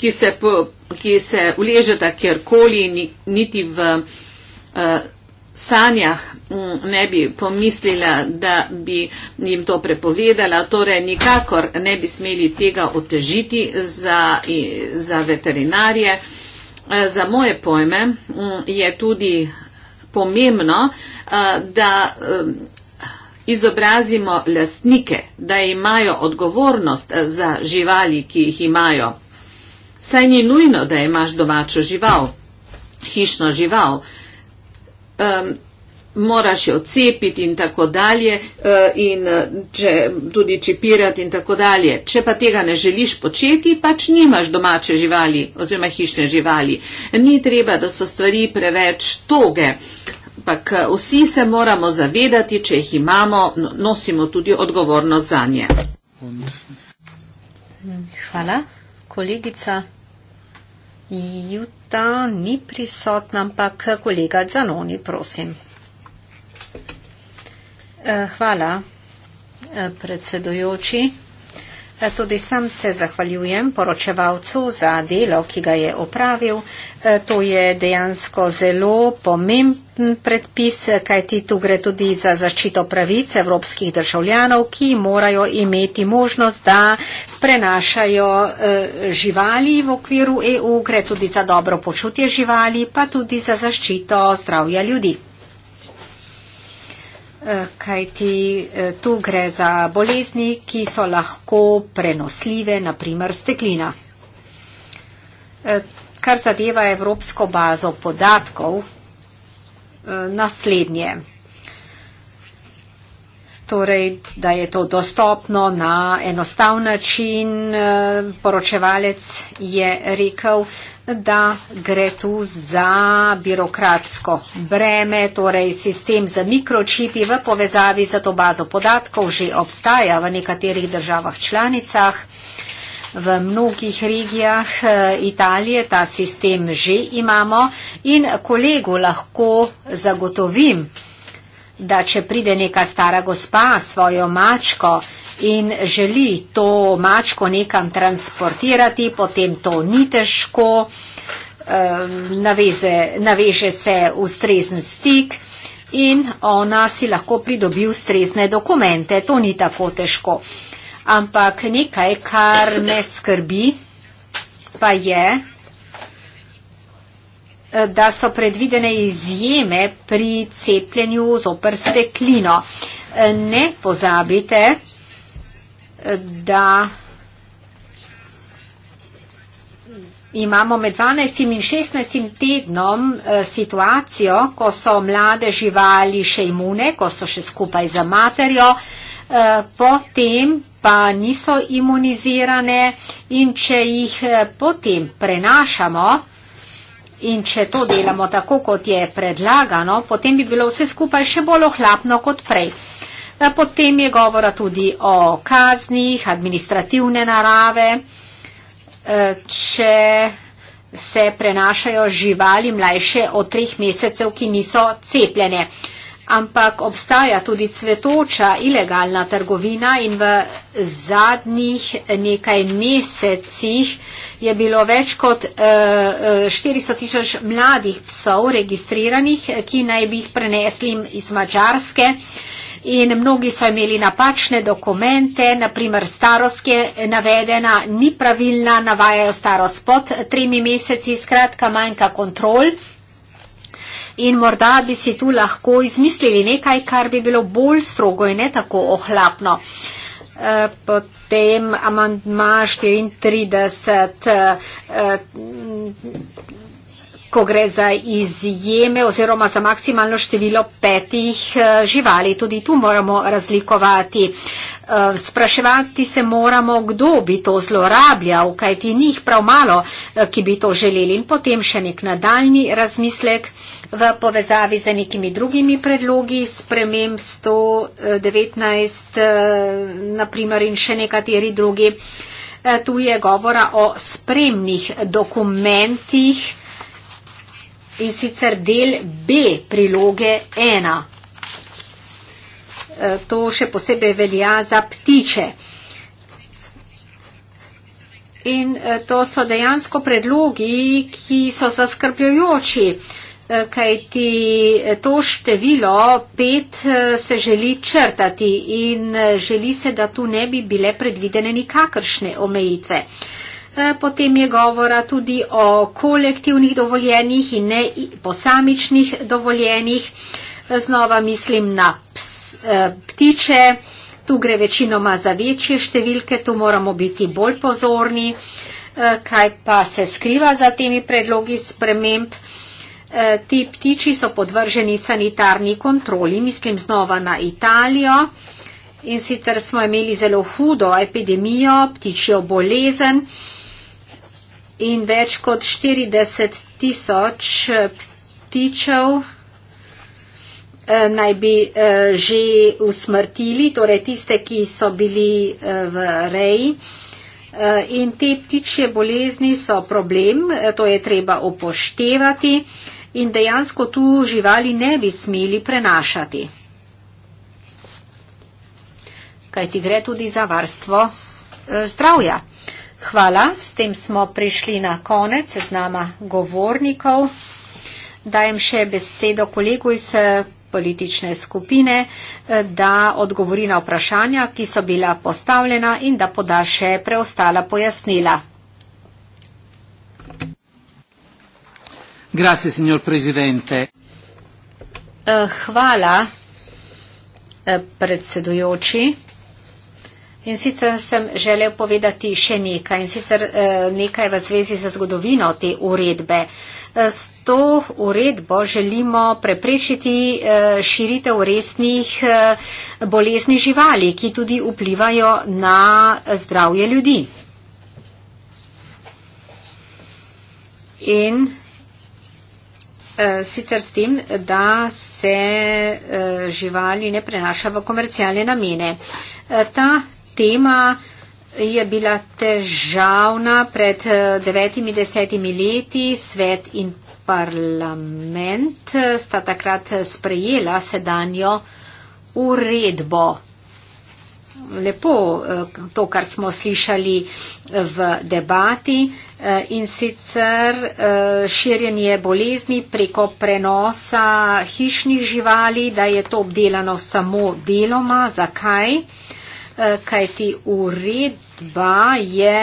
Speaker 4: ki se, po, ki se uležeta kjerkoli, niti v uh, sanjah mm, ne bi pomislila, da bi jim to prepovedala. Torej, nikakor ne bi smeli tega otežiti za, za veterinarje. Eh, za moje pojme mm, je tudi pomembno, eh, da eh, izobrazimo lastnike, da imajo odgovornost eh, za živali, ki jih imajo. Saj ni nujno, da imaš domačo žival, hišno žival moraš jo cepiti in tako dalje, eh, in eh, če, tudi čipirati in tako dalje. Če pa tega ne želiš početi, pač nimaš domače živali oziroma hišne živali. Ni treba, da so stvari preveč toge. Pak eh, vsi se moramo zavedati, če jih imamo, no, nosimo tudi odgovornost za nje.
Speaker 2: Hvala. Kolegica Juta ni prisotna, ampak kolega Zanoni, prosim. Eh, hvala, eh, predsedujoči. Eh, tudi sam se zahvaljujem poročevalcu za delo, ki ga je opravil. To je dejansko zelo pomemben predpis, kajti tu gre tudi za zaščito pravic evropskih državljanov, ki morajo imeti možnost, da prenašajo živali v okviru EU, gre tudi za dobro počutje živali, pa tudi za zaščito zdravja ljudi kajti eh, tu gre za bolezni, ki so lahko prenosljive, naprimer steklina. Eh, kar zadeva Evropsko bazo podatkov, eh, naslednje torej, da je to dostopno na enostav način, eh, poročevalec je rekel, da gre tu za birokratsko breme, torej sistem za mikročipi v povezavi za to bazo podatkov že obstaja v nekaterih državah članicah. V mnogih regijah eh, Italije ta sistem že imamo in kolegu lahko zagotovim, da če pride neka stara gospa s svojo mačko in želi to mačko nekam transportirati, potem to ni težko, naveze, naveže se ustrezen stik in ona si lahko pridobi ustrezne dokumente. To ni tako težko. Ampak nekaj, kar me skrbi, pa je, Eh, da so predvidene izjeme pri cepljenju z opr steklino. Eh, ne pozabite, eh, da imamo med 12. in 16. tednom situacijo, ko so mlade živali še imune, ko so še skupaj za materjo, potem pa niso imunizirane in če jih potem prenašamo, In če to delamo tako, kot je predlagano, potem bi bilo vse skupaj še bolj ohlapno kot prej. Potem je govora tudi o kaznih, administrativne narave, e, če se prenašajo živali mlajše od treh mesecev, ki niso cepljene. Ampak obstaja tudi cvetoča ilegalna trgovina in v zadnjih nekaj mesecih je bilo več kot 400 eh, eh, tisoč mladih psov registriranih, eh, ki naj bi jih prenesli iz Mačarske. In mnogi so imeli napačne dokumente, naprimer starost je navedena, ni pravilna, navajajo starost pod tremi meseci, skratka manjka kontrol. In morda bi si tu lahko izmislili nekaj, kar bi bilo bolj strogo in ne tako ohlapno. Uh, potem amandma 34 ko gre za izjeme oziroma za maksimalno število petih eh, živali. Tudi tu moramo razlikovati. Eh, spraševati se moramo, kdo bi to zlorabljal, kaj ti njih prav malo, eh, ki bi to želeli. In potem še nek nadaljni razmislek v povezavi z nekimi drugimi predlogi, sprememb 119, naprimer in še nekateri drugi. Tu je govora o spremnih dokumentih, in sicer del B priloge 1. E, to še posebej velja za ptiče. In e, to so dejansko predlogi, ki so zaskrbljujoči, e, kajti to število 5 se želi črtati in želi se, da tu ne bi bile predvidene nikakršne omejitve. E, potem je govora tudi o kolektivnih dovoljenih in ne posamičnih dovoljenih. E, znova mislim na ps, e, ptiče, tu gre večinoma za večje številke, tu moramo biti bolj pozorni, kaj pa se skriva za temi predlogi sprememb. Ti ptiči so podvrženi sanitarni kontroli, mislim znova na Italijo. In sicer smo imeli zelo hudo epidemijo, ptičjo bolezen in več kot 40 tisoč ptičev eh, naj bi eh, že usmrtili, torej tiste, ki so bili eh, v reji. In te ptičje bolezni so problem, to je treba upoštevati in dejansko tu živali ne bi smeli prenašati. Kaj ti gre tudi za varstvo zdravja? Hvala, s tem smo prišli na konec seznama govornikov. Dajem še besedo kolegu iz eh, politične skupine, eh, da odgovori na vprašanja, ki so bila postavljena in da poda še preostala pojasnila.
Speaker 4: Grazie, signor presidente.
Speaker 2: Eh, hvala, predsedujoči. In sicer sem želel povedati še nekaj in sicer eh, nekaj v zvezi za zgodovino te uredbe. Eh, s to uredbo želimo preprečiti eh, širitev resnih bolezni živali, ki tudi vplivajo na zdravje ljudi. In sicer s tem, da se živali ne prenaša v komercialne namene. Ta tema je bila težavna pred eh, devetimi, desetimi leti. Svet in parlament eh, sta takrat sprejela sedanjo uredbo. Lepo eh, to, kar smo slišali v debati in sicer širjenje bolezni preko prenosa hišnih živali, da je to obdelano samo deloma. Zakaj? Eh, kaj ti uredba je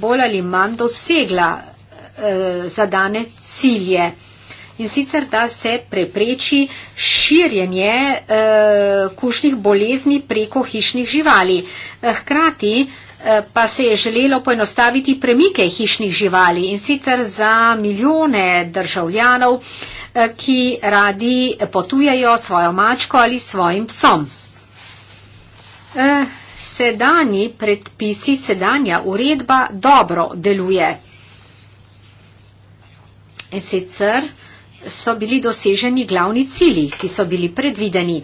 Speaker 2: bolj ali manj dosegla eh, zadane cilje. In sicer, da se prepreči širjenje e, eh, kušnih bolezni preko hišnih živali. Hkrati e, pa se je želelo poenostaviti premike hišnih živali in sicer za milijone državljanov, e, ki radi potujejo svojo mačko ali svojim psom. E, sedanji predpisi, sedanja uredba dobro deluje. In sicer so bili doseženi glavni cili, ki so bili predvideni.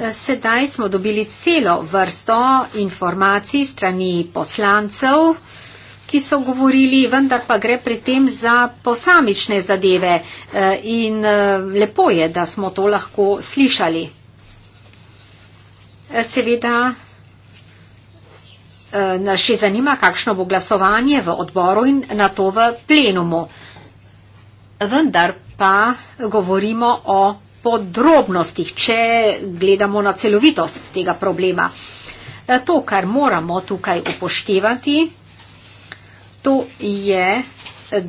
Speaker 2: Eh, sedaj smo dobili celo vrsto informacij strani poslancev, ki so govorili, vendar pa gre pri tem za posamične zadeve eh, in eh, lepo je, da smo to lahko slišali. Seveda Eh, nas še zanima, kakšno bo glasovanje v odboru in na to v plenumu. Vendar pa govorimo o podrobnostih, če gledamo na celovitost tega problema. Eh, to, kar moramo tukaj upoštevati, to je,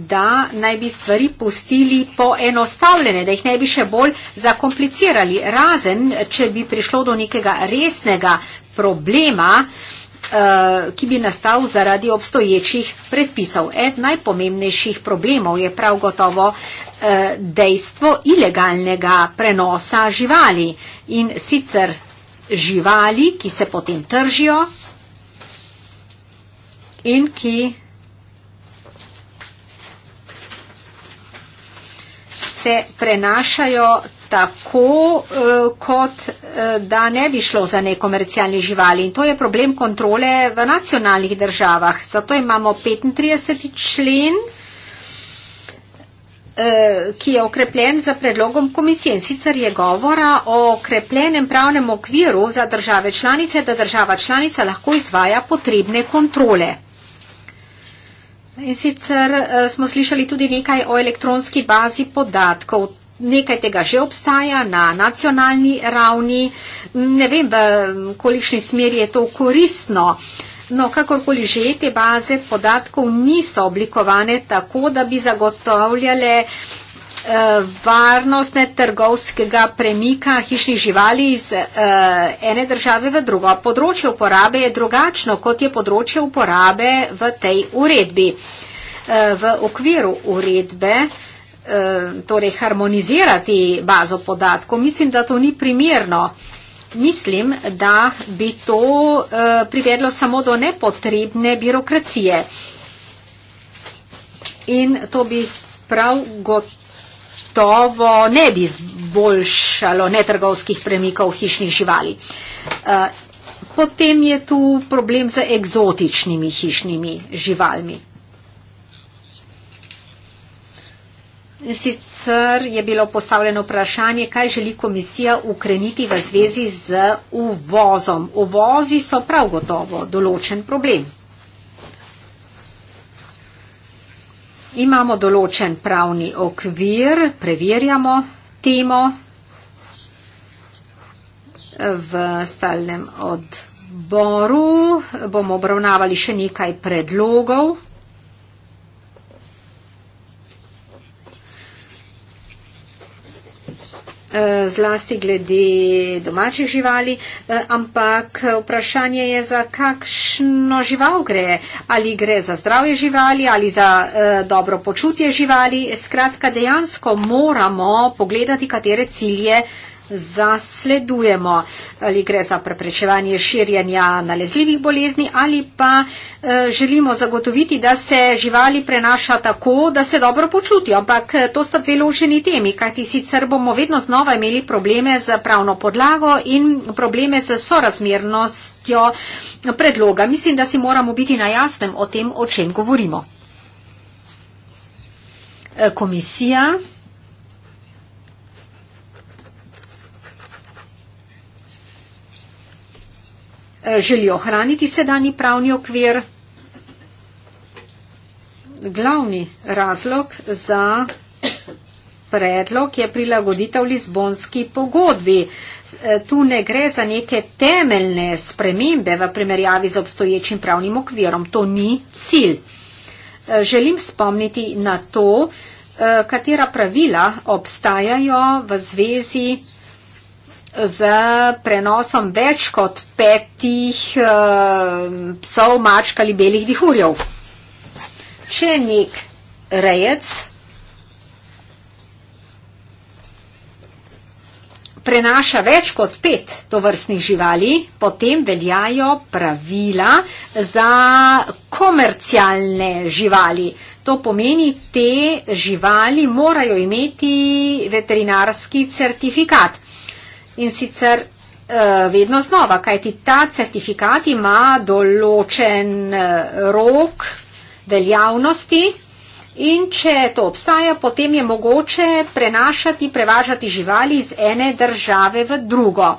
Speaker 2: da naj bi stvari pustili poenostavljene, da jih ne bi še bolj zakomplicirali, razen če bi prišlo do nekega resnega problema, uh, Eh, ki bi nastal zaradi obstoječih predpisov. Ed najpomembnejših problemov je prav gotovo eh, dejstvo ilegalnega prenosa živali in sicer živali, ki se potem tržijo in ki se prenašajo tako, eh, kot eh, da ne bi šlo za nekomercialne živali. In to je problem kontrole v nacionalnih državah. Zato imamo 35. člen, eh, ki je okrepljen za predlogom komisije. In sicer je govora o okrepljenem pravnem okviru za države članice, da država članica lahko izvaja potrebne kontrole. In sicer smo slišali tudi nekaj o elektronski bazi podatkov nekaj tega že obstaja na nacionalni ravni. Ne vem, v kolikšni smeri je to koristno. No, kakorkoli že te baze podatkov niso oblikovane tako, da bi zagotavljale eh, varnostne trgovskega premika hišnih živali iz uh, ene države v drugo. Področje uporabe je drugačno, kot je področje uporabe v tej uredbi. Uh, v okviru uredbe uh, Eh, torej harmonizirati bazo podatkov. Mislim, da to ni primerno. Mislim, da bi to eh, privedlo samo do nepotrebne birokracije. In to bi prav gotovo ne bi zboljšalo netrgovskih premikov hišnih živali. Eh, potem je tu problem z eksotičnimi hišnimi živalmi. Sicer je bilo postavljeno vprašanje, kaj želi komisija ukreniti v zvezi z uvozom. Uvozi so prav gotovo določen problem. Imamo določen pravni okvir, preverjamo temo v stalnem odboru. Bomo obravnavali še nekaj predlogov. Eh, zlasti glede domačih živali, eh, ampak vprašanje je, za kakšno žival gre. Ali gre za zdravje živali, ali za eh, dobro počutje živali. Skratka, dejansko moramo pogledati, katere cilje zasledujemo, ali gre za preprečevanje širjenja nalezljivih bolezni ali pa eh, želimo zagotoviti, da se živali prenaša tako, da se dobro počutijo. Ampak eh, to sta dve ločeni temi, kajti sicer bomo vedno znova imeli probleme z pravno podlago in probleme z sorazmernostjo predloga. Mislim, da si moramo biti na jasnem o tem, o čem govorimo. Eh, komisija. Eh, želi ohraniti sedani pravni okvir. Glavni razlog za predlog je prilagoditev Lizbonski pogodbi. Eh, tu ne gre za neke temeljne spremembe v primerjavi z obstoječim pravnim okvirom. To ni cilj. Eh, želim spomniti na to, katera pravila obstajajo v zvezi z prenosom več kot petih uh, psov, mačk ali belih dihurjev. Če nek rejec prenaša več kot pet tovrstnih živali, potem veljajo pravila za komercialne živali. To pomeni, te živali morajo imeti veterinarski certifikat in sicer eh, vedno znova, kajti ta certifikat ima določen eh, rok veljavnosti in če to obstaja, potem je mogoče prenašati, prevažati živali iz ene države v drugo.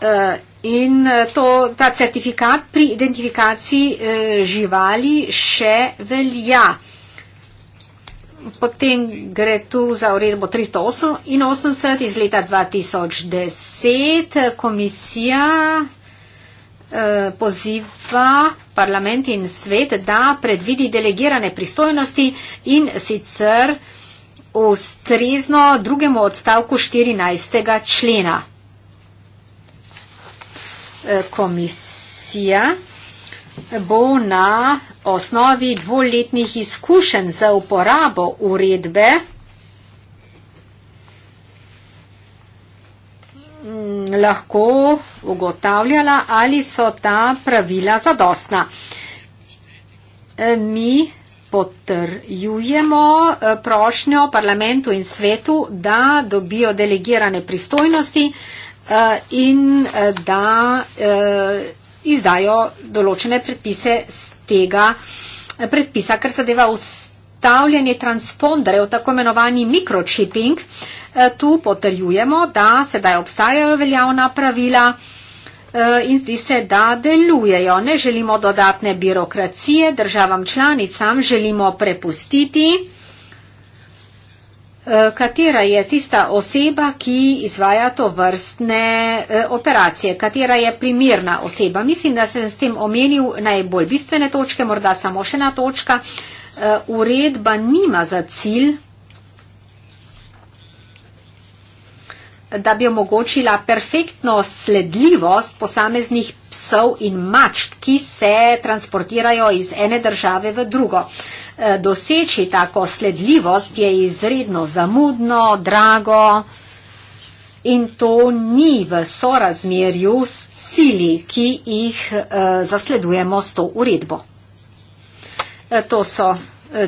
Speaker 2: Eh, in to, ta certifikat pri identifikaciji živali še velja. Potem gre tu za uredbo 388 iz leta 2010. Komisija eh, poziva parlament in svet, da predvidi delegirane pristojnosti in sicer ustrezno drugemu odstavku 14. člena. Eh, komisija bo na osnovi dvoletnih izkušenj za uporabo uredbe mm, lahko ugotavljala, ali so ta pravila zadostna. E, mi potrjujemo e, prošnjo parlamentu in svetu, da dobijo delegirane pristojnosti e, in da izdajo določene predpise z tega eh, predpisa, ker zadeva ustavljanje transponderjev, tako imenovani mikrochipping. Eh, tu potrjujemo, da sedaj obstajajo veljavna pravila eh, in zdi se, da delujejo. Ne želimo dodatne birokracije, državam članicam želimo prepustiti. Eh, katera je tista oseba, ki izvaja to vrstne eh, operacije, katera je primirna oseba. Mislim, da sem s tem omenil najbolj bistvene točke, morda samo še ena točka. Eh, uredba nima za cilj, da bi omogočila perfektno sledljivost posameznih psov in mačk, ki se transportirajo iz ene države v drugo. Eh, doseči tako sledljivost je izredno zamudno, drago in to ni v sorazmerju s cili, ki jih eh, zasledujemo s to uredbo. Eh, to so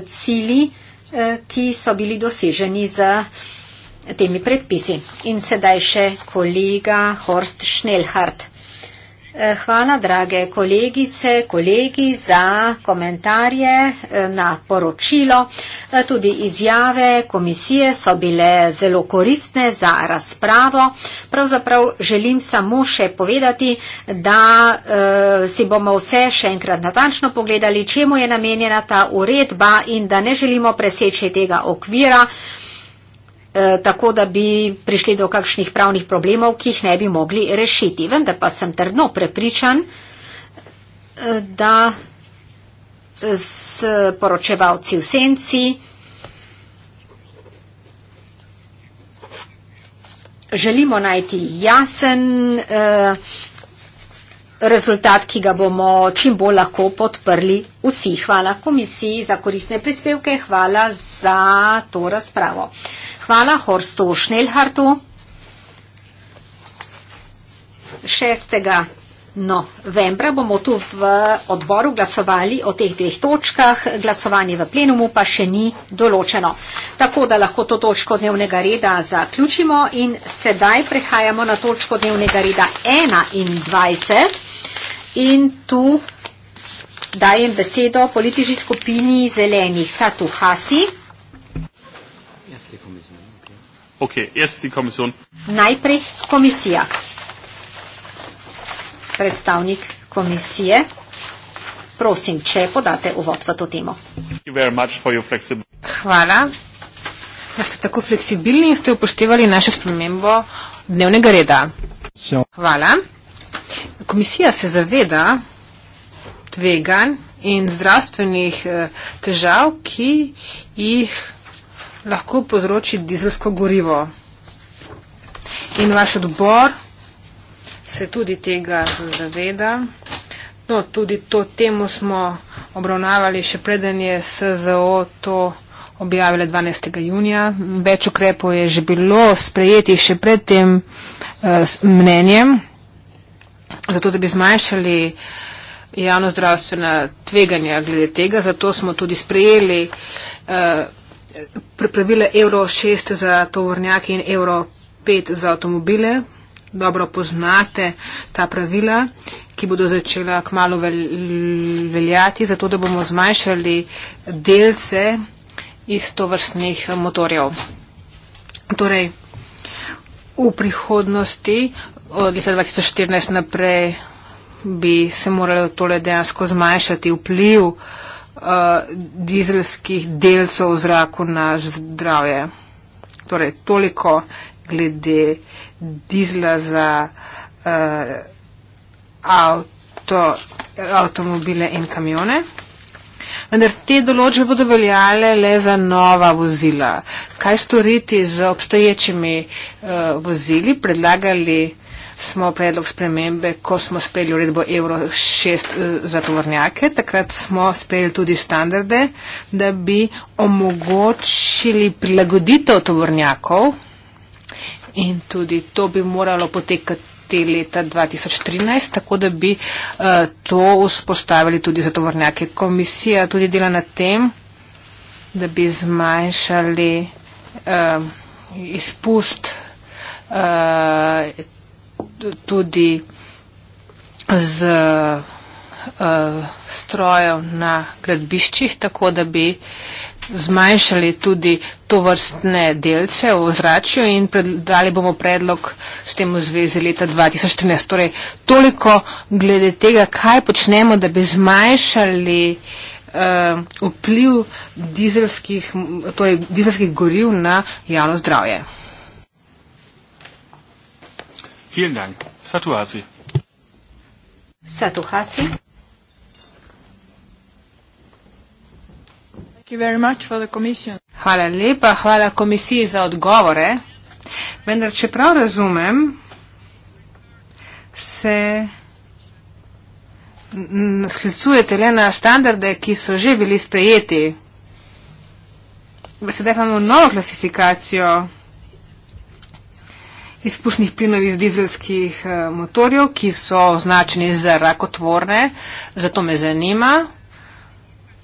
Speaker 2: cili, ki so bili doseženi z temi predpisi. In sedaj še kolega Horst Schnellhardt. Eh, hvala, drage kolegice, kolegi, za komentarje eh, na poročilo. Eh, tudi izjave komisije so bile zelo koristne za razpravo. Pravzaprav želim samo še povedati, da si bomo vse še enkrat natančno pogledali, čemu je namenjena ta uredba in da ne želimo preseči tega okvira. Eh, tako da bi prišli do kakšnih pravnih problemov, ki jih ne bi mogli rešiti. Vendar pa sem trdno prepričan, eh, da s poročevalci v senci želimo najti jasen eh, rezultat, ki ga bomo čim bolj lahko podprli vsi. Hvala komisiji za koristne prispevke, hvala za to razpravo. Hvala Horstu Šnelhartu. 6. novembra bomo tu v odboru glasovali o teh dveh točkah, glasovanje v plenumu pa še ni določeno. Tako da lahko to točko dnevnega reda zaključimo in sedaj prehajamo na točko dnevnega reda 21 in tu dajem besedo politični skupini zelenih Satu Hasi.
Speaker 1: Okay, erst die Kommission.
Speaker 2: Najprej komisija. Predstavnik komisije. Prosim, če
Speaker 3: podate uvod v to temo. Hvala, da ste tako fleksibilni in ste upoštevali našo spremembo dnevnega reda. Hvala. Komisija se zaveda tveganj in zdravstvenih eh, težav, ki jih lahko povzroči dizelsko gorivo. In vaš odbor se tudi tega zaveda. No, tudi to temo smo obravnavali še preden je SZO to objavile 12. junija. Več ukrepov je že bilo sprejeti še pred tem eh, mnenjem, zato da bi zmanjšali javno zdravstvena tveganja glede tega. Zato smo tudi sprejeli eh, pripravile evro 6 za tovornjake in evro 5 za avtomobile. Dobro poznate ta pravila, ki bodo začela kmalo veljati, zato da bomo zmanjšali delce iz tovrstnih motorjev. Torej, v prihodnosti od leta 2014 naprej bi se moralo tole dejansko zmanjšati vpliv uh, uh, dizelskih delcev v zraku na zdravje. Torej, toliko glede dizla za uh, avto, avtomobile in kamione. Vendar te določbe bodo veljale le za nova vozila. Kaj storiti z obstoječimi uh, vozili, predlagali smo predlog spremembe, ko smo sprejeli uredbo Euro 6 eh, za tovornjake. Takrat smo sprejeli tudi standarde, da bi omogočili prilagoditev tovornjakov in tudi to bi moralo potekati leta 2013, tako da bi uh, to vzpostavili tudi za tovornjake. Komisija tudi dela na tem, da bi zmanjšali uh, izpust uh, tudi z uh, strojev na gradbiščih, tako da bi zmanjšali tudi to vrstne delce v ozračju in dali bomo predlog s tem v zvezi leta 2013. Torej, toliko glede tega, kaj počnemo, da bi zmanjšali uh, vpliv dizelskih, torej, dizelskih goriv na
Speaker 1: javno zdravje. Vielen Dank. Satuasi.
Speaker 3: Satuasi. Thank you very much for the commission. Hvala lepa, hvala komisiji za odgovore. Vendar, če prav razumem, se sklicujete le na standarde, ki so že bili sprejeti. Sedaj imamo novo klasifikacijo izpušnih plinov iz dizelskih eh, motorjev, ki so označeni za rakotvorne. Zato me zanima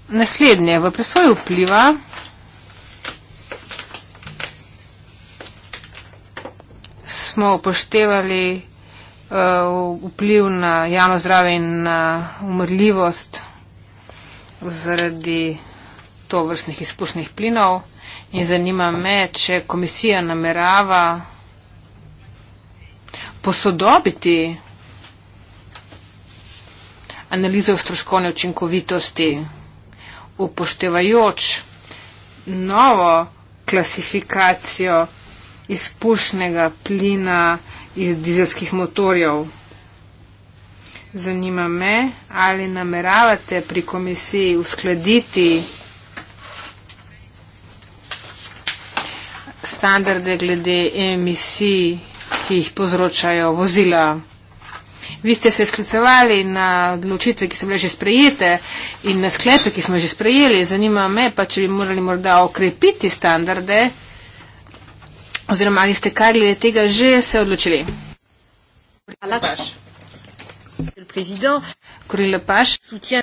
Speaker 3: naslednje. V presoju vpliva smo upoštevali eh, vpliv na javno zdrave in na umrljivost zaradi to vrstnih izpušnih plinov. In zanima me, če komisija namerava posodobiti analizo stroškovne učinkovitosti, upoštevajoč novo klasifikacijo izpušnega plina iz dizelskih motorjev. Zanima me, ali nameravate pri komisiji uskladiti standarde glede emisij ki jih povzročajo vozila. Vi ste se sklicevali na odločitve, ki so bile že sprejete in na sklepe, ki smo že sprejeli. Zanima me pa, če bi morali morda okrepiti standarde oziroma ali ste kaj glede tega že se odločili. Hvala.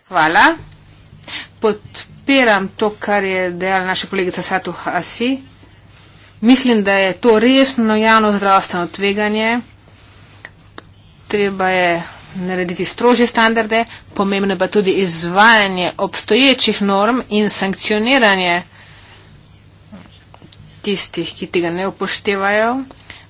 Speaker 3: Hvala. Podpiram to, kar je dejala naša kolegica Satu Hasi. Mislim, da je to resno javno zdravstveno tveganje. Treba je narediti strože standarde, pomembno pa tudi izvajanje obstoječih norm in sankcioniranje tistih, ki tega ne upoštevajo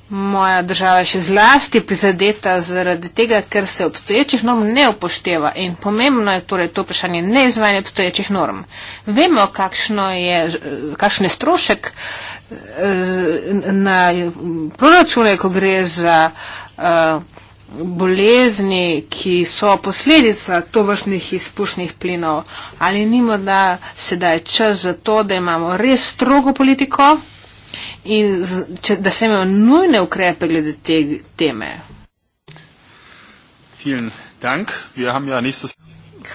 Speaker 3: moja država še zlasti prizadeta zaradi tega, ker se obstoječih norm ne upošteva in pomembno je torej to vprašanje neizvajanja obstoječih norm. Vemo, je, kakšen je strošek eh, na proračune, ko gre za eh, bolezni, ki so posledica tovršnih izpušnih plinov, ali ni morda sedaj čas za to, da imamo res strogo politiko? in če, da se imajo nujne ukrepe glede te teme.
Speaker 1: Ja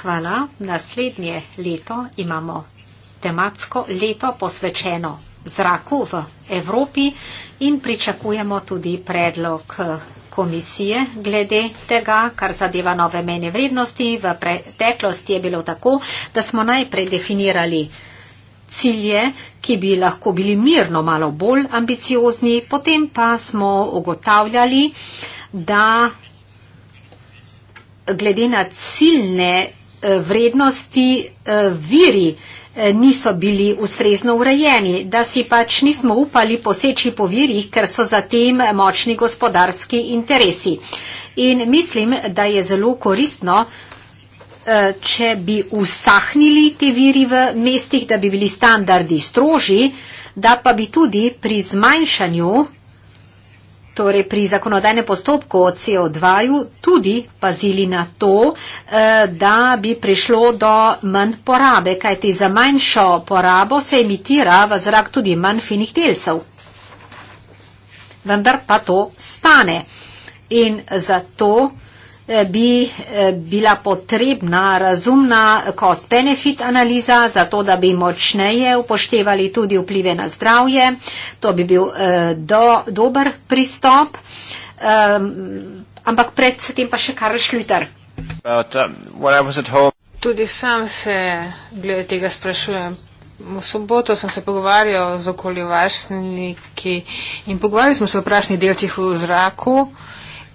Speaker 3: Hvala.
Speaker 2: Naslednje leto imamo tematsko leto posvečeno zraku v Evropi in pričakujemo tudi predlog komisije glede tega, kar zadeva nove mene vrednosti. V preteklosti je bilo tako, da smo najprej definirali cilje, ki bi lahko bili mirno malo bolj ambiciozni, potem pa smo ugotavljali, da glede na ciljne eh, vrednosti eh, viri eh, niso bili ustrezno urejeni, da si pač nismo upali poseči po virih, ker so zatem močni gospodarski interesi. In mislim, da je zelo koristno Eh, če bi usahnili te viri v mestih, da bi bili standardi stroži, da pa bi tudi pri zmanjšanju, torej pri zakonodajnem postopku o CO2, tudi pazili na to, eh, da bi prišlo do manj porabe, kajti za manjšo porabo se emitira v zrak tudi manj finih delcev. Vendar pa to stane. In zato bi eh, bila potrebna razumna cost-benefit analiza, zato da bi močneje upoštevali tudi vplive na zdravje. To bi bil eh, do, dober pristop. Ampak
Speaker 3: predtem pa še Karl Schlüter. Um, tudi sam se glede tega sprašujem. V soboto sem se pogovarjal z okoljevarstveniki in pogovarjali smo se o prašnih delcih v zraku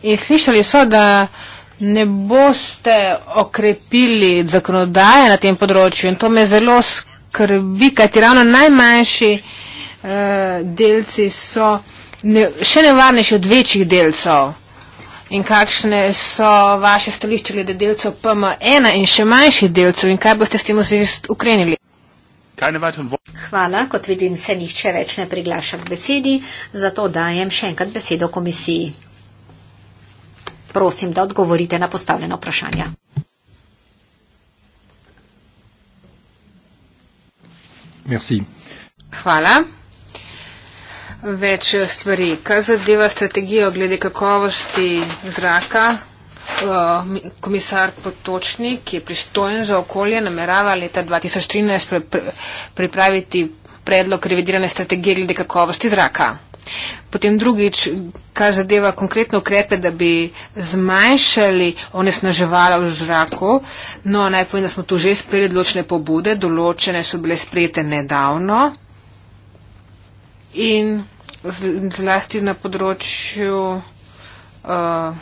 Speaker 3: in slišali so, da uh, ne boste okrepili zakonodaje na tem področju in to me zelo skrbi, kajti ravno najmanjši eh, delci so ne, še nevarnejši od večjih delcev. In kakšne so vaše stališče glede delcev PM1 in še manjših delcev in kaj boste s tem v
Speaker 1: zvezi ukrenili? Hvala,
Speaker 3: kot vidim, se nihče več ne priglaša k
Speaker 2: besedi, zato dajem še enkrat besedo komisiji prosim, da odgovorite na postavljeno vprašanje.
Speaker 1: Merci.
Speaker 3: Hvala. Več stvari. Kaj zadeva strategijo glede kakovosti zraka? Komisar Potočni, ki je pristojen za okolje, namerava leta 2013 pripraviti predlog revidirane strategije glede kakovosti zraka. Potem drugič, kar zadeva konkretno ukrepe, da bi zmanjšali onesnaževala v zraku. No, naj povem, da smo tu že sprejeli odločne pobude, določene so bile sprejete nedavno in zlasti na področju. Uh,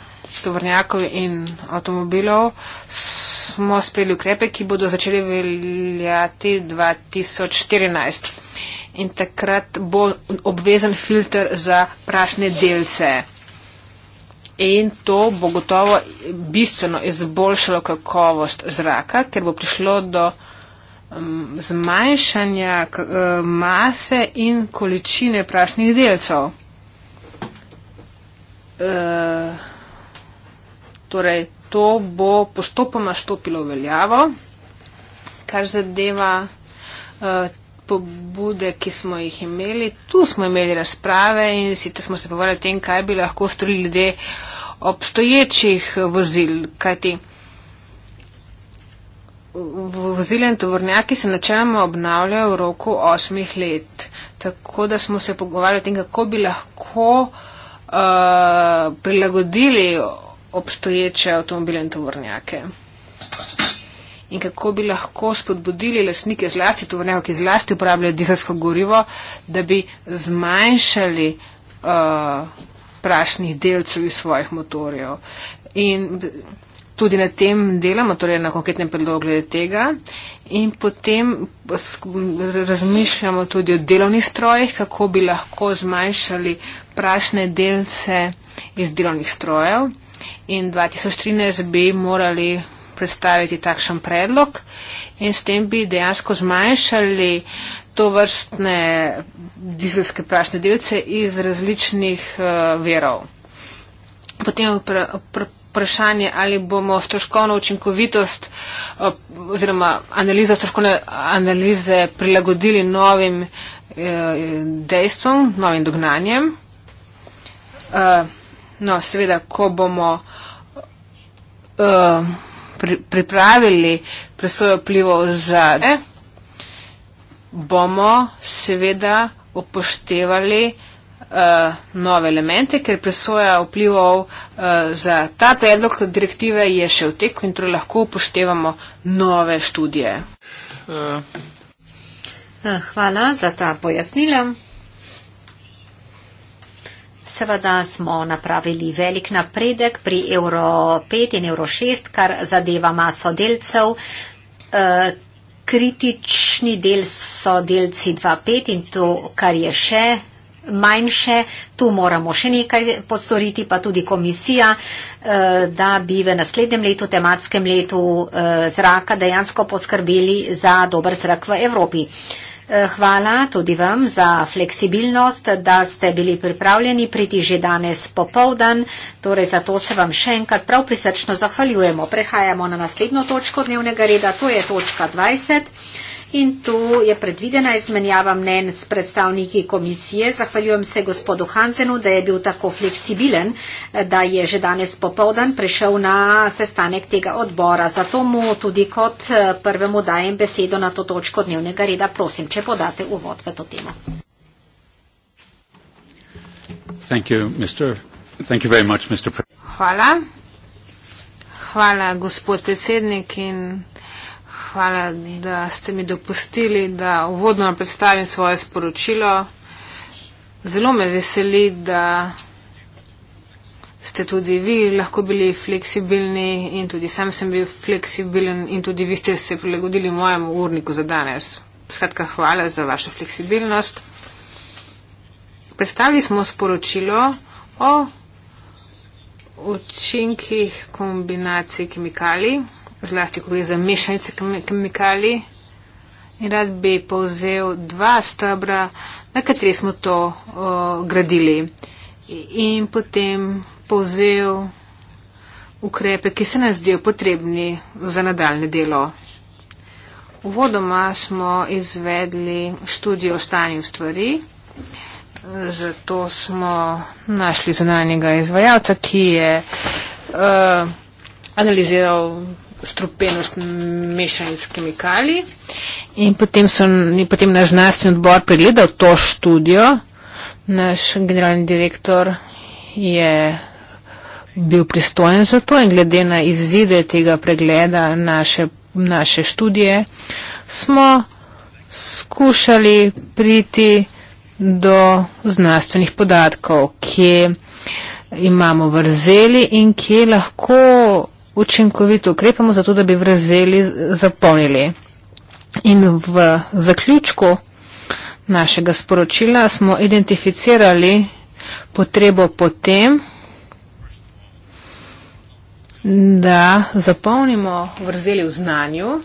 Speaker 3: tovrnjakov in avtomobilov, smo sprejeli ukrepe, ki bodo začeli veljati 2014. In takrat bo obvezen filter za prašne delce. In to bo gotovo bistveno izboljšalo kakovost zraka, ker bo prišlo do mm, zmanjšanja e, mase in količine prašnih delcev. Uh, Torej, to bo postopoma stopilo v veljavo, kar zadeva uh, pobude, ki smo jih imeli. Tu smo imeli razprave in sicer smo se povarjali tem, kaj bi lahko storili ljudje obstoječih vozil, kajti vozile in tovornjaki se načeloma obnavljajo v roku osmih let. Tako da smo se pogovarjali o tem, kako bi lahko uh, prilagodili obstoječe avtomobile in tovornjake. In kako bi lahko spodbudili lasnike zlasti tovornjaka, ki zlasti uporabljajo dizelsko gorivo, da bi zmanjšali uh, prašnih delcev iz svojih motorjev. In tudi na tem delamo, torej na konkretnem predlogu glede tega. In potem razmišljamo tudi o delovnih strojih, kako bi lahko zmanjšali prašne delce iz delovnih strojev in 2013 bi morali predstaviti takšen predlog in s tem bi dejansko zmanjšali to vrstne dizelske prašne delce iz različnih uh, verov. Potem vprašanje, ali bomo stroškovno učinkovitost eh, oziroma analizo stroškovne analize prilagodili novim eh, dejstvom, novim dognanjem. Uh, No, seveda, ko bomo uh, pri, pripravili presojo plivov za ne, bomo seveda upoštevali uh, nove elemente, ker presoja vplivov uh, za ta predlog direktive je še v teku in torej lahko upoštevamo nove študije. Uh. Hvala za ta pojasnila.
Speaker 2: Seveda smo napravili velik napredek pri Euro 5 in Euro 6, kar zadeva maso delcev. E, kritični del so delci 2.5 in to, kar je še manjše, tu moramo še nekaj postoriti, pa tudi komisija, e, da bi v naslednjem letu, tematskem letu e, zraka dejansko poskrbeli za dober zrak v Evropi. Eh, hvala tudi vam za fleksibilnost, da ste bili pripravljeni priti že danes popovdan. Torej, zato se vam še enkrat prav prisrčno zahvaljujemo. Prehajamo na naslednjo točko dnevnega reda, to je točka 20 in tu je predvidena izmenjava mnen s predstavniki komisije. Zahvaljujem se gospodu Hansenu, da je bil tako fleksibilen, da je že danes popovdan prišel na sestanek tega odbora. Zato mu tudi kot eh, prvemu dajem besedo na to točko dnevnega reda. Prosim, če podate uvod v to temo.
Speaker 1: Thank you, Mr. Thank you very much, Mr.
Speaker 3: Hvala. Hvala, gospod predsednik in hvala, da ste mi dopustili, da uvodno predstavim svoje sporočilo. Zelo me veseli, da ste tudi vi lahko bili fleksibilni in tudi sam sem bil fleksibilen in tudi vi ste se prilagodili mojemu urniku za danes. Skratka, hvala za vašo fleksibilnost. Predstavili smo sporočilo o učinkih kombinacij kemikalij zlasti, ko gre za mešanice kemikalij. In rad bi povzel dva stebra, na kateri smo to uh, gradili. In potem povzel ukrepe, ki se nas zdijo potrebni za nadaljne delo. Uvodoma smo izvedli študijo o stanju stvari, zato smo našli zunanjega izvajalca, ki je uh, analiziral strupenost mešanja s kemikalij. In potem, so, in potem naš znanstveni odbor pregledal to študijo. Naš generalni direktor je bil pristojen za to in glede na izide tega pregleda naše, naše študije smo skušali priti do znanstvenih podatkov, kje imamo vrzeli in kje lahko učinkovito ukrepamo, zato da bi vrzeli zapolnili. In v zaključku našega sporočila smo identificirali potrebo potem, da zapolnimo vrzeli v znanju,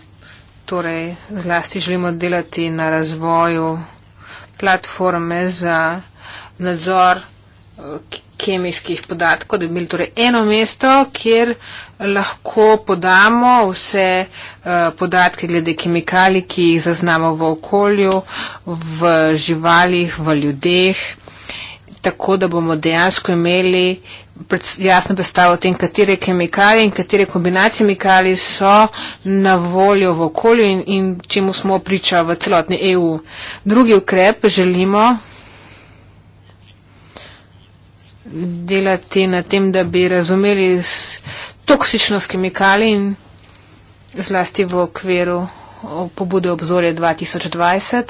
Speaker 3: torej zlasti želimo delati na razvoju platforme za nadzor, ki eh, kemijskih podatkov, da bi imeli torej eno mesto, kjer lahko podamo vse uh, podatke glede kemikali, ki jih zaznamo v okolju, v živalih, v ljudeh, tako da bomo dejansko imeli pred, jasno predstavo o tem, katere kemikali in katere kombinacije kemikali so na voljo v okolju in, in čemu smo priča v celotni EU. Drugi ukrep želimo, delati na tem, da bi razumeli toksičnost kemikalij in zlasti v okviru pobude obzorja 2020,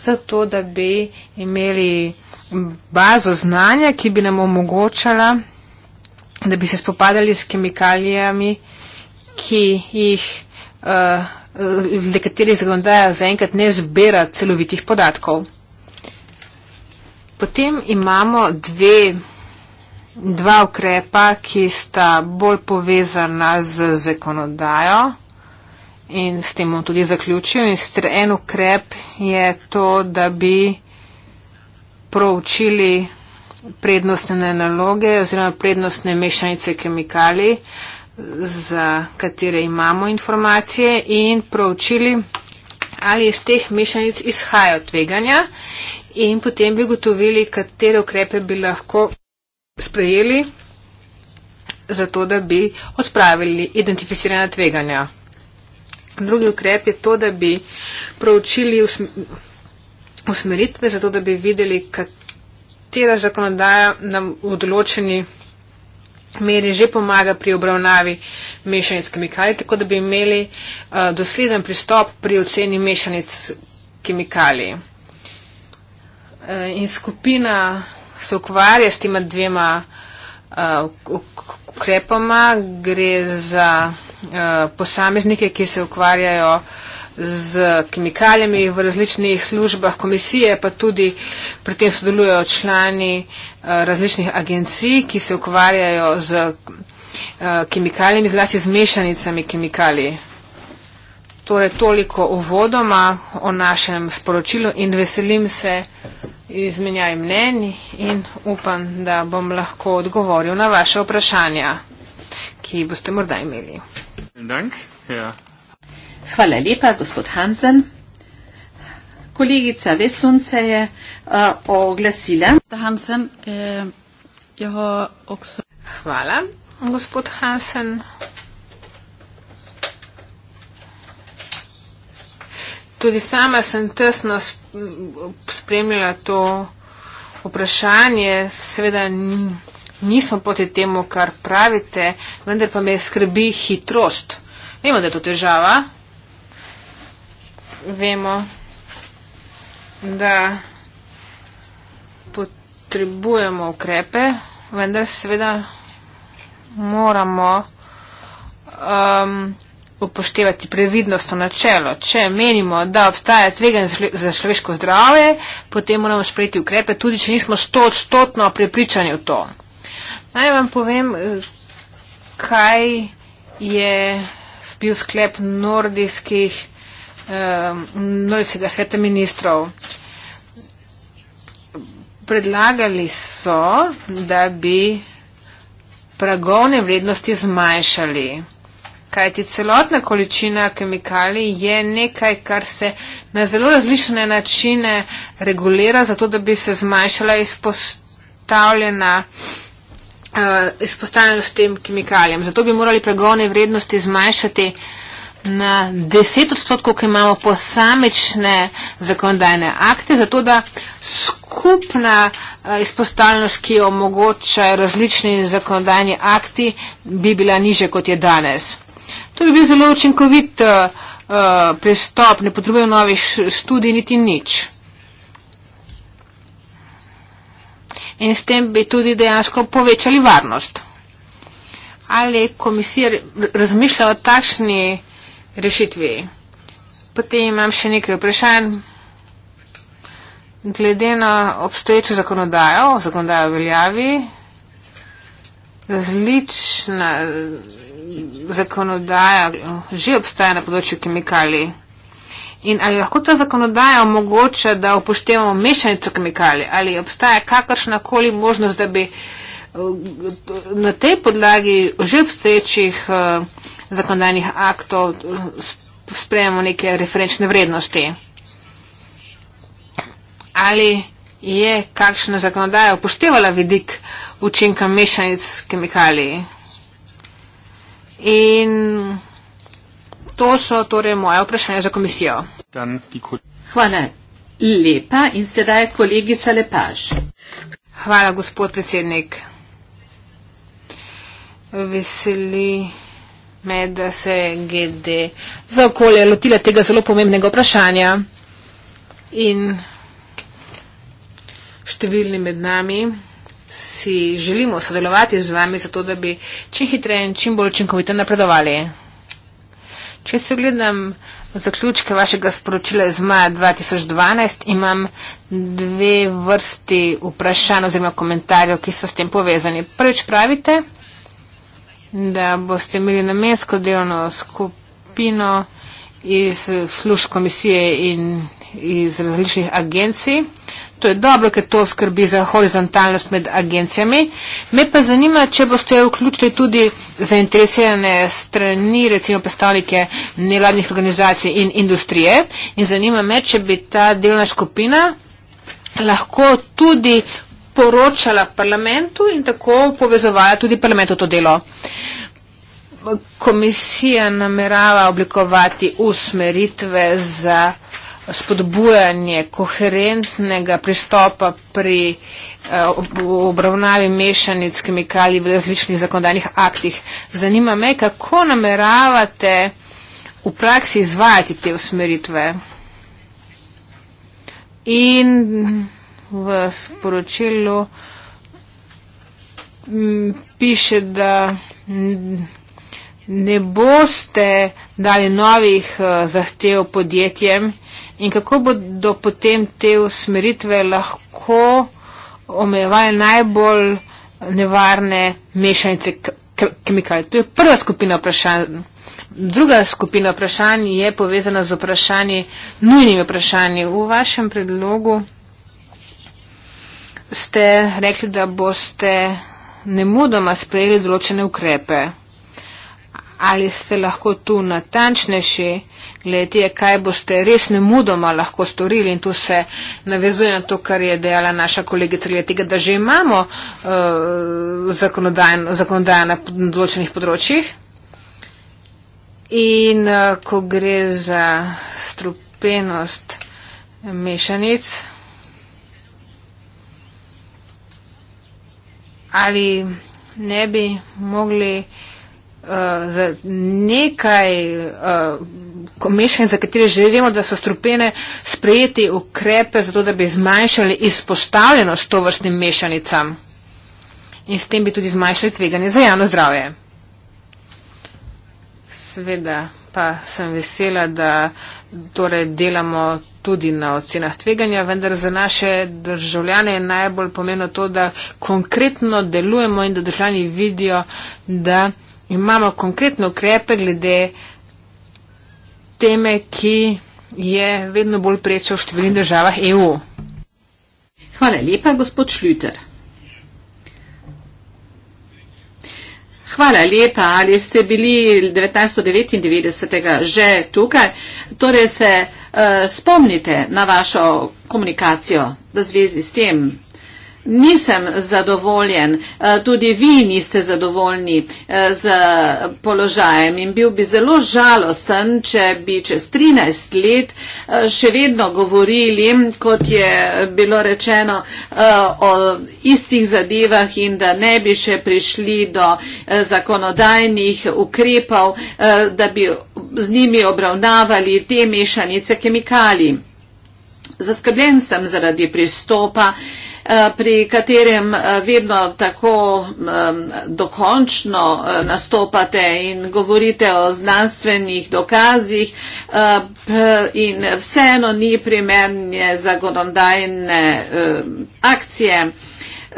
Speaker 3: zato da bi imeli bazo znanja, ki bi nam omogočala, da bi se spopadali s kemikalijami, ki jih, uh, eh, za katerih zagondaja zaenkrat ne zbira celovitih podatkov. Potem imamo dve dva ukrepa, ki sta bolj povezana z zakonodajo in s tem bom tudi zaključil. In sicer en ukrep je to, da bi proučili prednostne naloge oziroma prednostne mešanice kemikalij, za katere imamo informacije in proučili, ali iz teh mešanic izhajajo tveganja in potem bi gotovili, katere ukrepe bi lahko sprejeli, zato da bi odpravili identificirane tveganja. Drugi ukrep je to, da bi proučili usmeritve, zato da bi videli, katera zakonodaja nam v določeni meri že pomaga pri obravnavi mešanic kemikalij, tako da bi imeli uh, dosleden pristop pri oceni mešanic kemikalij. Uh, in skupina se ukvarja s tema dvema uh, ukrepoma. Gre za uh, posameznike, ki se ukvarjajo z kemikalijami v različnih službah komisije, pa tudi pri tem sodelujejo člani uh, različnih agencij, ki se ukvarjajo z uh, kemikalijami, zlasti z mešanicami kemikalij. Uh, Torej, toliko uvodoma o našem sporočilu in veselim se izmenjaj mnen in upam, da bom lahko odgovoril na vaše vprašanja, ki boste morda imeli. Hvala lepa, gospod Hansen.
Speaker 4: Kolegica Vesun se je uh, oglasila.
Speaker 3: Hansen, eh, Hvala, gospod Hansen. tudi sama sem tesno spremljala to vprašanje. Seveda nismo poti temu, kar pravite, vendar pa me skrbi hitrost. Vemo, da je to težava. Vemo, da potrebujemo ukrepe, vendar seveda moramo. Um, upoštevati previdnostno načelo. Če menimo, da obstaja tveganje za človeško zdravje, potem moramo sprejeti ukrepe, tudi če nismo stotno prepričani v to. Naj vam povem, eh, kaj je bil sklep nordijskih, eh, nordijskega sveta ministrov. Predlagali so, da bi pragovne vrednosti zmanjšali. Kaj ti celotna količina kemikalij je nekaj, kar se na zelo različne načine regulira, zato da bi se zmanjšala izpostavljena. Uh, eh, izpostavljeno s tem kemikalijem. Zato bi morali pregovne vrednosti zmanjšati na 10 odstotkov, ki imamo posamečne zakonodajne akte, zato da skupna uh, izpostavljenost, ki jo omogočajo različni zakonodajni akti, bi bila niže, kot je danes. To bi bil zelo učinkovit uh, pristop, ne potrebujem novih študij niti nič. In s tem bi tudi dejansko povečali varnost. Ali komisija razmišlja o takšni rešitvi? Potem imam še nekaj vprašanj. Glede na obstoječo zakonodajo, zakonodajo veljavi, različna zakonodaja že obstaja na področju kemikalij. In ali lahko ta zakonodaja omogoča, da upoštevamo mešanico kemikalij, ali obstaja kakršnakoli možnost, da bi eh, na tej podlagi že obstoječih eh, zakonodajnih aktov eh, sprejemo neke referenčne vrednosti. Ali je kakšna zakonodaja upoštevala vidik učinka mešanic kemikalij? In to so torej moje vprašanje za komisijo. Hvala lepa in sedaj je kolegica Lepaž. Hvala, gospod predsednik. Veseli me, da se je GD za okolje lotila tega zelo pomembnega vprašanja in številni med nami si želimo sodelovati z vami, zato da bi čim hitreje in čim bolj učinkovito napredovali. Če se ogledam zaključke vašega sporočila iz maja 2012, imam dve vrsti vprašanj oziroma komentarjev, ki so s tem povezani. Prvič pravite, da boste imeli namensko delovno skupino iz služb komisije in iz različnih agencij. To je dobro, ker to skrbi za horizontalnost med agencijami. Me pa zanima, če boste vključili tudi zainteresirane strani, recimo predstavnike nevladnih organizacij in industrije. In zanima me, če bi ta delovna skupina lahko tudi poročala parlamentu in tako povezovala tudi parlamentu to delo. Komisija namerava oblikovati usmeritve za spodbujanje koherentnega pristopa pri eh, obravnavi mešanic kemikalij v različnih zakonodajnih aktih. Zanima me, kako nameravate v praksi izvajati te usmeritve. In v sporočilu mm, piše, da ne boste dali novih eh, zahtev podjetjem, In kako bodo potem te usmeritve lahko omejevali najbolj nevarne mešanice kemikalij? To je prva skupina vprašanj. Druga skupina vprašanj je povezana z vprašanji, nujnimi vprašanji. V vašem predlogu ste rekli, da boste nemudoma sprejeli določene ukrepe. Ali ste lahko tu natančnejši, glede, kaj boste res ne mudoma lahko storili in tu se navezuje na to, kar je dejala naša kolegica glede tega, da že imamo uh, eh, zakonodajno, zakonodajno na določenih področjih. In uh, ko gre za strupenost mešanic, ali ne bi mogli uh, za nekaj uh, komešanje, za katere že vemo, da so strupene, sprejeti ukrepe, zato da bi zmanjšali izpostavljenost to vrstnim mešanicam in s tem bi tudi zmanjšali tveganje za javno zdravje. Sveda pa sem vesela, da torej delamo tudi na ocenah tveganja, vendar za naše državljane je najbolj pomembno to, da konkretno delujemo in da državljani vidijo, da imamo konkretne ukrepe glede teme, ki je vedno bolj preča v številnih državah EU. Hvala lepa, gospod Šljuter. Hvala lepa, ali ste
Speaker 4: bili 1999. že tukaj. Torej se uh, spomnite na vašo komunikacijo v zvezi s tem, nisem zadovoljen, eh, tudi vi niste zadovoljni eh, z položajem in bil bi zelo žalosten, če bi čez 13 let eh, še vedno govorili, kot je bilo rečeno, o istih zadevah in da ne bi še prišli do zakonodajnih ukrepov, da bi z njimi obravnavali te mešanice kemikalij. Zaskrbljen sem zaradi pristopa, Eh, pri katerem eh, vedno tako dokončno eh, nastopate in govorite o znanstvenih dokazih in vseeno ni primernje zakonodajne akcije.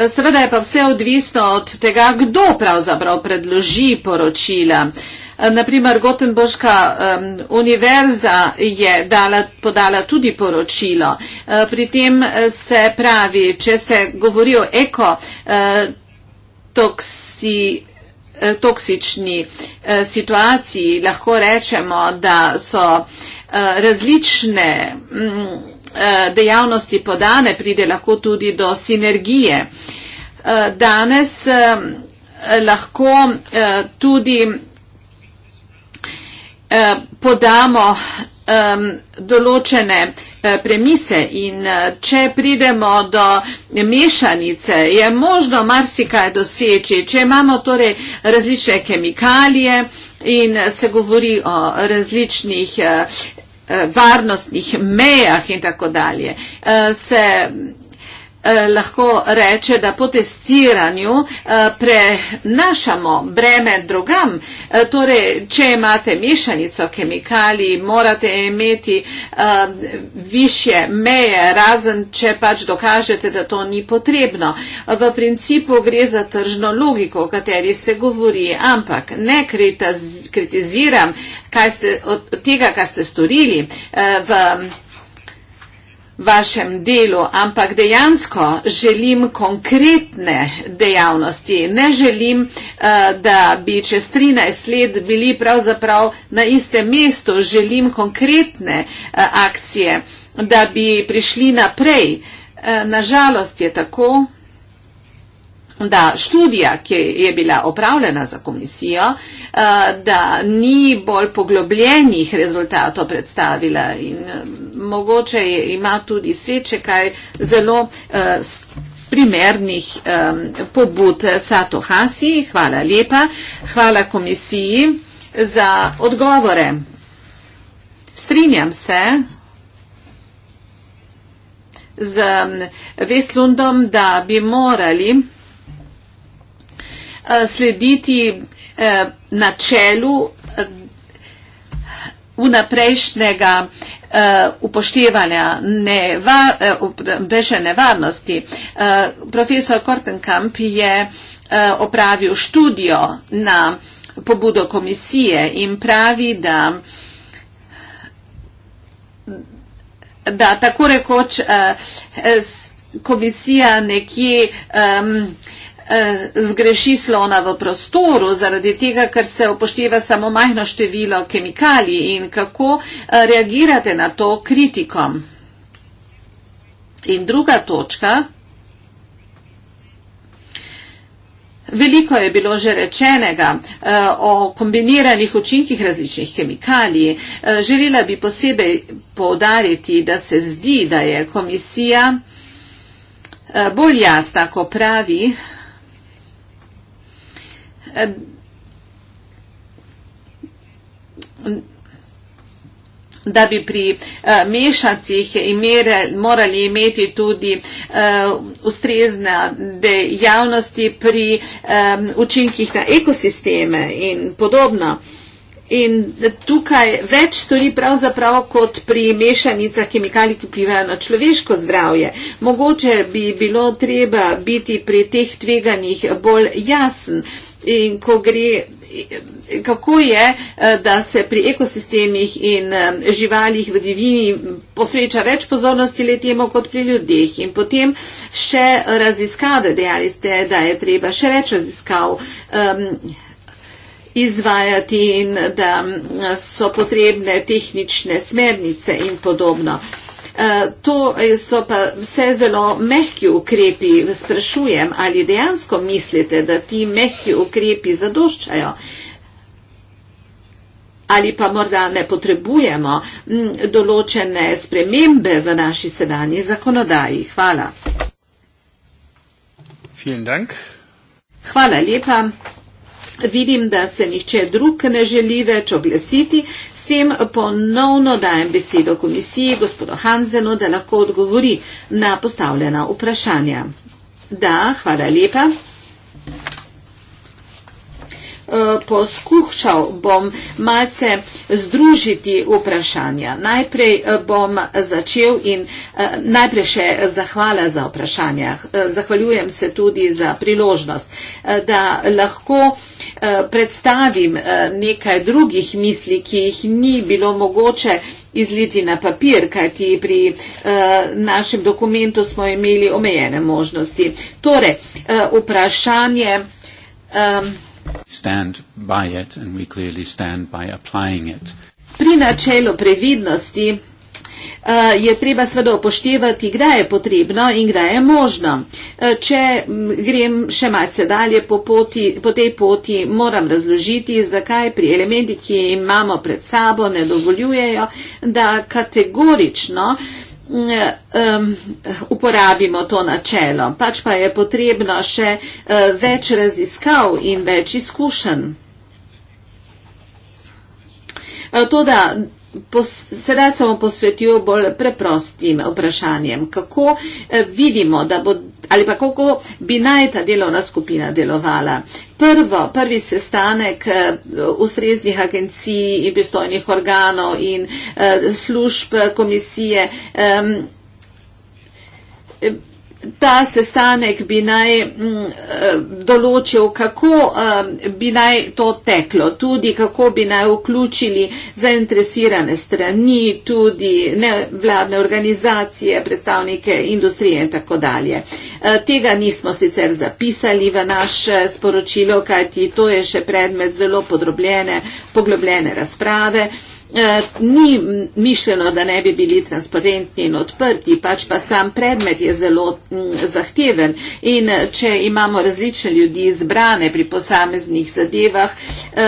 Speaker 4: Seveda je pa vse odvisno od tega, kdo pravzaprav predloži poročila. Naprimer, Gotenboška um, univerza je dala, podala tudi poročilo. Uh, pri tem e, se pravi, če se govori o ekotoksi. E, uh, toksični situaciji. Lahko rečemo, da so različne dejavnosti podane, pride lahko tudi do sinergije. Danes lahko tudi Eh, podamo določene eh, premise in eh, če pridemo do mešanice, je možno marsikaj doseči, če imamo torej različne kemikalije in se govori o različnih varnostnih mejah in tako dalje, se Eh, lahko reče, da po testiranju eh, prenašamo breme drugam. Eh, torej, če imate mešanico kemikalij, morate imeti više meje, razen če pač dokažete, da to ni potrebno. V principu gre za tržno logiko, o kateri se govori, ampak ne kritiziram ste, tega, kar ste storili v vašem delu, ampak dejansko želim konkretne dejavnosti. Ne želim, eh, da bi čez 13 let bili pravzaprav na istem mestu. Želim konkretne eh, akcije, da bi prišli naprej. Eh, Nažalost je tako, da študija, ki je bila opravljena za komisijo, eh, da ni bolj poglobljenih rezultatov predstavila in eh, mogoče ima tudi sveče kaj zelo eh, primernih pobud Sato Hasi. Hvala lepa. Hvala komisiji za odgovore. Strinjam se z Veslundom, da bi morali Eh, slediti eh, načelu eh, vnaprejšnjega upoštevanja nevarnosti. nevarnosti. Profesor Kortenkamp je opravil študijo na pobudo komisije in pravi, da da tako rekoč eh, komisija nekje eh, Eh, zgreši slona v prostoru, zaradi tega, ker se upošteva samo majhno število kemikalij in kako eh, reagirate na to kritikom. In druga točka. Veliko je bilo že rečenega eh, o kombiniranih učinkih različnih kemikalij. Eh, želela bi posebej povdariti, da se zdi, da je komisija eh, bolj jasna, ko pravi, and da bi pri uh, mešacih imere, morali imeti tudi uh, ustrezne dejavnosti pri um, učinkih na ekosisteme in podobno. In tukaj več stori pravzaprav kot pri mešanicah kemikalij, ki vplivajo na človeško zdravje. Mogoče bi bilo treba biti pri teh tveganjih bolj jasen. Uh, In ko gre, kako je, eh, da se pri ekosistemih in eh, živalih v divini posveča več pozornosti le temu kot pri ljudeh. In potem še raziskave, dejali ste, da je treba še več raziskav. Um, izvajati in da mm, so potrebne tehnične smernice in podobno. Eh, to so pa vse zelo mehki ukrepi. Sprašujem, ali dejansko mislite, da ti mehki ukrepi zadoščajo? Ali pa morda ne potrebujemo mm, določene spremembe v naši sedanji zakonodaji? Hvala. Hvala lepa. Vidim, da se nihče drug ne želi več oglesiti. S tem ponovno dajem besedo komisiji gospodu Hanzenu, da lahko odgovori na postavljena vprašanja. Da, hvala lepa. Eh, poskušal bom malce združiti vprašanja. Najprej eh, bom začel in eh, najprej še zahvala za vprašanja. Zahvaljujem se tudi za priložnost, da lahko predstavim nekaj drugih misli, ki jih ni bilo mogoče izliti na papir, kajti pri uh, našem dokumentu smo imeli omejene možnosti. Torej, uh, vprašanje. Um,
Speaker 3: stand by it and we clearly
Speaker 4: stand by applying it. Pri načelu previdnosti eh, je treba seveda upoštevati, kdaj je potrebno in kdaj je možno. Eh, če grem še malce dalje po, poti, po tej poti, moram razložiti, zakaj pri elementi, ki imamo pred sabo, ne dovoljujejo, da kategorično um, uporabimo to načelo. Pač pa je potrebno še uh, več raziskav in več izkušenj. Uh, Sedaj se bom posvetil bolj preprostim vprašanjem. Kako eh, vidimo, bo, ali pa kako bi naj ta delovna skupina delovala? Prvo, prvi sestanek eh, ustreznih agencij in pristojnih organov in eh, služb komisije ta sestanek bi naj mm, eh, določil, kako eh, bi naj to teklo, tudi kako bi naj vključili zainteresirane strani, tudi nevladne organizacije, predstavnike industrije in tako dalje. Eh, tega nismo sicer zapisali v naš sporočilo, kajti to je še predmet zelo podrobljene, poglobljene razprave. E, ni mišljeno, da ne bi bili transparentni in odprti, pač pa sam predmet je zelo zahteven in če imamo različne ljudi izbrane pri posameznih zadevah, e,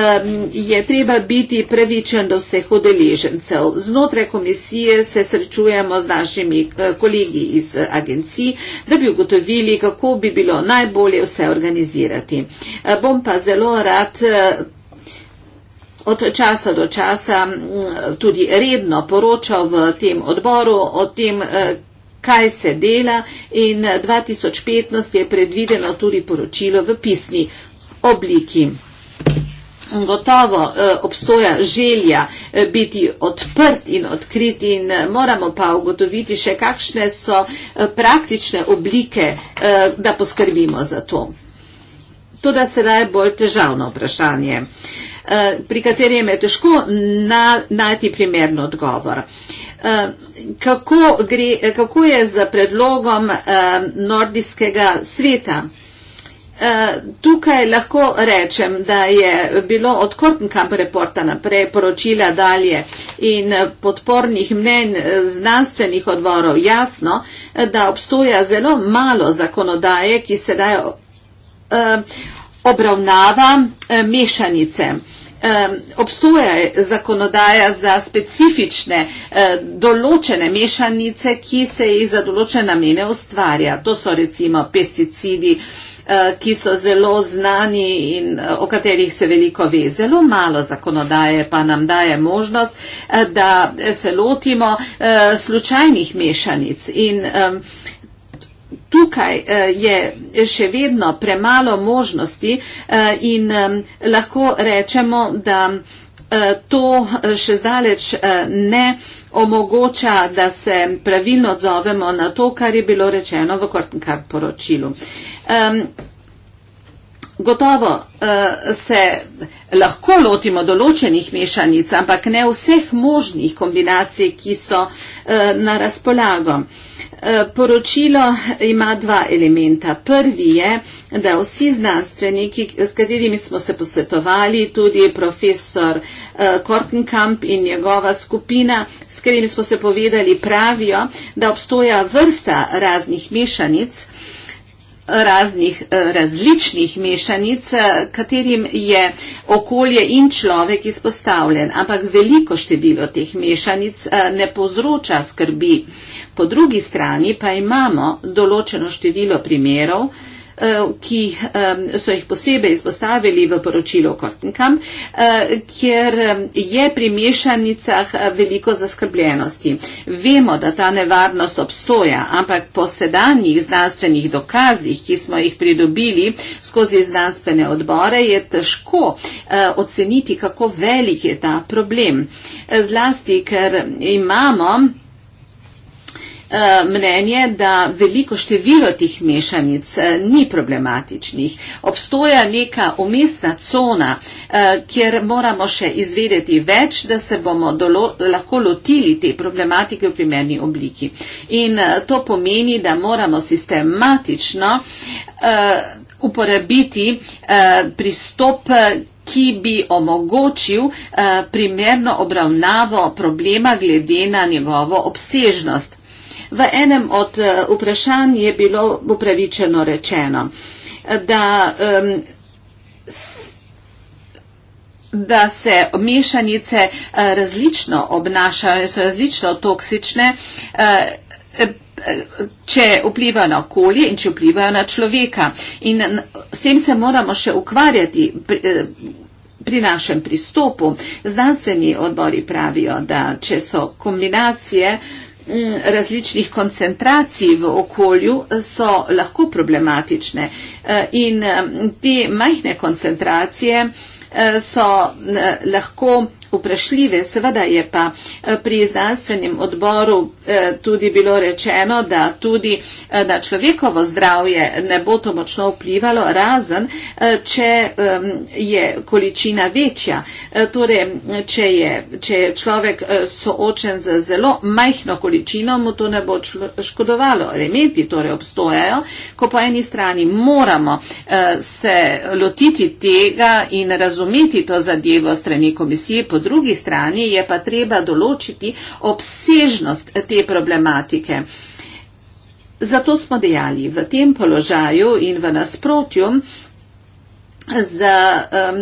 Speaker 4: je treba biti pravičen do vseh odeležencev. Znotraj komisije se srečujemo z našimi e, kolegi iz agencij, da bi ugotovili, kako bi bilo najbolje vse organizirati. Bom pa zelo rad od časa do časa tudi redno poročal v tem odboru o tem, eh, kaj se dela in 2015 je predvideno tudi poročilo v pisni obliki. Gotovo eh, obstoja želja eh, biti odprt in odkrit in moramo pa ugotoviti še, kakšne so praktične oblike, da poskrbimo za to. To da se daje bolj težavno vprašanje. Uh, Eh, pri katerem je težko na, najti primern odgovor. Eh, kako, gre, eh, kako je z predlogom nordijskega sveta? Tukaj lahko rečem, da je bilo od Kortenkamp reporta naprej poročila dalje in podpornih mnen znanstvenih odborov jasno, da obstoja zelo malo zakonodaje, ki se dajo obravnava mešanice obstoja zakonodaja za specifične določene mešanice, ki se jih za določene namene ustvarja. To so recimo pesticidi, ki so zelo znani in o katerih se veliko ve. Zelo malo zakonodaje pa nam daje možnost, da se lotimo slučajnih mešanic. In, tukaj eh, je še vedno premalo možnosti eh, in lahko rečemo, da eh, to še zdaleč ne omogoča, da se pravilno odzovemo na to, kar je bilo rečeno v kortnkar poročilu. Gotovo uh, se lahko lotimo določenih mešanic, ampak ne vseh možnih kombinacij, ki so uh, na razpolago. Uh, poročilo ima dva elementa. Prvi je, da vsi znanstveniki, s katerimi smo se posvetovali, tudi profesor uh, Kortenkamp in njegova skupina, s katerimi smo se povedali, pravijo, da obstoja vrsta raznih mešanic. Uh, raznih eh, različnih mešanic, eh, katerim je okolje in človek izpostavljen, ampak veliko število teh mešanic eh, ne povzroča skrbi. Po drugi strani pa imamo določeno število primerov, Eh, ki so jih posebej izpostavili v poročilu Kortenkamp, eh, kjer je pri mešanicah eh, veliko zaskrbljenosti. Vemo, da ta nevarnost obstoja, ampak po sedanjih znanstvenih dokazih, ki smo jih pridobili skozi znanstvene odbore, je težko oceniti, kako velik je ta problem. Zlasti, ker imamo Eh, mnenje, da veliko število tih mešanic eh, ni problematičnih. Obstoja neka umestna cona, eh, kjer moramo še izvedeti več, da se bomo dolo, lahko lotili te problematike v primerni obliki. In to pomeni, da moramo sistematično uporabiti pristop ki bi omogočil uh, primerno obravnavo problema glede na njegovo obsežnost. V enem od eh, vprašanj je bilo upravičeno rečeno, da, da se mešanice eh, različno obnašajo, so različno toksične, eh, če vplivajo na okolje in če vplivajo na človeka. In s tem se moramo še ukvarjati pri našem pristopu. Znanstveni odbori pravijo, da če so kombinacije, Mm, različnih koncentracij v okolju eh, so lahko problematične eh, in eh, te majhne koncentracije so lahko problematične vprašljive. Seveda je pa eh, pri zdravstvenem odboru eh, tudi bilo rečeno, da tudi eh, na človekovo zdravje ne bo to močno vplivalo, razen če je količina večja. Torej, če je, če je človek soočen z zelo majhno količino, mu to ne bo škodovalo. Elementi torej obstojajo, ko po eni strani moramo se lotiti tega in razumeti to zadevo strani komisije, po drugi strani je pa treba določiti obsežnost te problematike. Zato smo dejali v tem položaju in v nasprotju z um,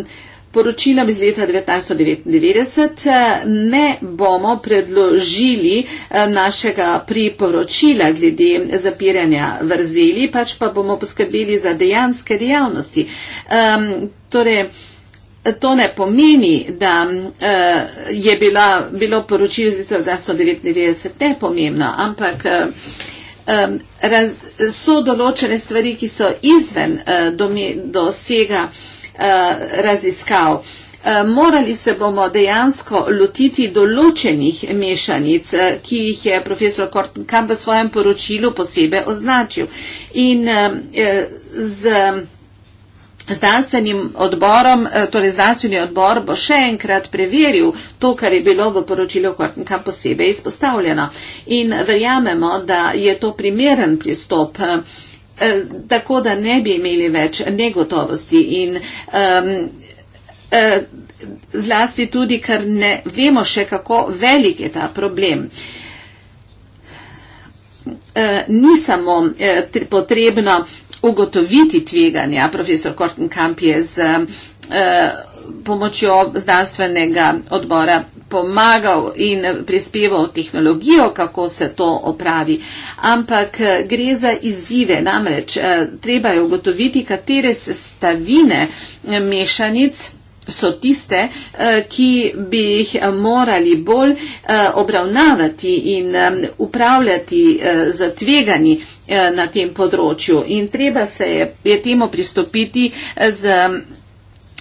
Speaker 4: poročilom iz leta 1999 ne bomo predložili um, našega priporočila glede zapiranja vrzeli, pač pa bomo poskrbeli za dejanske dejavnosti. Um, torej, to ne pomeni, da uh, je bila, bilo poročilo iz leta 1999 nepomembno, ampak uh, um, raz, so določene stvari, ki so izven uh, eh, dome, dosega uh, raziskav. Morali se bomo dejansko lotiti določenih mešanic, ki jih je profesor Kortenkamp v svojem poročilu posebej označil. In z znanstvenim odborom, eh, torej znanstveni odbor bo še enkrat preveril to, kar je bilo v poročilu Kortnika posebej izpostavljeno. In verjamemo, da je to primeren pristop eh, eh, tako da ne bi imeli več negotovosti in um, zlasti tudi, ker ne vemo še, kako velik je ta problem. Uh, ni samo uh, potrebno uh, ugotoviti tveganja. Profesor Kortenkamp je z eh, pomočjo znanstvenega odbora pomagal in prispeval tehnologijo, kako se to opravi. Ampak eh, gre za izzive, namreč eh, treba je ugotoviti, katere sestavine mešanic so tiste, eh, ki bi jih morali bolj eh, obravnavati in upravljati eh, za tvegani na tem področju. In treba se je, je temu pristopiti z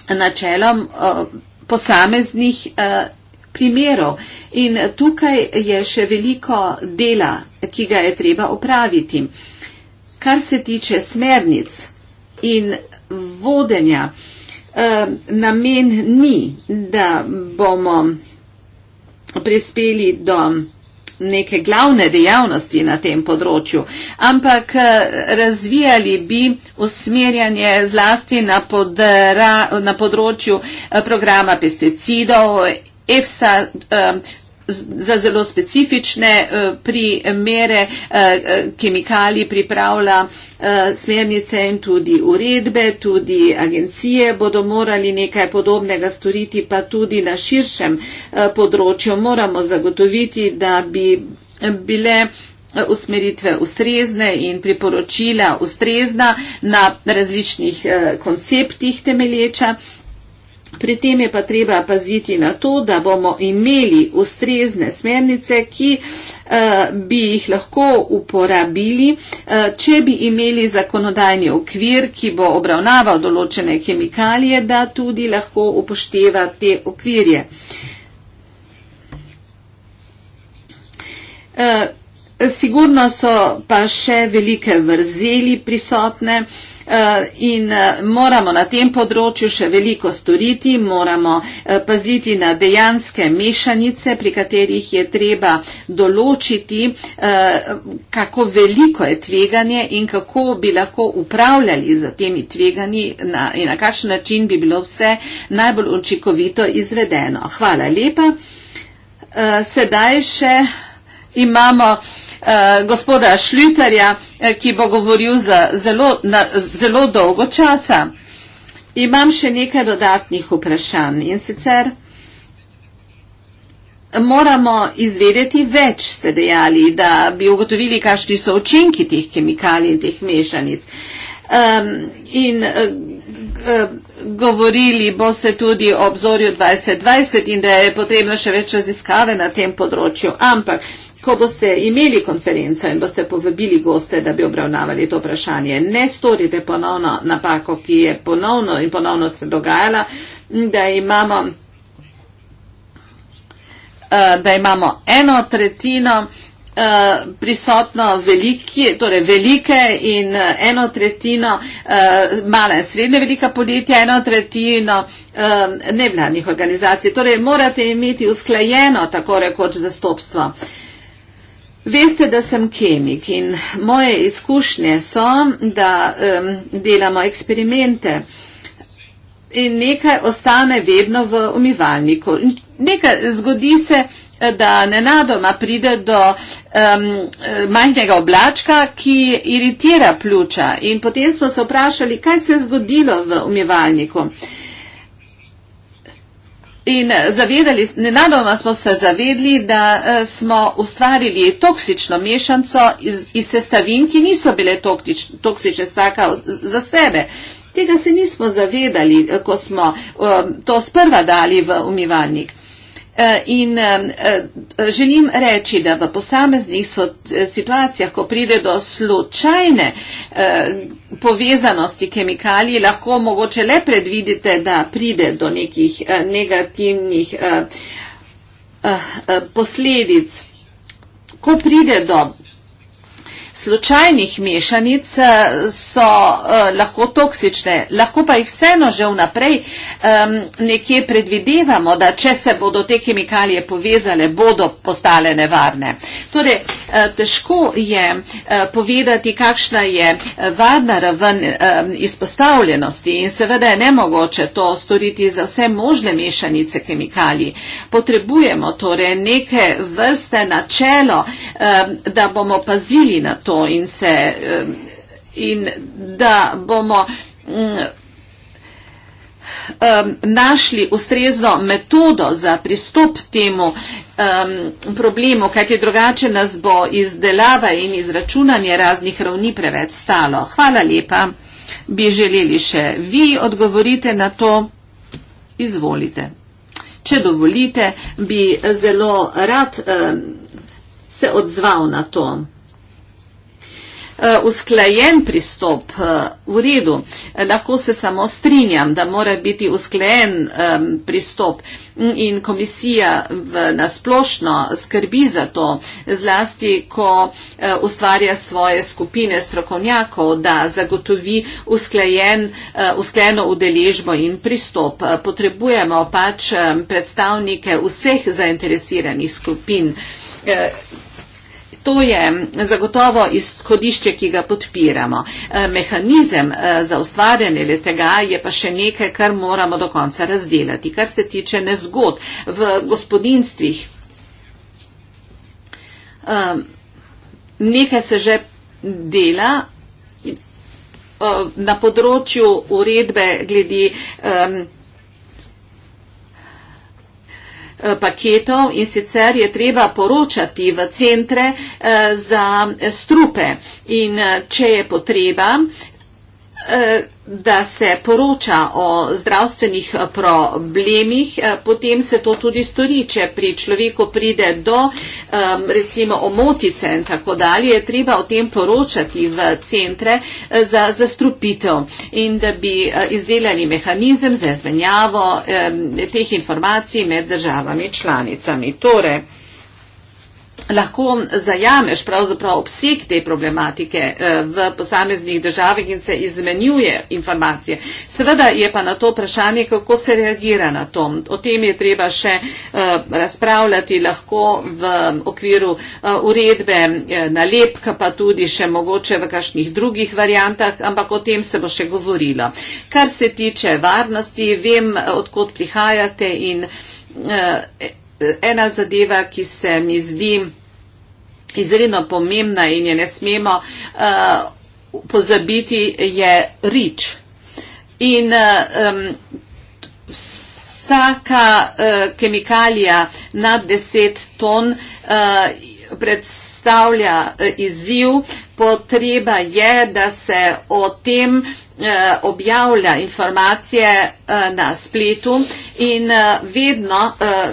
Speaker 4: načelom posameznih primerov. In tukaj je še veliko dela, ki ga je treba upraviti. Kar se tiče smernic in vodenja, namen ni, da bomo prispeli do neke glavne dejavnosti na tem področju, ampak eh, razvijali bi usmerjanje zlasti na, podra, na področju eh, programa pesticidov, EFSA, za zelo specifične eh, primere eh, eh, kemikalij pripravlja smernice in tudi uredbe, tudi agencije bodo morali nekaj podobnega storiti, pa tudi na širšem področju moramo zagotoviti, da bi bile usmeritve ustrezne in priporočila ustrezna na različnih konceptih temelječa. Pri tem je pa treba paziti na to, da bomo imeli ustrezne smernice, ki uh, bi jih lahko uporabili, uh, če bi imeli zakonodajni okvir, ki bo obravnaval določene kemikalije, da tudi lahko upošteva te okvirje. Uh, sigurno so pa še velike vrzeli prisotne. Uh, Eh, in eh, moramo na tem področju še veliko storiti, moramo eh, paziti na dejanske mešanice, pri katerih je treba določiti, kako veliko je tveganje in kako bi lahko upravljali za temi tveganji in na kakšen način bi bilo vse najbolj učinkovito izvedeno. Hvala lepa. Sedaj še imamo. Eh, gospoda Šljuterja, eh, ki bo govoril za zelo, na, zelo dolgo časa. Imam še nekaj dodatnih vprašanj in sicer moramo izvedeti več, ste dejali, da bi ugotovili, kakšni so učinki teh kemikalij in teh mešanic. Um, in um, govorili boste tudi o obzorju 2020 in da je potrebno še več raziskave na tem področju. Ampak uh, ko boste imeli konferenco in boste povabili goste, da bi obravnavali to vprašanje, ne storite ponovno napako, ki je ponovno in ponovno se dogajala, da imamo, eh, da imamo eno tretjino eh, prisotno veliki, torej velike in eh, eno tretjino mala in srednje velika podjetja, eno tretjino nevladnih organizacij. Torej morate imeti usklajeno tako rekoč zastopstvo. Veste, da sem kemik in moje izkušnje so, da um, delamo eksperimente in nekaj ostane vedno v umivalniku. Nekaj zgodi se, da nenadoma pride do um, majhnega oblačka, ki iritira pljuča in potem smo se vprašali, kaj se je zgodilo v umivalniku. Uh, In eh, zavedali, nenadoma smo se zavedli, da eh, smo ustvarili toksično mešanco iz, iz sestavin, ki niso bile toktič, toksične vsaka za sebe. Tega se nismo zavedali, eh, ko smo to sprva dali v umivalnik. Eh, in eh, eh, želim reči, da v posameznih situacijah, ko pride do slučajne povezanosti kemikalij, lahko mogoče le predvidite, da pride do nekih negativnih posledic. Ko pride do slučajnih mešanic eh, so eh, lahko toksične, lahko pa jih vseeno že vnaprej nekje predvidevamo, da če se bodo te kemikalije povezale, bodo postale nevarne. Torej, eh, težko je povedati, kakšna je varna raven izpostavljenosti in seveda je nemogoče to storiti za vse možne mešanice kemikalij. Potrebujemo torej neke vrste načelo, da bomo pazili na to, to in se in da bomo mm, našli ustrezno metodo za pristop temu um, problemu, kajti drugače nas bo izdelava in izračunanje raznih ravni preveč stalo. Hvala lepa. Bi želeli še vi odgovorite na to? Izvolite. Če dovolite, bi zelo rad um, se odzval na to. Eh, usklajen pristop eh, v redu. Eh, lahko se samo strinjam, da mora biti usklajen pristop mm, in komisija nasplošno skrbi za to, zlasti, ko ustvarja svoje skupine strokovnjakov, da zagotovi usklajeno udeležbo in pristop. Potrebujemo pač predstavnike vseh zainteresiranih skupin to je zagotovo izhodišče, ki ga podpiramo. E, mehanizem e, za ustvarjanje le tega je pa še nekaj, kar moramo do konca razdelati, kar se tiče nezgod v gospodinstvih. E, nekaj se že dela na področju uredbe glede um, Eh, paketov in sicer je treba poročati v centre eh, za strupe in eh, če je potreba, da se poroča o zdravstvenih problemih, eh, potem se to tudi stori, če pri človeku pride do recimo omotice in tako dalje, je treba o tem poročati v centre eh, za zastrupitev in da bi eh, izdelali mehanizem za izmenjavo teh informacij med državami članicami. Torej, lahko zajameš pravzaprav obseg te problematike eh, v posameznih državah in se izmenjuje informacije. Seveda je pa na to vprašanje, kako se reagira na to. O tem je treba še eh, razpravljati lahko v mm, okviru eh, uredbe nalepka, pa tudi še mogoče v kakšnih drugih variantah, ampak o tem se bo še govorilo. Kar se tiče varnosti, vem, odkot prihajate in ena zadeva, ki se mi zdi izredno pomembna in je ne smemo uh, pozabiti, je rič. In uh, um, vsaka uh, kemikalija nad 10 ton uh, predstavlja eh, izziv, potreba je, da se o tem eh, objavlja informacije eh, na spletu in vedno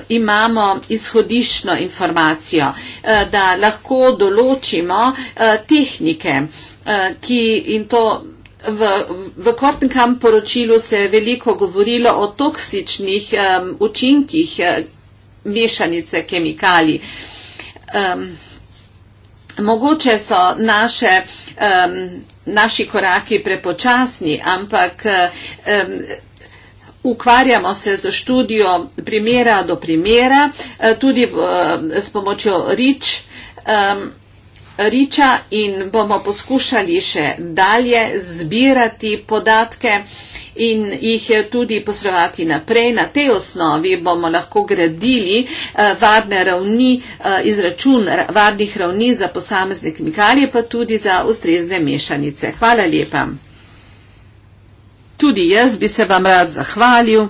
Speaker 4: imamo izhodiščno informacijo, da lahko določimo tehnike, ki in to. V, v Kortenkamp poročilu se je veliko govorilo o toksičnih um, učinkih um, mešanice kemikalij. Um, um, mogoče so naše, um, naši koraki prepočasni, ampak um, ukvarjamo se z študijo primera do primera, eh, tudi v, s pomočjo rič. Um, Riča in bomo poskušali še dalje zbirati podatke in jih tudi posredovati naprej. Na tej osnovi bomo lahko gradili eh, varne ravni, eh, izračun varnih ravni za posamezne kemikalije, pa tudi za ustrezne mešanice. Hvala lepa. Tudi jaz bi se vam rad zahvalil.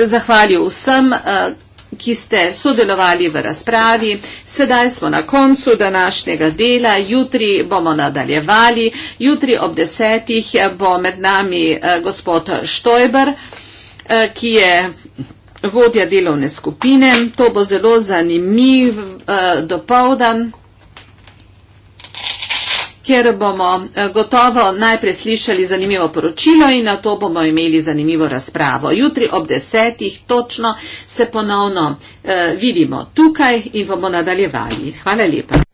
Speaker 4: Zahvalil vsem, eh, ki ste sodelovali v razpravi. Sedaj smo na koncu današnjega dela, jutri bomo nadaljevali. Jutri ob desetih eh, bo med nami eh, gospod Štojber, eh, ki je vodja delovne skupine. To bo zelo zanimiv dopoldan kjer bomo eh, gotovo najprej slišali zanimivo poročilo in na to bomo imeli zanimivo razpravo. Jutri ob desetih točno se ponovno eh, vidimo tukaj in bomo nadaljevali. Hvala lepa.